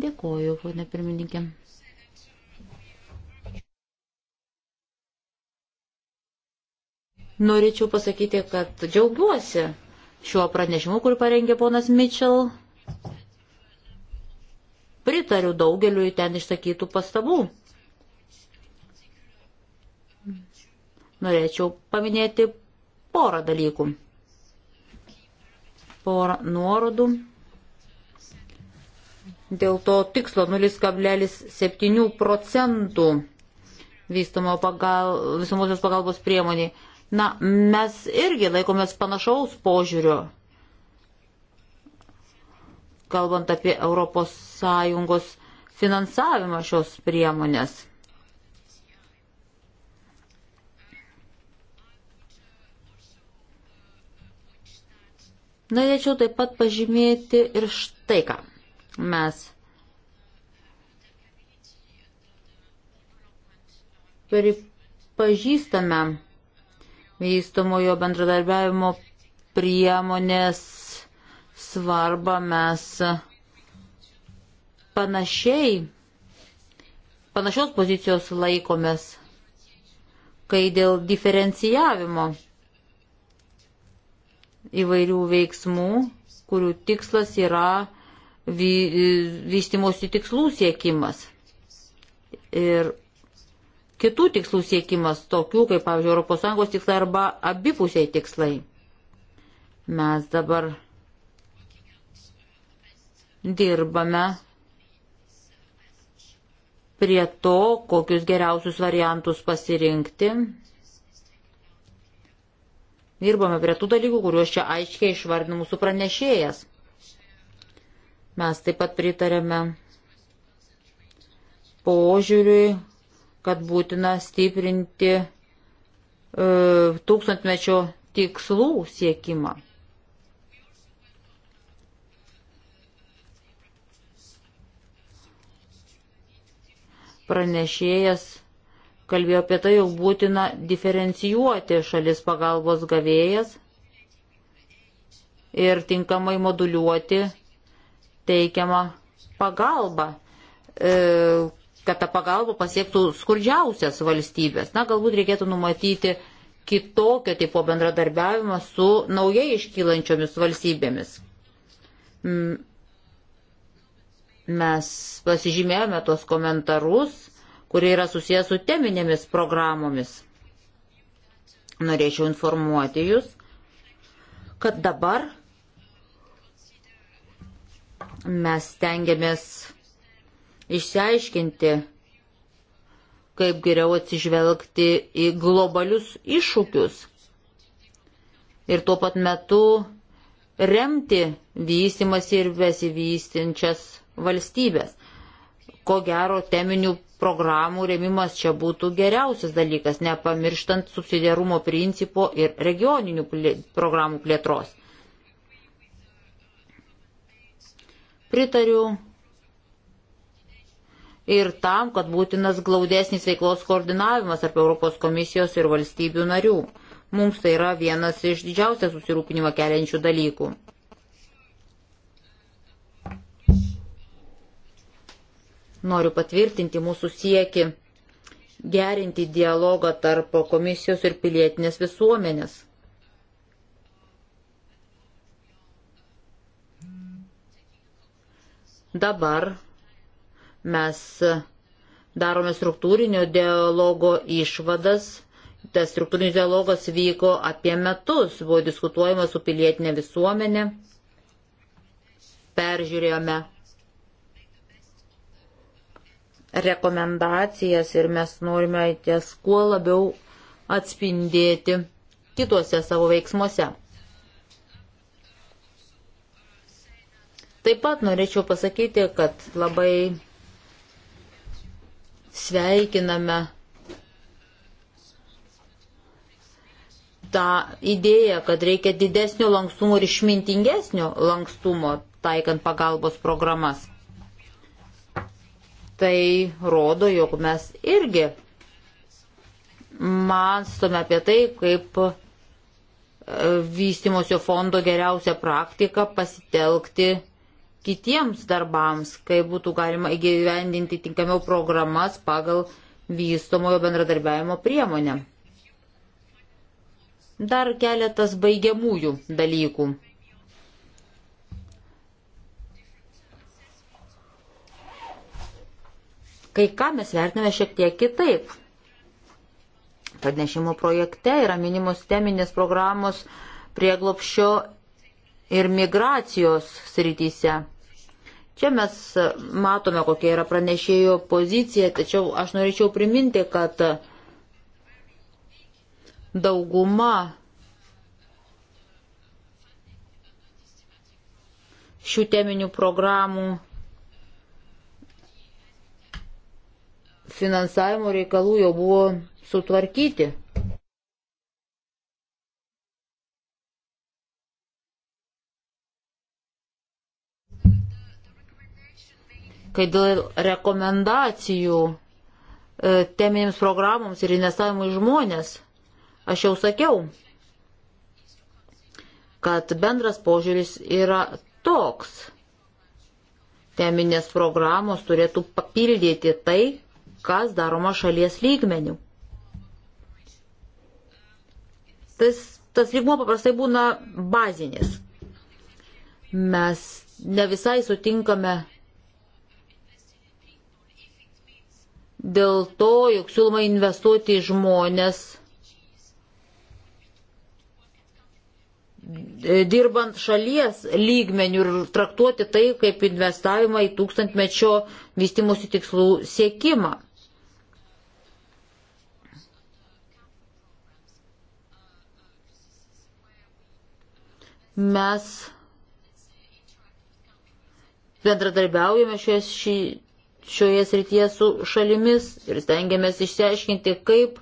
Dėkuoju, pone pirmininkė. Norėčiau pasakyti, kad džiaugiuosi šiuo pranešimu, kurį parengė ponas Mitchell. Pritariu daugeliu ten išsakytų pastabų. Norėčiau paminėti porą dalykų. Porą nuorodų. Dėl to tikslo 0,7 procentų vystomosios pagal, pagalbos priemoniai Na, mes irgi laikomės panašaus požiūrio, kalbant apie ES finansavimą šios priemonės. Norėčiau taip pat pažymėti ir štai ką. Mes pripažįstame vystomojo bendradarbiavimo priemonės svarbą mes panašiai, panašios pozicijos laikomės, kai dėl diferencijavimo įvairių veiksmų, kurių tikslas yra vystimosi tikslų siekimas. Ir kitų tikslų siekimas, tokių kaip, pavyzdžiui, ES tikslai arba abipusiai tikslai. Mes dabar dirbame prie to, kokius geriausius variantus pasirinkti. Dirbame prie tų dalykų, kuriuos čia aiškiai išvardino mūsų pranešėjas. Mes taip pat pritarėme požiūriui, kad būtina stiprinti e, tūkstantmečio tikslų siekimą. Pranešėjas kalbėjo apie tai, jog būtina diferencijuoti šalis pagalbos gavėjas ir tinkamai moduliuoti teikiamą pagalbą, e, kad ta pagalba pasiektų skurdžiausias valstybės. Na, galbūt reikėtų numatyti kitokio tipo bendradarbiavimą su naujai iškylančiomis valstybėmis. Mes pasižymėjome tuos komentarus, kurie yra susijęs su teminėmis programomis. Norėčiau informuoti Jūs, kad dabar mes tengiamės išsiaiškinti, kaip geriau atsižvelgti į globalius iššūkius ir tuo pat metu remti vystimas ir besivystinčias valstybės. Ko gero, teminių programų remimas čia būtų geriausias dalykas, nepamirštant subsidiarumo principo ir regioninių plė, programų plėtros. Pritariu ir tam, kad būtinas glaudesnis veiklos koordinavimas tarp Europos komisijos ir valstybių narių. Mums tai yra vienas iš didžiausią susirūpinimą keliančių dalykų. Noriu patvirtinti mūsų sieki gerinti dialogą tarp komisijos ir pilietinės visuomenės. Dabar Mes darome struktūrinio dialogo išvadas. Tas struktūrinis dialogas vyko apie metus, buvo diskutuojama su pilietinė visuomenė, peržiūrėjome rekomendacijas ir mes norime ties kuo labiau atspindėti kituose savo veiksmuose. Taip pat norėčiau pasakyti, kad labai sveikiname tą idėją, kad reikia didesnio lankstumo ir išmintingesnio lankstumo taikant pagalbos programas. Tai rodo, jog mes irgi mąstome apie tai, kaip e, vystimosio fondo geriausią praktiką pasitelkti kitiems darbams, kai būtų galima įgyvendinti tinkamiau programas pagal vystomojo bendradarbiavimo priemonę. Dar keletas baigiamųjų dalykų. Kai ką mes vertiname šiek tiek kitaip. Pranešimo projekte yra minimos teminės programos prieglopščio ir migracijos srityse. Čia mes matome, kokia yra pranešėjo pozicija, tačiau aš norėčiau priminti, kad dauguma šių teminių programų finansavimo reikalų jau buvo sutvarkyti. kai dėl rekomendacijų e, teminėms programoms ir investavimui žmonės, aš jau sakiau, kad bendras požiūris yra toks. Teminės programos turėtų papildyti tai, kas daroma šalies lygmenių. Tas, tas lygmo paprastai būna bazinis. Mes ne visai sutinkame dėl to, jog siūloma investuoti į žmonės, e, dirbant šalies lygmenių ir traktuoti tai kaip investavimą į tūkstantmečio vystimosi tikslų siekimą. Mes bendradarbiaujame šioje šioje srityje su šalimis ir stengiamės išsiaiškinti, kaip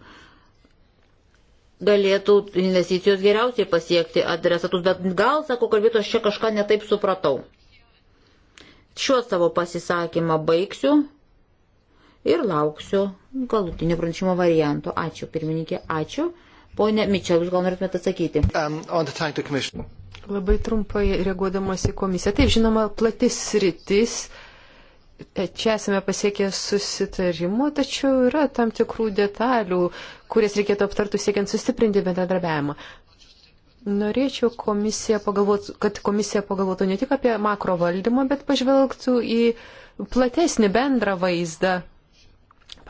galėtų investicijos geriausiai pasiekti adresatus, bet gal, sako kalbėtos, čia kažką netaip supratau. Šiuo savo pasisakymą baigsiu ir lauksiu galutinio pranešimo varianto. Ačiū, pirmininkė, ačiū. Pone Mičel, jūs gal norėtumėte atsakyti? Um, Labai trumpai reaguodamas į komisiją. Taip, žinoma, platis rytis. Uh, čia esame pasiekę susitarimo, tačiau yra tam tikrų detalių, kurias reikėtų aptartų siekiant sustiprinti bendradarbiavimą. Norėčiau, komisija pagalvot, kad komisija pagalvotų ne tik apie makro valdymą, bet pažvelgtų į platesnį bendrą vaizdą,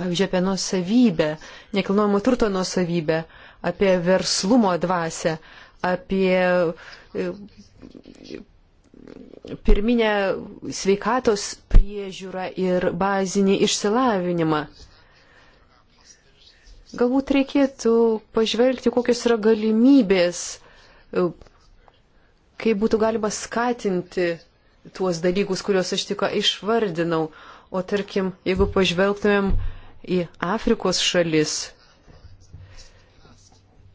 pavyzdžiui, apie nusavybę, nekilnojamo turto nusavybę, apie verslumo dvasę, apie pirminę sveikatos priežiūrą ir bazinį išsilavinimą. Galbūt reikėtų pažvelgti, kokios yra galimybės, kaip būtų galima skatinti tuos dalykus, kuriuos aš tik išvardinau. O tarkim, jeigu pažvelgtumėm į Afrikos šalis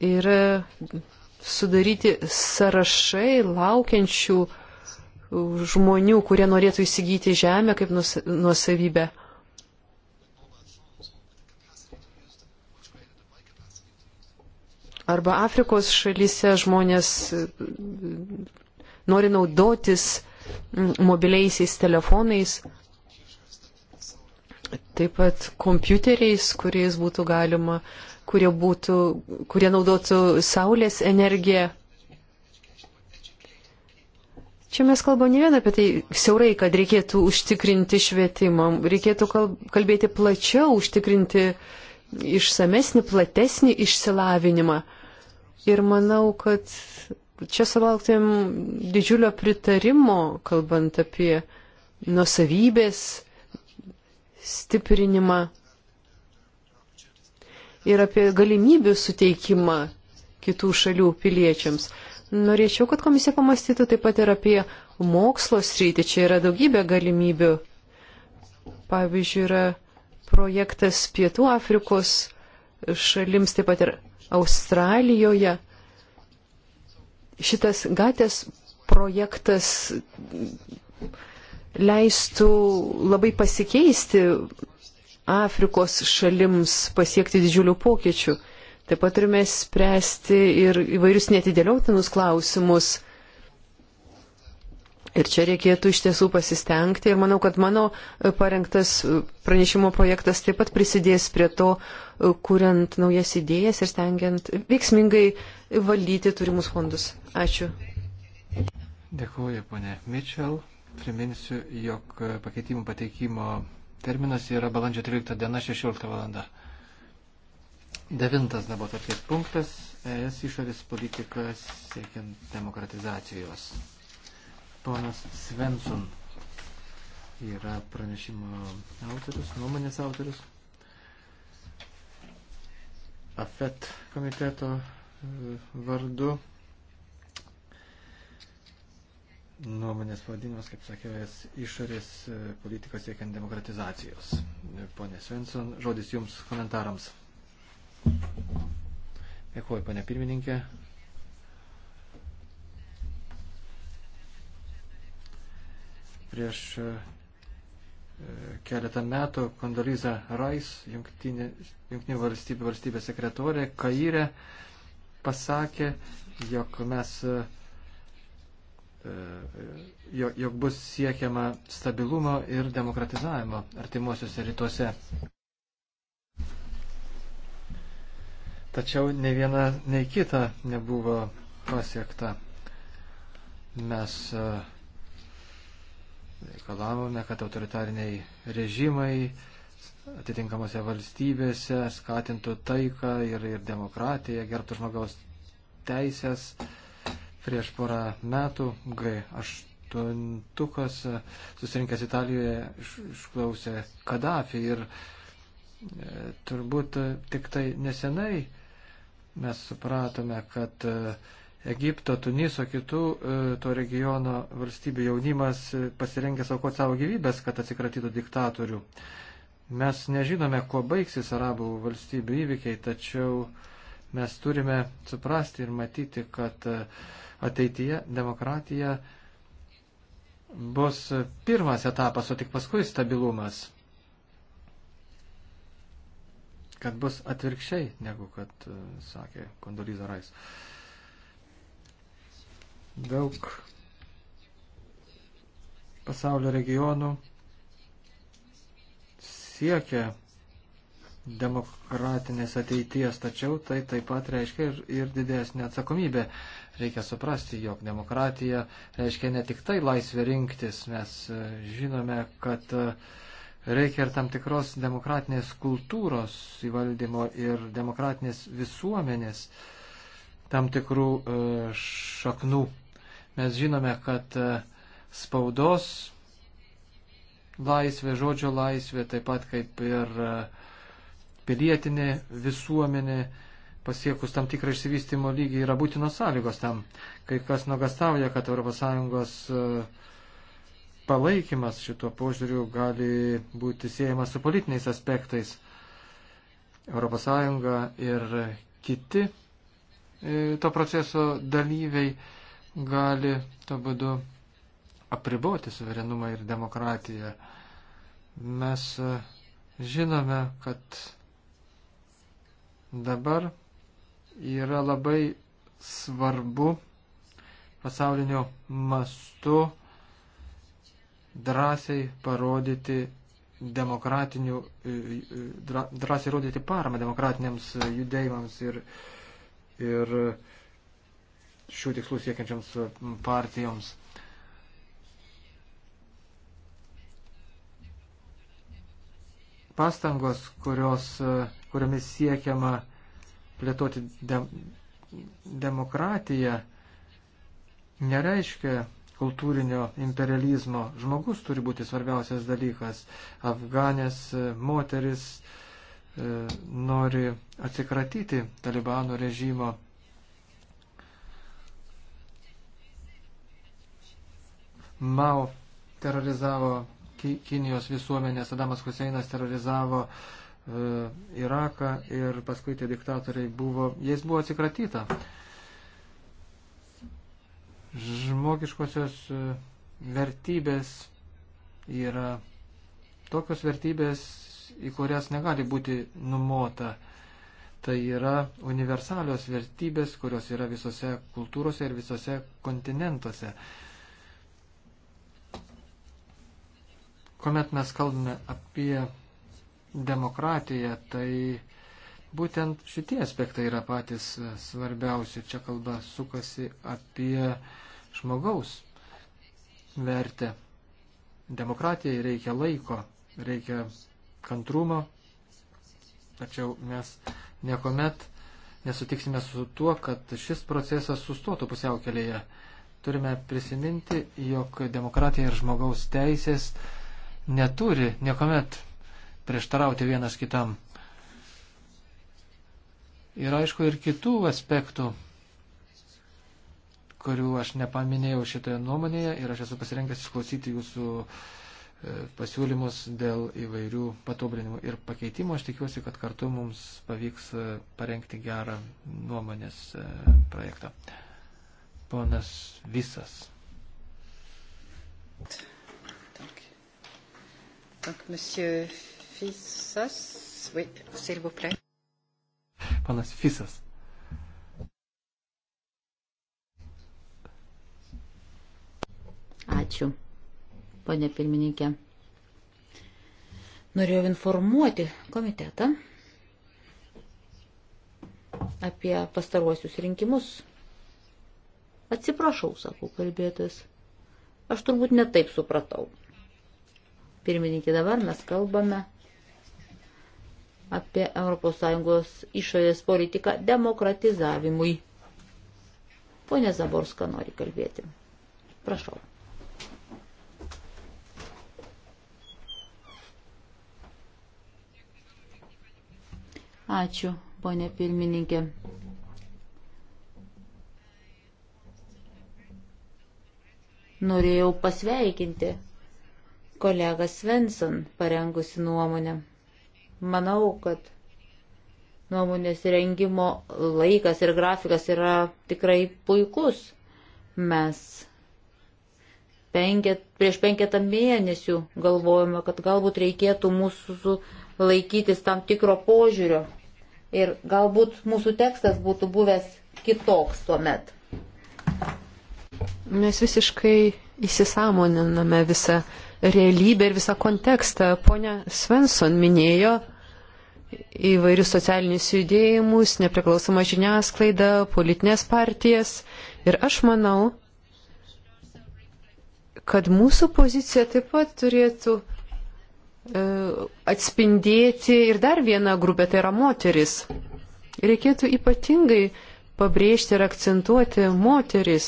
ir sudaryti sąrašai laukiančių žmonių, kurie norėtų įsigyti žemę kaip nuosavybę. Arba Afrikos šalyse žmonės nori naudotis mobiliaisiais telefonais, taip pat kompiuteriais, kuriais būtų galima, kurie, būtų, kurie naudotų saulės energiją. Čia mes kalbame ne vien apie tai siaurai, kad reikėtų užtikrinti švietimą, reikėtų kalbėti plačiau, užtikrinti išsamesnį, platesnį išsilavinimą. Ir manau, kad čia sulauktum didžiulio pritarimo, kalbant apie nusavybės stiprinimą ir apie galimybių suteikimą kitų šalių piliečiams. Norėčiau, kad komisija pamastytų taip pat ir apie mokslo sritį. Čia yra daugybė galimybių. Pavyzdžiui, yra projektas Pietų Afrikos šalims, taip pat ir Australijoje. Šitas gatės projektas leistų labai pasikeisti Afrikos šalims pasiekti didžiulių pokyčių. Taip pat turime spręsti ir įvairius netidėliotinus klausimus. Ir čia reikėtų iš tiesų pasistengti ir manau, kad mano parengtas pranešimo projektas taip pat prisidės prie to, kuriant naujas idėjas ir stengiant veiksmingai valdyti turimus fondus. Ačiū. Dėkuoju, ponė Mitchell. Priminsiu, jog pakeitimų pateikimo terminas yra balandžio 13 diena 16 valanda. Devintas dabar tokies punktas - ES išorės politikas siekiant demokratizacijos. Ponas Svensson yra pranešimo autorius, nuomonės autorius. AFET komiteto e, vardu. Nuomonės pavadinimas, kaip sakiau, išorės e, politikos siekiant demokratizacijos. Pone Svensson, žodis jums komentarams. Dėkuoju, pane pirmininkė. Prieš e, keletą metų Kondoliza Rais, jungtinė, jungtinė valstybė, valstybė sekretorė, Kairė pasakė, jog mes, e, e, jog, jog bus siekiama stabilumo ir demokratizavimo artimuosiuose rytuose. Tačiau ne viena, nei kita nebuvo pasiekta. Mes e, reikalavome, kad autoritariniai režimai atitinkamose valstybėse skatintų taiką ir, ir demokratiją, gerbtų žmogaus teisės. Prieš porą metų G8 e, susirinkęs Italijoje iš, išklausė Kadafį ir e, turbūt e, tik tai nesenai mes supratome, kad e, Egipto, Tuniso, kitų e, to regiono valstybių jaunimas e, pasirengęs aukoti savo gyvybės, kad atsikratytų diktatorių. Mes nežinome, kuo baigsis arabų valstybių įvykiai, tačiau mes turime suprasti ir matyti, kad ateityje demokratija bus pirmas etapas, o tik paskui stabilumas kad bus atvirkščiai, negu kad e, sakė Kondolyza Rais. Daug pasaulio regionų siekia demokratinės ateities, tačiau tai taip pat reiškia ir, ir didesnė atsakomybė. Reikia suprasti, jog demokratija reiškia ne tik tai laisvė rinktis, mes e, žinome, kad uh, reikia ir tam tikros demokratinės kultūros įvaldymo ir demokratinės visuomenės tam tikrų e, šaknų. Mes žinome, kad e, spaudos laisvė, žodžio laisvė, taip pat kaip ir e, pilietinė visuomenė pasiekus tam tikrą išsivystimo lygį yra būtinos sąlygos tam. Kai kas nogastauja, kad ES palaikymas šito požiūriu gali būti siejamas su politiniais aspektais. ES ir kiti e, to proceso dalyviai gali to būdu apriboti suverenumą ir demokratiją. Mes e, žinome, kad dabar yra labai svarbu pasaulinio mastu drąsiai parodyti demokratinių, e, e, drąsiai rodyti paramą demokratiniams judėjimams ir, ir šių tikslų siekiančiams partijoms. Pastangos, kurios, e, kuriomis siekiama plėtoti de, demokratiją, nereiškia kultūrinio imperializmo. Žmogus turi būti svarbiausias dalykas. Afganės e, moteris e, nori atsikratyti talibano režimo. Mao terorizavo Kinijos visuomenę, Sadamas Huseinas terorizavo e, Iraką ir paskui tie diktatoriai buvo, jais buvo atsikratyta. E, Žmogiškosios e, vertybės yra tokios vertybės, į kurias negali būti numota. Tai yra universalios vertybės, kurios yra visose kultūrose ir visose kontinentuose. Komet mes kalbame apie demokratiją, tai būtent šitie aspektai yra patys e, svarbiausi. Čia kalba sukasi apie žmogaus vertę. Demokratijai reikia laiko, reikia kantrumo, tačiau mes niekuomet nesutiksime su tuo, kad šis procesas sustotų pusiaukelėje. Turime prisiminti, jog demokratija ir žmogaus teisės neturi niekuomet prieštarauti vienas kitam. Ir aišku, ir kitų aspektų kurių aš nepaminėjau šitoje nuomonėje ir aš esu pasirengęs išklausyti jūsų e, pasiūlymus dėl įvairių patobulinimų ir pakeitimų. Aš tikiuosi, kad kartu mums pavyks e, parengti gerą nuomonės e, projektą. Ponas Visas. Donc, monsieur Fissas, oui, s'il vous plaît. Ponas Fisas. Ačiū, ponė pirmininkė. Norėjau informuoti komitetą apie pastaruosius rinkimus. Atsiprašau, sakau kalbėtas. Aš turbūt netaip supratau. Pirmininkė, dabar mes kalbame apie ES išorės politiką demokratizavimui. Pone Zaborska nori kalbėti. Prašau. Ačiū, ponė pirmininkė. Norėjau pasveikinti kolegą Svensson parengusi nuomonę. Manau, kad nuomonės rengimo laikas ir grafikas yra tikrai puikus. Mes penkiet, prieš penketą mėnesių galvojame, kad galbūt reikėtų mūsų laikytis tam tikro požiūrio Ir galbūt mūsų tekstas būtų buvęs kitoks tuo met. Mes visiškai įsisamoniname visą realybę ir visą kontekstą. Pone Svensson minėjo įvairius socialinius judėjimus, nepriklausomą žiniasklaidą, politinės partijas. Ir aš manau, kad mūsų pozicija taip pat turėtų E, atspindėti ir dar vieną grupę, tai yra moteris. Reikėtų ypatingai pabrėžti ir akcentuoti moteris,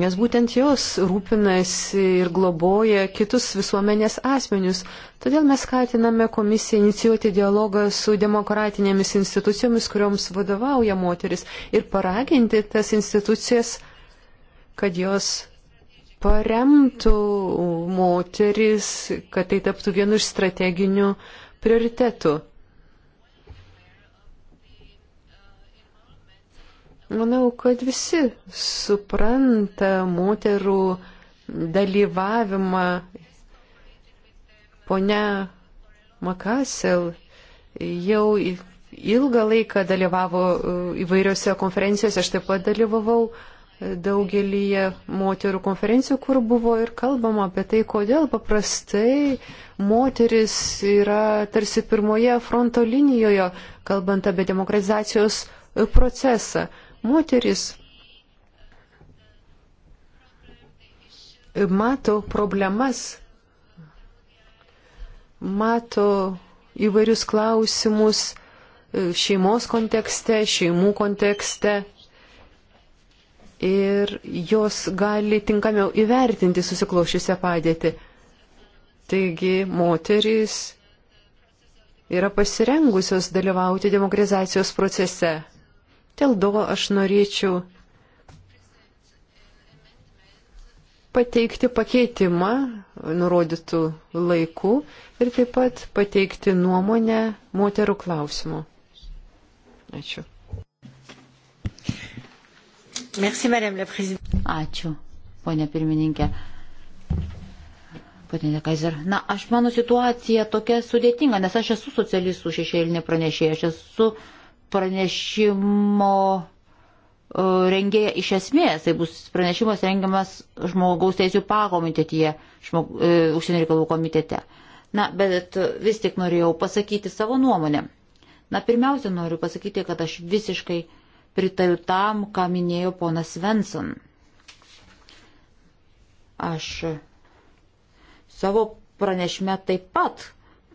nes būtent jos rūpinasi ir globoja kitus visuomenės asmenius. Todėl mes skatiname komisiją inicijuoti dialogą su demokratinėmis institucijomis, kurioms vadovauja moteris, ir paraginti tas institucijas, kad jos paremtų moteris, kad tai taptų vienu iš strateginių prioritetų. Manau, kad visi supranta moterų dalyvavimą. Pone Makasel jau ilgą laiką dalyvavo uh, įvairiose konferencijose, aš taip pat dalyvavau. Uh, daugelį moterų konferencijų, kur buvo ir kalbama apie tai, kodėl paprastai moteris yra tarsi pirmoje fronto linijoje, kalbant apie demokratizacijos procesą. Moteris mato problemas, mato įvairius klausimus e, šeimos kontekste, šeimų kontekste, ir jos gali tinkamiau įvertinti susiklošiusią padėtį. Taigi moterys yra pasirengusios dalyvauti demokratizacijos procese. Dėl to aš norėčiau pateikti pakeitimą nurodytų laikų ir taip pat pateikti nuomonę moterų klausimų. Ačiū. Merci, madame la prezidentė. Ačiū, ponė pirmininkė. Patinė Kaiser. Na, aš mano situacija tokia sudėtinga, nes aš esu socialistų šešėlinė pranešėja, aš esu pranešimo e, rengėja iš esmės, tai bus pranešimas rengiamas žmogaus teisų pakomitetyje, žmog, e, užsienio reikalų komitete. Na, bet vis tik norėjau pasakyti savo nuomonę. Na, pirmiausia, noriu pasakyti, kad aš visiškai pritariu tam, ką minėjo ponas Svensson. Aš savo pranešme taip pat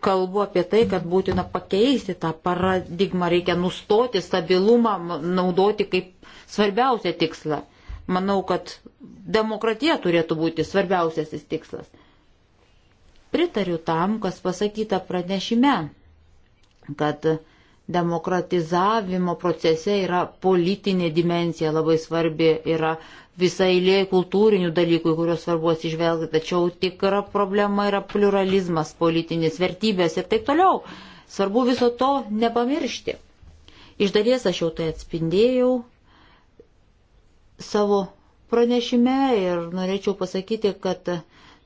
kalbu apie tai, kad būtina pakeisti tą paradigmą, reikia nustoti stabilumą, naudoti kaip svarbiausią tikslą. Manau, kad demokratija turėtų būti svarbiausiasis tikslas. Pritariu tam, kas pasakyta pranešime, kad demokratizavimo procese yra politinė dimencija labai svarbi, yra visa eilė kultūrinių dalykų, į kuriuos svarbu atsižvelgti, tačiau tikra problema yra pluralizmas politinis, vertybės ir taip toliau. Svarbu viso to nepamiršti. Iš dalies aš jau tai atspindėjau savo pranešime ir norėčiau pasakyti, kad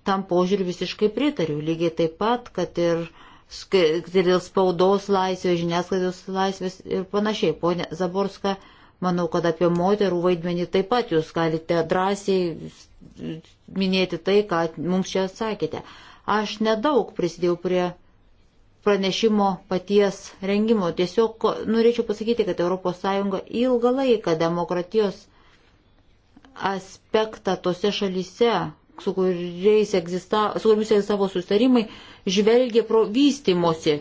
tam požiūriu visiškai pritariu. Lygiai taip pat, kad ir uh, ir tai dėl spaudos laisvės, žiniasklaidos laisvės ir panašiai. Pone Zaborska, manau, kad apie moterų vaidmenį taip pat jūs galite drąsiai minėti tai, ką mums čia atsakėte. Aš nedaug prisidėjau prie pranešimo paties rengimo. Tiesiog norėčiau pasakyti, kad ES ilgą laiką demokratijos aspektą tose šalyse, su kuriais egzista, su kuriamis egzistavo sustarimai, žvelgė pro vystimosi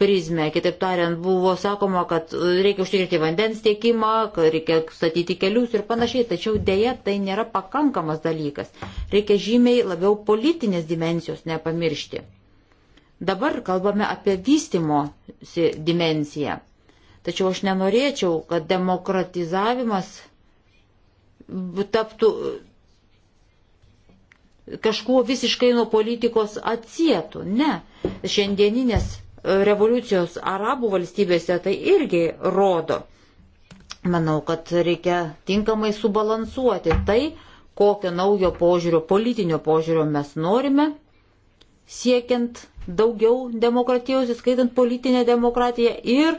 prizmę. Kitaip tariant, buvo sakoma, kad e, reikia užtikrinti vandens tiekimą, reikia statyti kelius ir panašiai, tačiau dėja tai nėra pakankamas dalykas. Reikia žymiai labiau politinės dimensijos nepamiršti. Dabar kalbame apie vystimo dimensiją. Tačiau aš nenorėčiau, kad demokratizavimas taptų kažkuo visiškai nuo politikos atsietų. Ne. Šiandieninės e, revoliucijos arabų valstybėse tai irgi rodo. Manau, kad reikia tinkamai subalansuoti tai, kokio naujo požiūrio, politinio požiūrio mes norime, siekiant daugiau demokratijos, įskaitant politinę demokratiją ir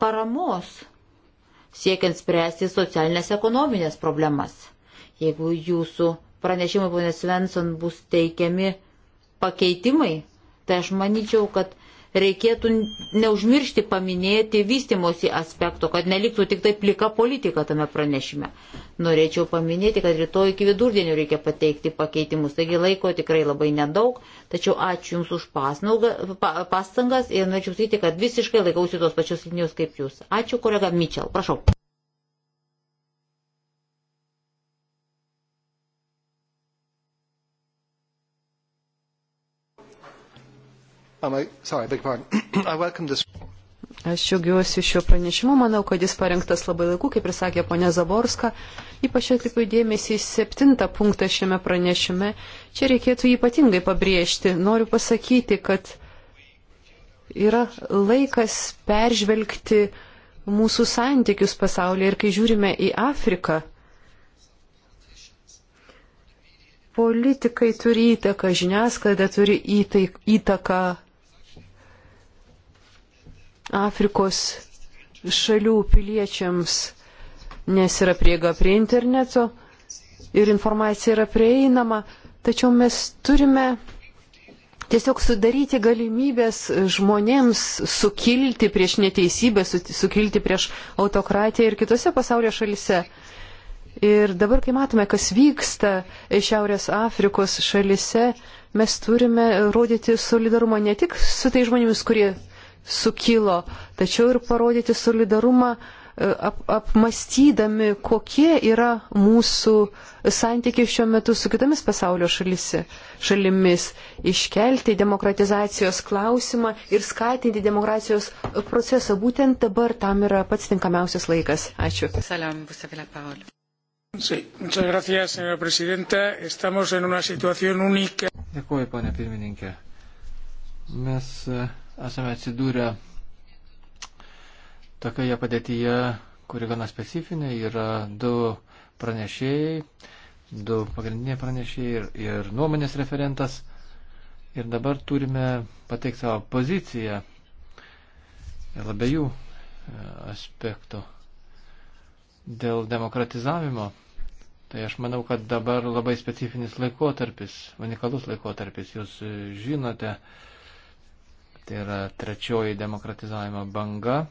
paramos, siekiant spręsti socialinės ekonominės problemas. Jeigu jūsų pranešimui ponės Svensson bus teikiami pakeitimai, tai aš manyčiau, kad reikėtų neužmiršti paminėti vystimosi aspekto, kad neliktų tik tai plika politika tame pranešime. Norėčiau paminėti, kad rytoj iki vidurdienio reikia pateikti pakeitimus, taigi laiko tikrai labai nedaug, tačiau ačiū Jums už pasnaugą, pa, pastangas ir norėčiau sakyti, kad visiškai laikausi tos pačios linijos kaip Jūs. Ačiū kolega Mičel, prašau. Um, I, sorry, this... Aš džiaugiuosi šiuo pranešimu, manau, kad jis parengtas labai laiku, kaip ir sakė ponė Zaborska. Ypač atkreipiu dėmesį į septintą punktą šiame pranešime. Čia reikėtų ypatingai pabrėžti. Noriu pasakyti, kad yra laikas peržvelgti mūsų santykius pasaulyje ir kai žiūrime į Afriką, politikai turi įtaką, žiniasklaida turi įtaką Afrikos šalių piliečiams, nes yra prieiga prie interneto ir informacija yra prieinama, tačiau mes turime tiesiog sudaryti galimybės žmonėms sukilti prieš neteisybę, sukilti prieš autokratiją ir kitose pasaulio šalise. Ir dabar, kai matome, kas vyksta Šiaurės Afrikos šalise, mes turime rodyti solidarumą ne tik su tai žmonėmis, kurie sukilo, tačiau ir parodyti solidarumą e, ap, apmastydami, kokie yra mūsų santykiai šiuo metu su kitomis pasaulio šalisi, šalimis, iškelti demokratizacijos klausimą ir skatinti demokratijos procesą. Būtent dabar tam yra pats tinkamiausias laikas. Ačiū. Salam, Sí, muchas gracias, señora presidenta. Estamos en una situación única. Dėkuoju, ponia pirmininkė. Mes uh, esame atsidūrę tokioje padėtyje, kuri gana specifinė, yra du pranešėjai, du pagrindiniai pranešėjai ir, ir nuomonės referentas. Ir dabar turime pateikti savo poziciją ir abiejų aspektų dėl demokratizavimo. Tai aš manau, kad dabar labai specifinis laikotarpis, unikalus laikotarpis. Jūs žinote, uh, Tai yra trečioji demokratizavimo banga.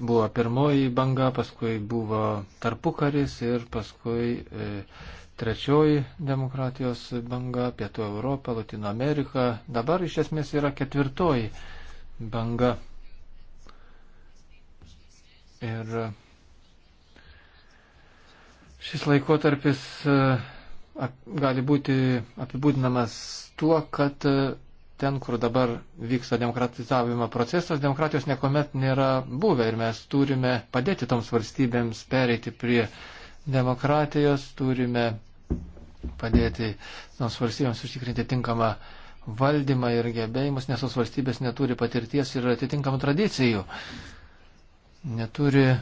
Buvo pirmoji banga, paskui buvo tarpukaris ir paskui e, trečioji demokratijos banga, Pietų Europa, Latino Amerika. Dabar iš esmės yra ketvirtoji banga. Ir šis laikotarpis. E, gali būti apibūdinamas tuo, kad e, ten, kur dabar vyksta demokratizavimo procesas, demokratijos niekuomet nėra buvę ir mes turime padėti toms valstybėms pereiti prie demokratijos, turime padėti toms valstybėms užtikrinti tinkamą valdymą ir gebėjimus, nes tos valstybės neturi patirties ir atitinkamų tradicijų, neturi e,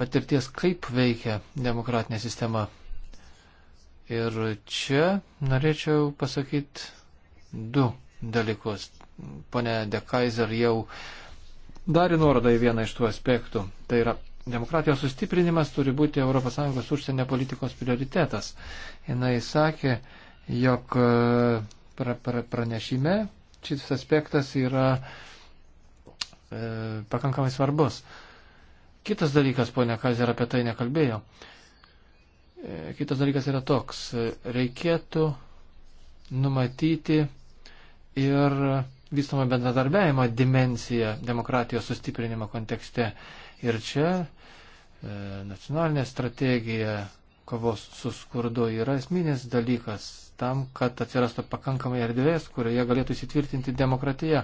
patirties, kaip veikia demokratinė sistema Ir čia norėčiau pasakyti du dalykus. Pone De Kaiser jau darė nuorodą į vieną iš tų aspektų. Tai yra demokratijos sustiprinimas turi būti ES užsienio politikos prioritetas. Jis sakė, jog e, pra, pra, pranešime šis aspektas yra e, pakankamai svarbus. Kitas dalykas, ponia Kazė, apie tai nekalbėjo. E, Kitas dalykas yra toks. Reikėtų numatyti ir vystomą bendradarbiavimo dimenciją demokratijos sustiprinimo kontekste. Ir čia e, nacionalinė strategija kovos su skurdu yra esminis dalykas tam, kad atsirastų pakankamai erdvės, kurioje galėtų įsitvirtinti demokratija.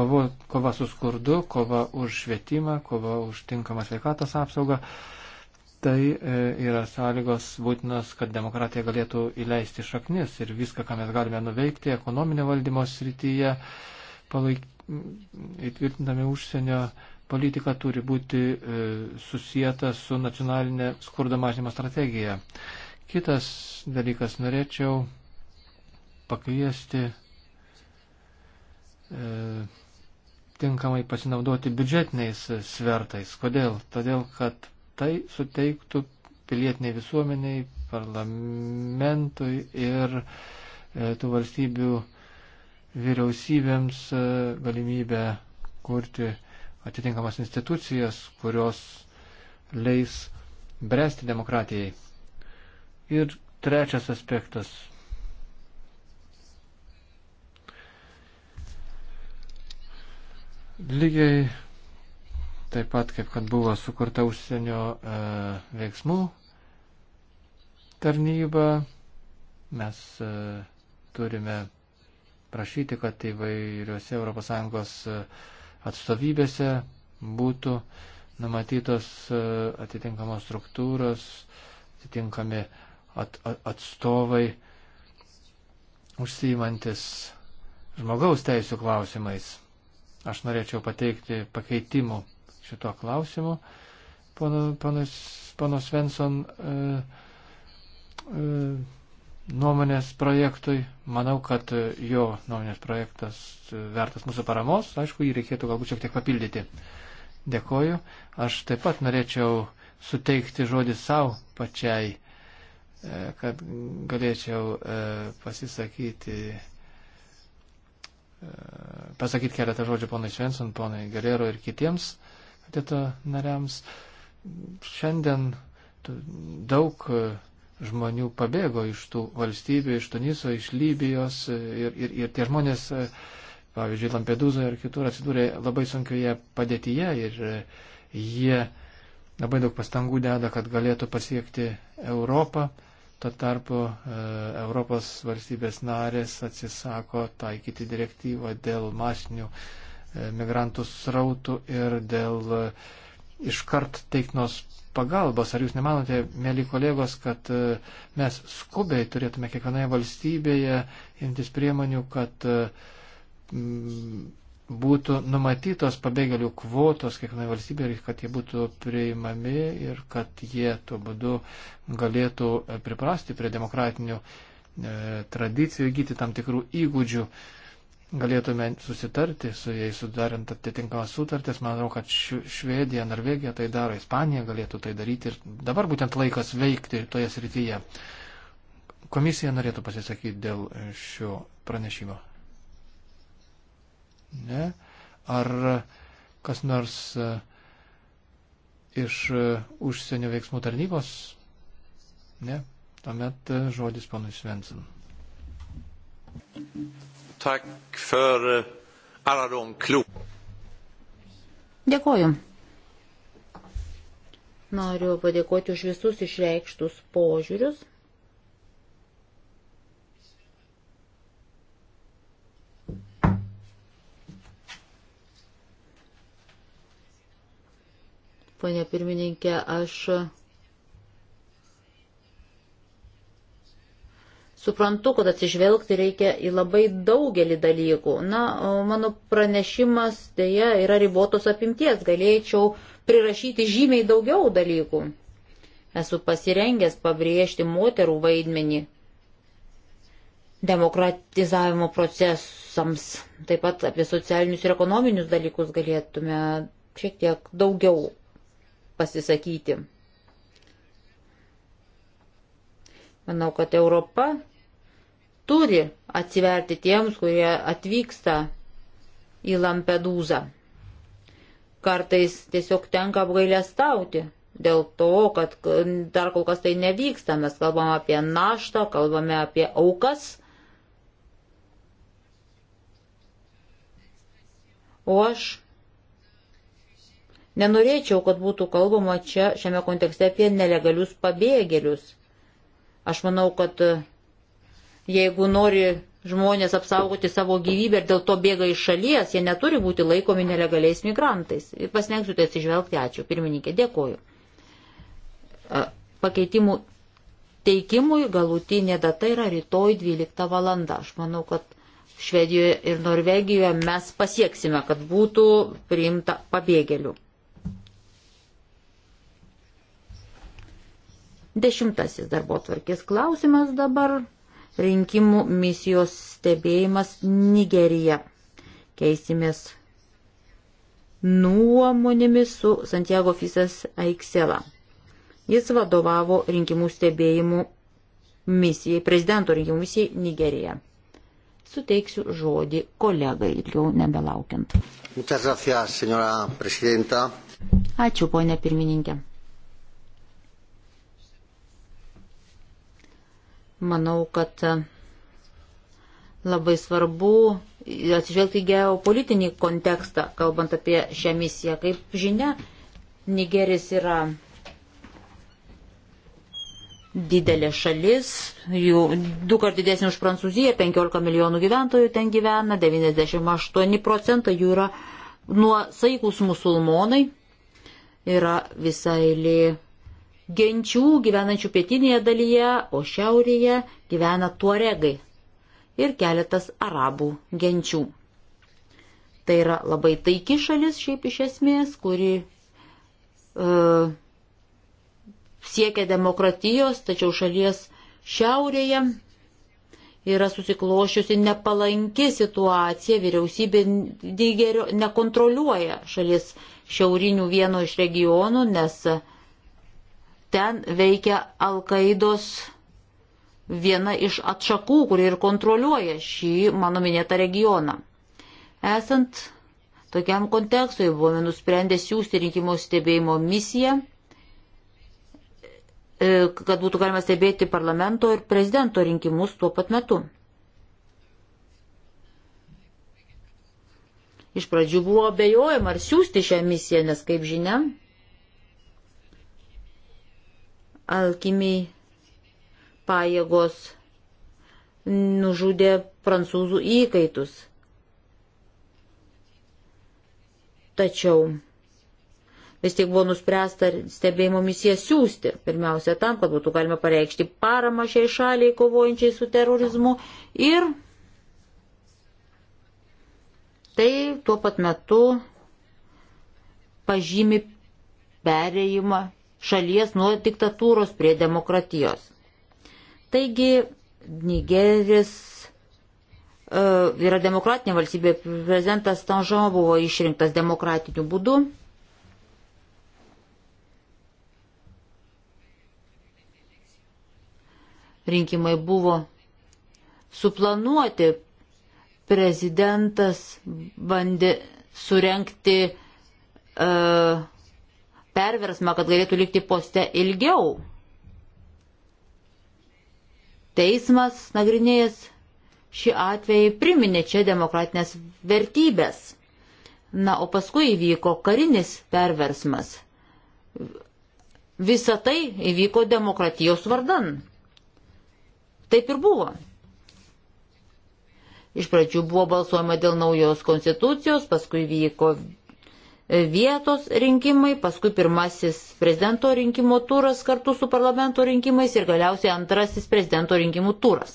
Kovo, kova su skurdu, kova už švietimą, kova už tinkamą sveikatos apsaugą. E, Tai e, yra sąlygos būtinos, kad demokratija galėtų įleisti šaknis ir viską, ką mes galime nuveikti ekonominio valdymo srityje, palaik... įtvirtindami užsienio politika turi būti e, susijęta su nacionalinė skurdo mažinimo strategija. Kitas dalykas norėčiau pakviesti e, tinkamai pasinaudoti biudžetiniais svertais. Kodėl? Todėl, kad tai suteiktų pilietiniai visuomeniai, parlamentui ir e, tų valstybių vyriausybėms e, galimybę kurti atitinkamas institucijas, kurios leis bręsti demokratijai. Ir trečias aspektas. Lygiai taip pat kaip kad buvo sukurta užsienio e, veiksmų tarnyba, mes e, turime prašyti, kad įvairiuose ES e, atstovybėse būtų numatytos e, atitinkamos struktūros, atitinkami at, at, atstovai užsijimantis žmogaus teisų klausimais. Aš norėčiau pateikti pakeitimų šito klausimu. Ponas, ponas Svensson e, e, nuomonės projektui. Manau, kad jo nuomonės projektas vertas mūsų paramos. Aišku, jį reikėtų galbūt šiek tiek papildyti. Dėkoju. Aš taip pat norėčiau suteikti žodį savo pačiai, e, kad galėčiau e, pasisakyti, e, pasakyti keletą žodžių ponai Švenson, ponai Galero ir kitiems komiteto nariams. Šiandien daug e, žmonių pabėgo iš tų valstybių, iš Tuniso, iš Libijos e, ir, ir, ir tie žmonės, e, pavyzdžiui, Lampedūzoje ir kitur atsidūrė labai sunkioje padėtyje ir jie labai daug pastangų deda, kad galėtų pasiekti Europą. Tuo tarpu Europos valstybės narės atsisako taikyti direktyvą dėl masinių E, migrantų srautų ir dėl e, iškart teiknos pagalbos. Ar jūs nemanote, mėly kolegos, kad e, mes skubiai turėtume kiekvienoje valstybėje imtis priemonių, kad būtų numatytos pabėgėlių kvotos kiekvienoje valstybėje ir kad jie būtų priimami ir kad jie tuo būdu galėtų priprasti prie demokratinių e, tradicijų, įgyti tam tikrų įgūdžių. E, galėtume susitarti su jais, sudarant atitinkamas sutartis. Manau, kad Švedija, Norvegija tai daro, Ispanija galėtų tai daryti ir dabar būtent laikas veikti toje srityje. Komisija norėtų pasisakyti dėl šio pranešimo. Ne? Ar kas nors e, iš e, užsienio veiksmų tarnybos? Ne? Tuomet e, žodis panui Svensson. Thank you tack för eh, alla de kloka. Dėkoju. Noriu padėkoti už visus išreikštus požiūrius. Pone pirmininkė, aš Suprantu, kad atsižvelgti reikia į labai daugelį dalykų. Na, mano pranešimas dėja yra ribotos apimties, galėčiau prirašyti žymiai daugiau dalykų. Esu pasirengęs pabrėžti moterų vaidmenį demokratizavimo procesams. Taip pat apie socialinius ir ekonominius dalykus galėtume šiek tiek daugiau pasisakyti. Manau, kad Europa turi atsiverti tiems, kurie atvyksta į Lampedūzą. Kartais tiesiog tenka apgailestauti dėl to, kad dar kol kas tai nevyksta. Mes kalbam apie naštą, kalbame apie aukas. O aš nenorėčiau, kad būtų kalbama čia šiame kontekste apie nelegalius pabėgėlius. Aš manau, kad Jeigu nori žmonės apsaugoti savo gyvybę ir dėl to bėga iš šalies, jie neturi būti laikomi nelegaliais migrantais. Ir pasnegsiu tai atsižvelgti. Ačiū. Pirmininkė, dėkoju. Pakeitimų teikimui galutinė data yra rytoj 12 valanda. Aš manau, kad Švedijoje ir Norvegijoje mes pasieksime, kad būtų priimta pabėgėlių. Dešimtasis darbo tvarkės klausimas dabar rinkimų misijos stebėjimas Nigerija. Keisimės nuomonėmis su Santiago Fisas Aiksela. Jis vadovavo rinkimų stebėjimų misijai, prezidento rinkimų misijai Nigerija. Suteiksiu žodį kolegai, jau nebelaukiant. Gracias, Ačiū, ponė pirmininkė. Manau, kad e, labai svarbu atsižvelgti geopolitinį kontekstą, kalbant apie šią misiją. Kaip žinia, Nigeris yra didelė šalis, jų du kart didesnė už Prancūziją, 15 milijonų gyventojų ten gyvena, 98 procentai jų yra nuosaikus musulmonai, yra visai lė genčių gyvenančių pietinėje dalyje, o šiaurėje gyvena tuoregai ir keletas arabų genčių. Tai yra labai taiki šalis šiaip iš esmės, kuri e, siekia demokratijos, tačiau šalies šiaurėje yra susiklošiusi nepalanki situacija, vyriausybė Nigerio nekontroliuoja šalies šiaurinių vieno iš regionų, nes ten veikia Alkaidos viena iš atšakų, kuri ir kontroliuoja šį mano minėtą regioną. Esant tokiam kontekstui buvome nusprendę siūsti rinkimų stebėjimo misiją, e, kad būtų galima stebėti parlamento ir prezidento rinkimus tuo pat metu. Iš pradžių buvo abejojama ar siūsti šią misiją, nes, kaip žinia, alkimiai pajėgos nužudė prancūzų įkaitus. Tačiau vis tik buvo nuspręsta stebėjimo misiją siūsti, pirmiausia tam, kad būtų galima pareikšti paramą šiai šaliai kovojančiai su terorizmu ir tai tuo pat metu pažymi perėjimą šalies nuo diktatūros prie demokratijos. Taigi Nigeris uh, yra demokratinė valstybė, prezidentas Tanžan buvo išrinktas demokratiniu būdu. Rinkimai buvo suplanuoti, prezidentas bandė surenkti uh, perversmą, kad galėtų likti poste ilgiau. Teismas nagrinėjęs šį atvejį priminė čia demokratinės vertybės. Na, o paskui įvyko karinis perversmas. Visa tai įvyko demokratijos vardan. Taip ir buvo. Iš pradžių buvo balsuojama dėl naujos konstitucijos, paskui vyko vietos rinkimai, paskui pirmasis prezidento rinkimo turas kartu su parlamento rinkimais ir galiausiai antrasis prezidento rinkimų turas.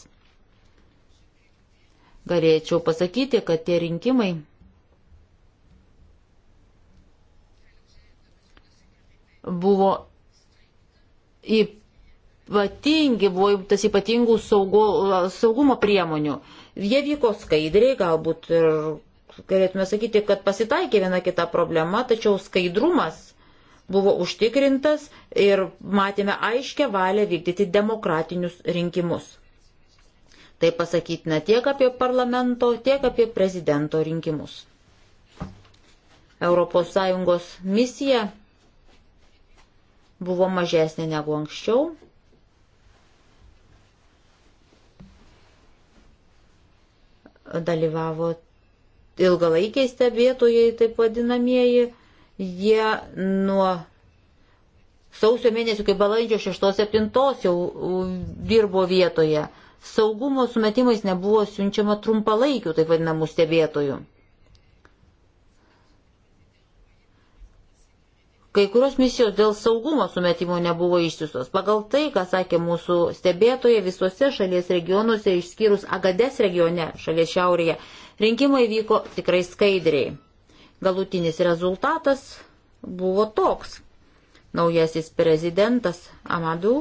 Galėčiau pasakyti, kad tie rinkimai buvo ypatingi, buvo tas ypatingų saugo, saugumo priemonių. Jie vyko skaidriai, galbūt ir galėtume sakyti, kad pasitaikė viena kita problema, tačiau skaidrumas buvo užtikrintas ir matėme aiškę valią vykdyti demokratinius rinkimus. Tai pasakytina tiek apie parlamento, tiek apie prezidento rinkimus. ES misija buvo mažesnė negu anksčiau. Dalyvavo ilgalaikiai stebėtojai, taip vadinamieji, jie nuo sausio mėnesio iki balandžio 6-7 jau dirbo vietoje. Saugumo sumetimais nebuvo siunčiama trumpalaikių, taip vadinamų stebėtojų. Kai kurios misijos dėl saugumo sumetimo nebuvo išsiusos. Pagal tai, ką sakė mūsų stebėtoje, visose šalies regionuose, išskyrus Agades regione, šalies šiaurėje, Rinkimai vyko tikrai skaidriai. Galutinis rezultatas buvo toks. Naujasis prezidentas Amadu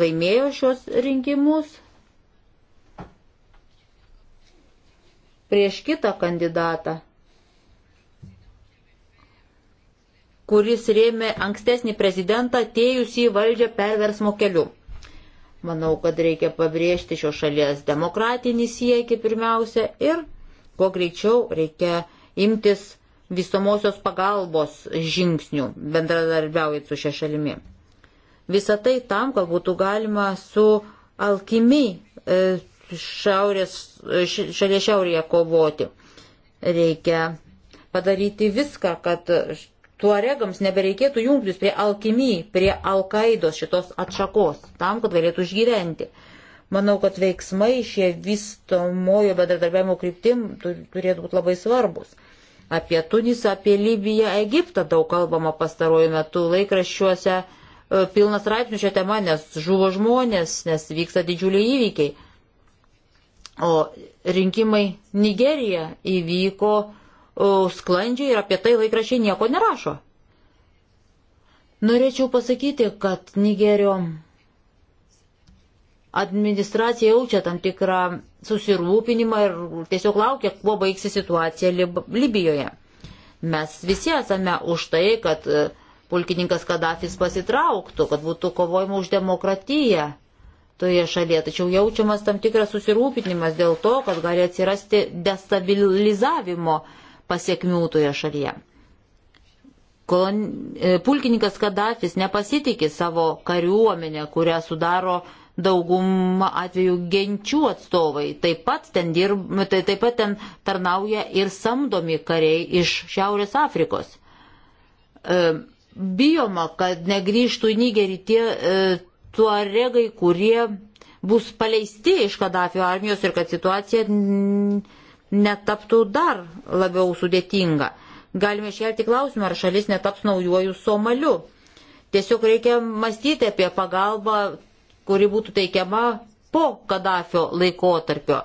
laimėjo šios rinkimus prieš kitą kandidatą, kuris rėmė ankstesnį prezidentą atėjusį į valdžią perversmo keliu. Manau, kad reikia pabrėžti šios šalies demokratinį siekį pirmiausia ir kuo greičiau reikia imtis visomosios pagalbos žingsnių, bendradarbiaujant su šia šalimi. Visą tai tam, kad būtų galima su alkimi e, šiaurės, e, šalia šiaurėje kovoti. Reikia padaryti viską, kad tuaregams nebereikėtų jungtis prie alkimy, prie alkaidos šitos atšakos, tam, kad galėtų išgyventi. Manau, kad veiksmai šie vystomojo bendradarbiavimo kryptim turėtų būti labai svarbus. Apie Tunisą, apie Libiją, Egiptą daug kalbama pastaruoju metu laikraščiuose e, pilnas raipsnių šią temą, nes žuvo žmonės, nes vyksta didžiuliai įvykiai. O rinkimai Nigerija įvyko sklandžiai ir apie tai laikrašiai nieko nerašo. Norėčiau pasakyti, kad Nigerio administracija jaučia tam tikrą susirūpinimą ir tiesiog laukia, kuo baigsis situacija Lib Libijoje. Mes visi esame už tai, kad e, pulkininkas Kadafis pasitrauktų, kad būtų kovojama už demokratiją toje šalyje. Tačiau jaučiamas tam tikras susirūpinimas dėl to, kad gali atsirasti destabilizavimo uh, pasiekmių toje šalyje. Kolon... E, pulkininkas Kadafis nepasitikė savo kariuomenę, kurią sudaro daugumą atvejų genčių atstovai. Taip pat ten, dirb... Tai taip pat ten tarnauja ir samdomi kariai iš Šiaurės Afrikos. E, bijoma, kad negrįžtų į Nigerį tie e, tuaregai, kurie bus paleisti iš Kadafio armijos ir kad situacija netaptų dar labiau sudėtinga. Galime šelti klausimą, ar šalis netaps naujuoju Somaliu. Tiesiog reikia mąstyti apie pagalbą, kuri būtų teikiama po Kadafio laikotarpio.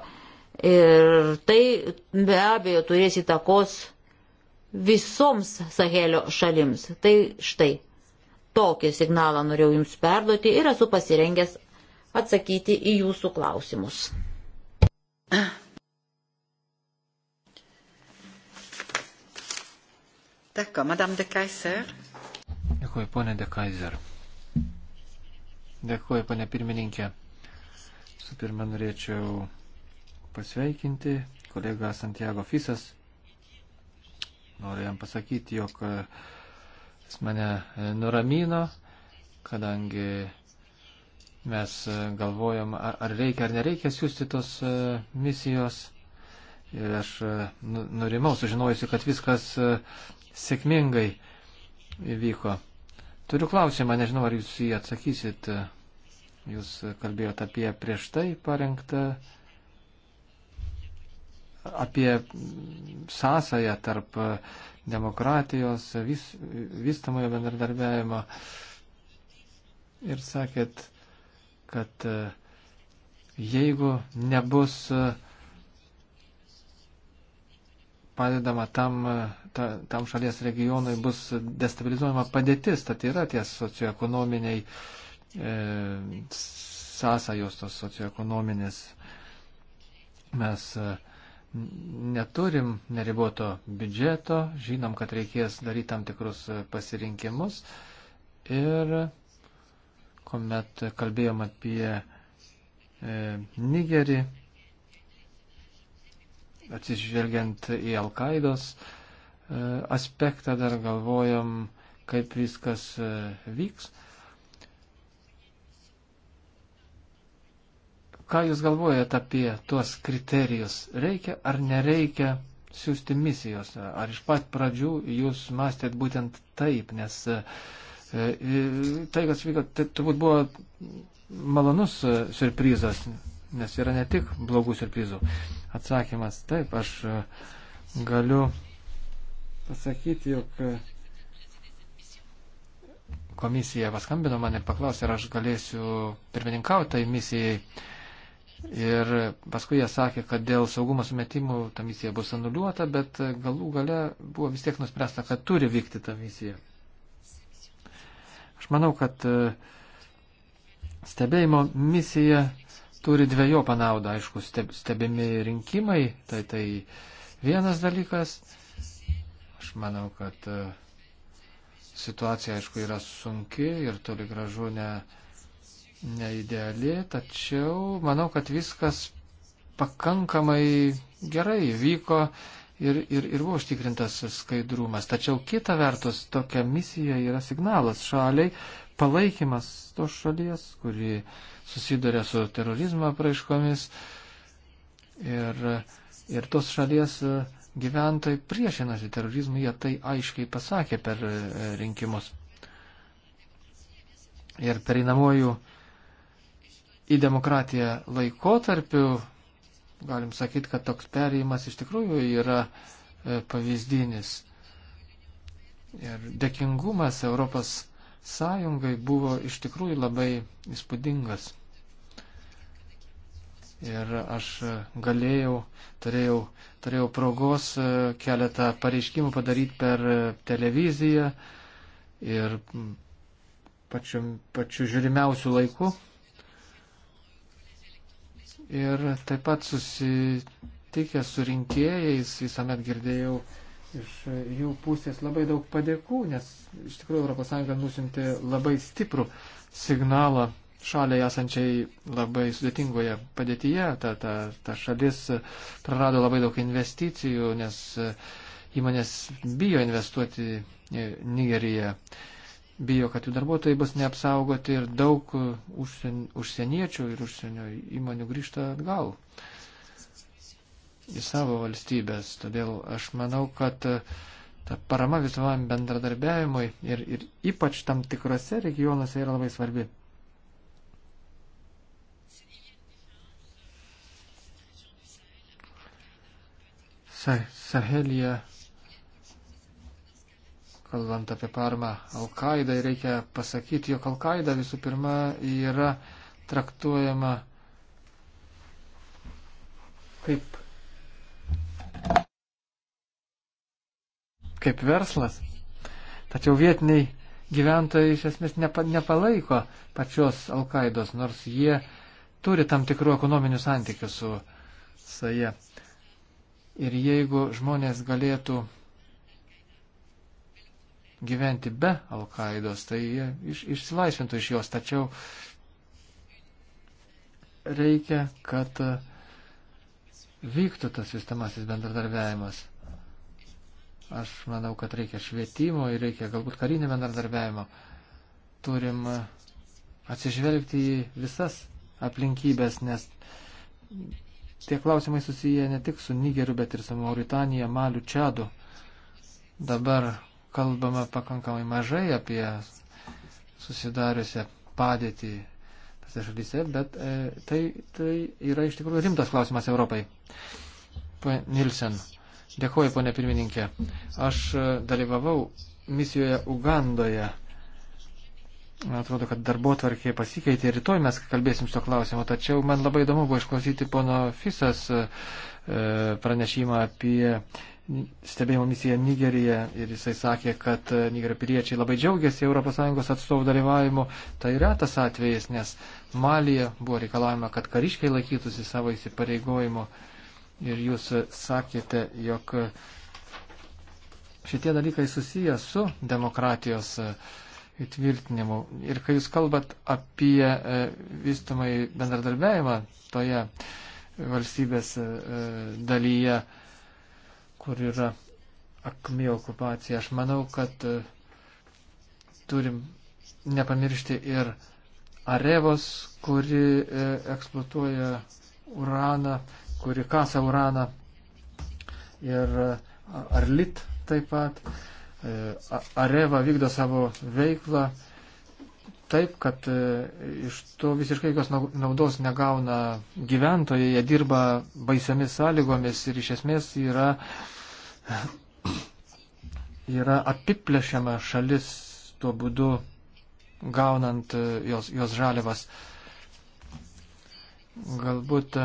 Ir tai be abejo turės įtakos visoms Sahelio šalims. Tai štai tokį signalą norėjau Jums perduoti ir esu pasirengęs atsakyti į Jūsų klausimus. Ah. Dėkui, madam de Kaiser. Dėkui, ponė de Kaiser. Dėkui, ponė pirmininkė. Su pirma norėčiau pasveikinti kolegą Santiago Fisas. Noriu jam pasakyti, jog e, jis mane e, nuramino, kadangi mes e, galvojom, ar reikia ar nereikia siūsti tos misijos. Ir aš nu, nurimau, sužinojusi, kad viskas sėkmingai įvyko. Turiu klausimą, nežinau, ar jūs jį atsakysit. Jūs kalbėjote apie prieš tai parengtą, apie sąsąją tarp demokratijos, vis, vystamojo bendradarbiavimo. Ir sakėt, kad jeigu nebus uh, padedama tam, e, ta, tam šalies regionui bus destabilizuojama padėtis, tad yra tie socioekonominiai e, sąsajos tos socioekonominės. Mes e, neturim neriboto biudžeto, žinom, kad reikės daryti tam tikrus e, pasirinkimus ir kuomet kalbėjom apie e, Nigerį, atsižvelgiant į Alkaidos e, aspektą dar galvojam, kaip viskas e, vyks. Ką Jūs galvojate apie tuos kriterijus? Reikia ar nereikia siūsti misijos? Ar iš pat pradžių Jūs mąstėt būtent taip, nes e, tai, kas vyko, tai turbūt buvo malonus surprizas, nes yra ne tik blogų surprizų. Atsakymas taip, aš e, galiu pasakyti, jog e, komisija paskambino mane paklausė, ar aš galėsiu pirmininkauti tai misijai. Ir paskui jie sakė, kad dėl saugumo sumetimų ta misija bus anuliuota, bet e, galų gale buvo vis tiek nuspręsta, kad turi vykti ta misija. Aš manau, kad stebėjimo misija turi dviejopą naudą, aišku, stebimi rinkimai, tai tai vienas dalykas. Aš manau, kad e, situacija, aišku, yra sunki ir toli gražu ne, neideali, tačiau manau, kad viskas pakankamai gerai vyko ir, ir, ir buvo užtikrintas skaidrumas. Tačiau kita vertus, tokia misija yra signalas šaliai, palaikymas tos šalies, kuri uh, susiduria su terorizmo praiškomis ir, ir tos šalies e, gyventojai priešinasi terorizmui, jie tai aiškiai pasakė per e, rinkimus. Ir pereinamojų į demokratiją laikotarpiu, galim sakyti, kad toks perėjimas iš tikrųjų yra e, pavyzdinis. Ir dėkingumas Europos sąjungai buvo iš tikrųjų labai įspūdingas. Ir aš galėjau, turėjau, turėjau progos e, keletą pareiškimų padaryti per e, televiziją ir pačiu, pačiu žiūrimiausiu laiku. Ir taip pat susitikęs su rinkėjais visuomet girdėjau iš jų pusės labai daug padėkų, nes iš tikrųjų ES nusinti labai stiprų signalą šaliai esančiai labai sudėtingoje padėtyje. Ta, ta, ta šalis prarado labai daug investicijų, nes įmonės bijo investuoti Nigeriją, bijo, kad jų darbuotojai bus neapsaugoti ir daug užsien, užsieniečių ir užsienio įmonių grįžta atgal. Uh, į savo valstybės. Todėl aš manau, kad e, ta parama visuomam bendradarbiavimui ir, ir ypač tam tikrose regionuose yra labai svarbi. Sahelija, kalbant apie parmą Al-Qaeda, reikia pasakyti, jog Al-Qaeda visų pirma yra traktuojama kaip kaip verslas. Tačiau vietiniai gyventojai iš esmės nepa, nepalaiko pačios Alkaidos, nors jie turi tam tikrų ekonominių santykių su Saje. Ir jeigu žmonės galėtų gyventi be Alkaidos, tai jie iš, išsilaisvintų iš jos. Tačiau reikia, kad vyktų tas sistemasis bendradarbiavimas. Aš manau, kad reikia švietimo ir reikia galbūt karinio bendradarbiavimo. Turim atsižvelgti į visas aplinkybės, nes tie klausimai susiję ne tik su Nigeriu, bet ir su Mauritanija, Maliu, Čadu. Dabar kalbama pakankamai mažai apie susidariusią padėtį tose šalyse, bet e, tai, tai yra iš tikrųjų rimtas klausimas Europai. Pane Nilsen. Dėkuoju, ponė pirmininkė. Aš e, dalyvavau misijoje Ugandoje. Man atrodo, kad darbo tvarkė pasikeitė. Rytoj mes kalbėsim šito klausimo. Tačiau man labai įdomu buvo išklausyti pono Fisas e, pranešimą apie stebėjimo misiją Nigerija ir jisai sakė, kad e, Nigerio piliečiai labai džiaugiasi ES atstovų dalyvavimu. Tai yra tas atvejis, nes Malija buvo reikalavima, kad kariškiai laikytųsi savo įsipareigojimo. Uh, ir jūs sakėte, jog šitie dalykai susiję su demokratijos e, įtvirtinimu. Ir kai jūs kalbat apie e, vystamai bendradarbiavimą toje valstybės e, dalyje, kur yra akmi okupacija, aš manau, kad turim nepamiršti ir Arevos, kuri eksploatuoja uraną kuri kasa uraną ir Arlit taip pat. E, Areva vykdo savo veiklą taip, kad e, iš to visiškai jokios naudos negauna gyventojai, jie dirba baisiamis sąlygomis ir iš esmės yra, yra apiplešiama šalis tuo būdu gaunant e, jos, jos žalėvas. Galbūt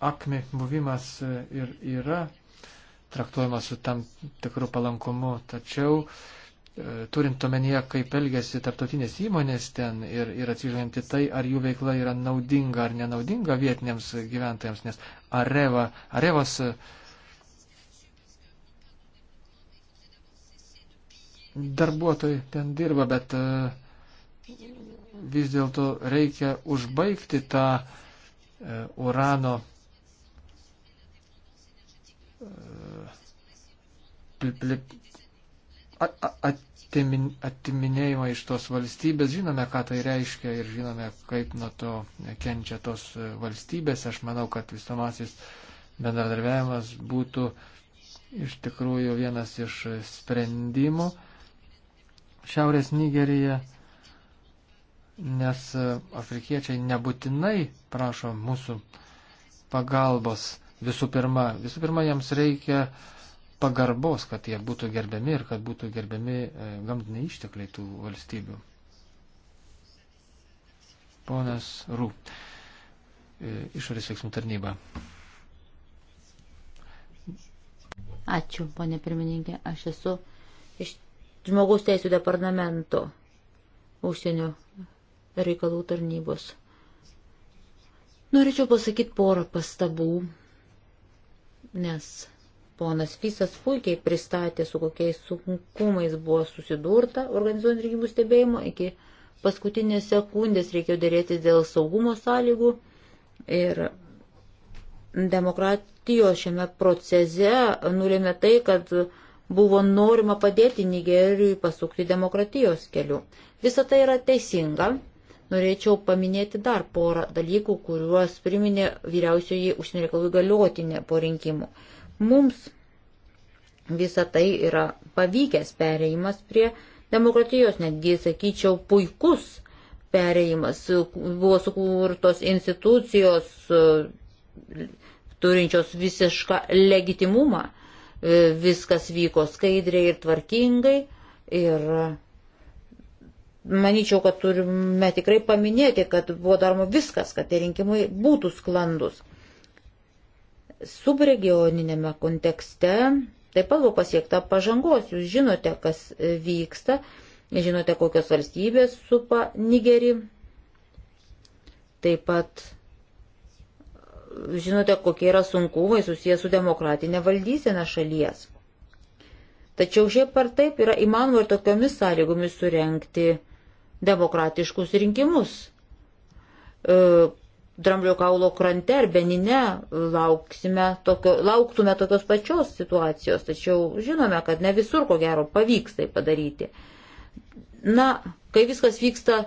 akme buvimas e, ir yra traktuojamas su tam tikru palankumu, tačiau e, turint omenyje, kaip elgesi tarptautinės įmonės ten ir, ir atsižvelgiant į tai, ar jų veikla yra naudinga ar nenaudinga vietiniams gyventojams, nes Areva, Arevos e, darbuotojai ten dirba, bet vis dėlto reikia užbaigti tą urano atimin, atiminėjimą iš tos valstybės. Žinome, ką tai reiškia ir žinome, kaip nuo to kenčia tos valstybės. Aš manau, kad visomasis bendradarbiavimas būtų iš tikrųjų vienas iš sprendimų Šiaurės Nigerija, nes afrikiečiai nebūtinai prašo mūsų pagalbos visų pirma. Visų pirma, jiems reikia pagarbos, kad jie būtų gerbiami ir kad būtų gerbiami e, gamtiniai ištekliai tų valstybių. Ponas Rū, e, išorės veiksmų tarnyba. Ačiū, ponė pirmininkė, aš esu iš žmogaus teisų departamento užsienio reikalų tarnybos. Norėčiau pasakyti porą pastabų nes ponas Fisas puikiai pristatė, su kokiais sunkumais buvo susidurta organizuojant rinkimų stebėjimą. Iki paskutinės sekundės reikėjo dėrėtis dėl saugumo sąlygų ir demokratijos šiame procese nulėmė tai, kad buvo norima padėti Nigerijui pasukti demokratijos keliu. Visa tai yra teisinga, norėčiau paminėti dar porą dalykų, kuriuos priminė vyriausioji užsienio reikalų galiotinė po rinkimų. Mums visa tai yra pavykęs perėjimas prie demokratijos, netgi, sakyčiau, puikus perėjimas. Buvo sukurtos institucijos turinčios visišką legitimumą. Viskas vyko skaidriai ir tvarkingai. Ir manyčiau, kad turime tikrai paminėti, kad buvo daroma viskas, kad tie rinkimai būtų sklandus. Subregioninėme kontekste taip pat buvo pasiekta pažangos. Jūs žinote, kas vyksta, žinote, kokios valstybės supa Nigerį. Taip pat žinote, kokie yra sunkumai susijęs su demokratinė valdysena šalies. Tačiau šiaip ar taip yra įmanoma ir tokiomis sąlygomis surenkti demokratiškus rinkimus. E, Dramblio kaulo krante ar Benine lauksime tokio, lauktume tokios pačios situacijos, tačiau žinome, kad ne visur ko gero pavyks tai padaryti. Na, kai viskas vyksta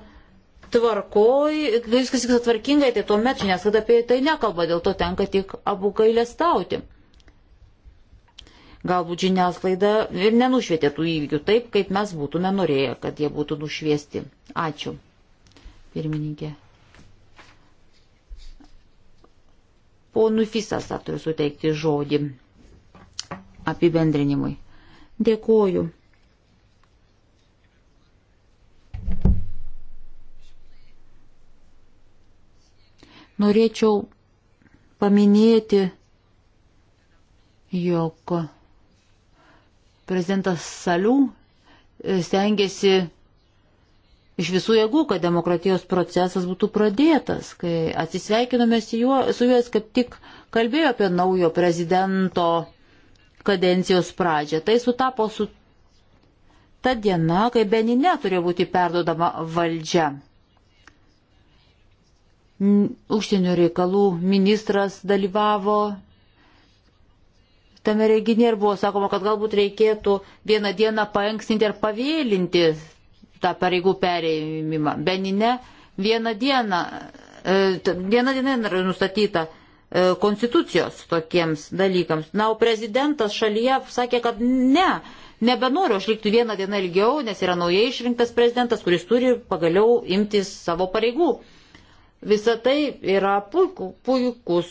tvarkoj, kai viskas vyksta tvarkingai, tai tuomet žiniasklaida apie tai nekalba, dėl to tenka tik abu gailestauti. stauti. Galbūt žiniasklaida ir nenušvietė tų įvykių taip, kaip mes būtume norėję, kad jie būtų nušviesti. Ačiū, pirmininkė. Ponui Fisas turiu suteikti žodį apibendrinimui. Dėkoju. norėčiau paminėti, jog Prezidentas Salių e, stengiasi iš visų jėgų, kad demokratijos procesas būtų pradėtas. Kai atsisveikinome su juo, su juo kaip tik kalbėjo apie naujo prezidento kadencijos pradžią. Tai sutapo su ta diena, kai Beninė turėjo būti perdodama valdžia. Užsienio reikalų ministras dalyvavo tame renginyje ir buvo sakoma, kad galbūt reikėtų vieną dieną paankstinti ar pavėlinti tą pareigų perėjimą. Benine vieną dieną, e, vieną dieną yra nustatyta e, konstitucijos tokiems dalykams. Na, o prezidentas šalyje sakė, kad ne, nebenoriu aš likti vieną dieną ilgiau, nes yra naujai išrinktas prezidentas, kuris turi pagaliau imtis savo pareigų. Visą tai yra puiku, puikus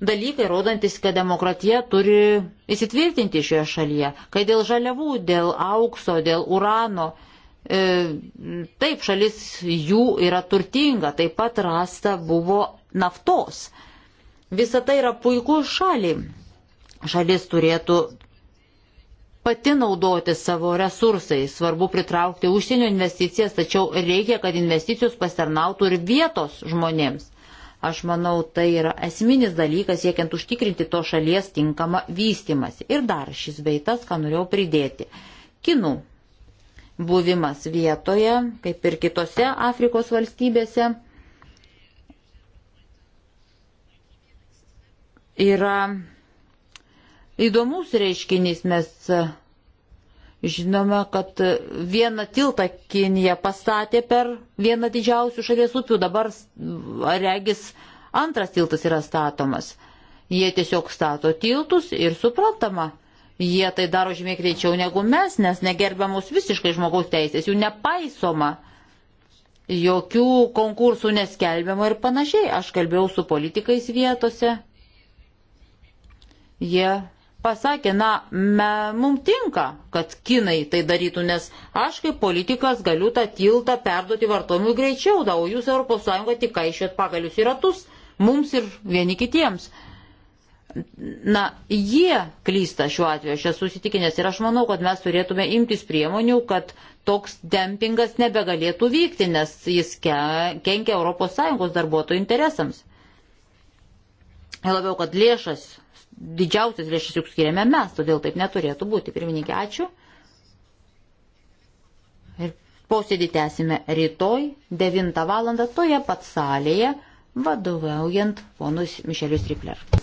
dalykai, rodantis, kad demokratija turi įsitvirtinti šioje šalyje, kai dėl žaliavų, dėl aukso, dėl urano. E, taip, šalis jų yra turtinga, taip pat rasta buvo naftos. Visa tai yra puiku šaliai. Šalis turėtų pati naudoti savo resursais, svarbu pritraukti užsienio investicijas, tačiau reikia, kad investicijos pasitarnautų ir vietos žmonėms. Aš manau, tai yra esminis dalykas, siekiant užtikrinti to šalies tinkamą vystimasi. Ir dar šis beitas, ką norėjau pridėti. Kinų buvimas vietoje, kaip ir kitose Afrikos valstybėse, yra įdomus reiškinys. Mes Žinome, kad vieną tiltą Kinija pastatė per vieną didžiausių šalies upių, dabar regis antras tiltas yra statomas. Jie tiesiog stato tiltus ir suprantama, jie tai daro žymiai greičiau negu mes, nes negerbiamos visiškai žmogaus teisės, jų nepaisoma, jokių konkursų neskelbiama ir panašiai. Aš kalbėjau su politikais vietose, jie pasakė, na, me, mums tinka, kad kinai tai darytų, nes aš kaip politikas galiu tą tiltą perduoti vartojimui greičiau, da, o jūs ES tik aišėt pagalius į ratus, mums ir vieni kitiems. Na, jie klysta šiuo atveju, aš esu įsitikinęs ir aš manau, kad mes turėtume imtis priemonių, kad toks dempingas nebegalėtų vykti, nes jis kenkia ES darbuotojų interesams. Ir labiau, kad lėšas didžiausias lėšas juk skiriame mes, todėl taip neturėtų būti. Pirmininkė, ačiū. Ir posėdį tęsime rytoj 9 val. toje pat salėje, vadovaujant ponus Mišelius Tripler.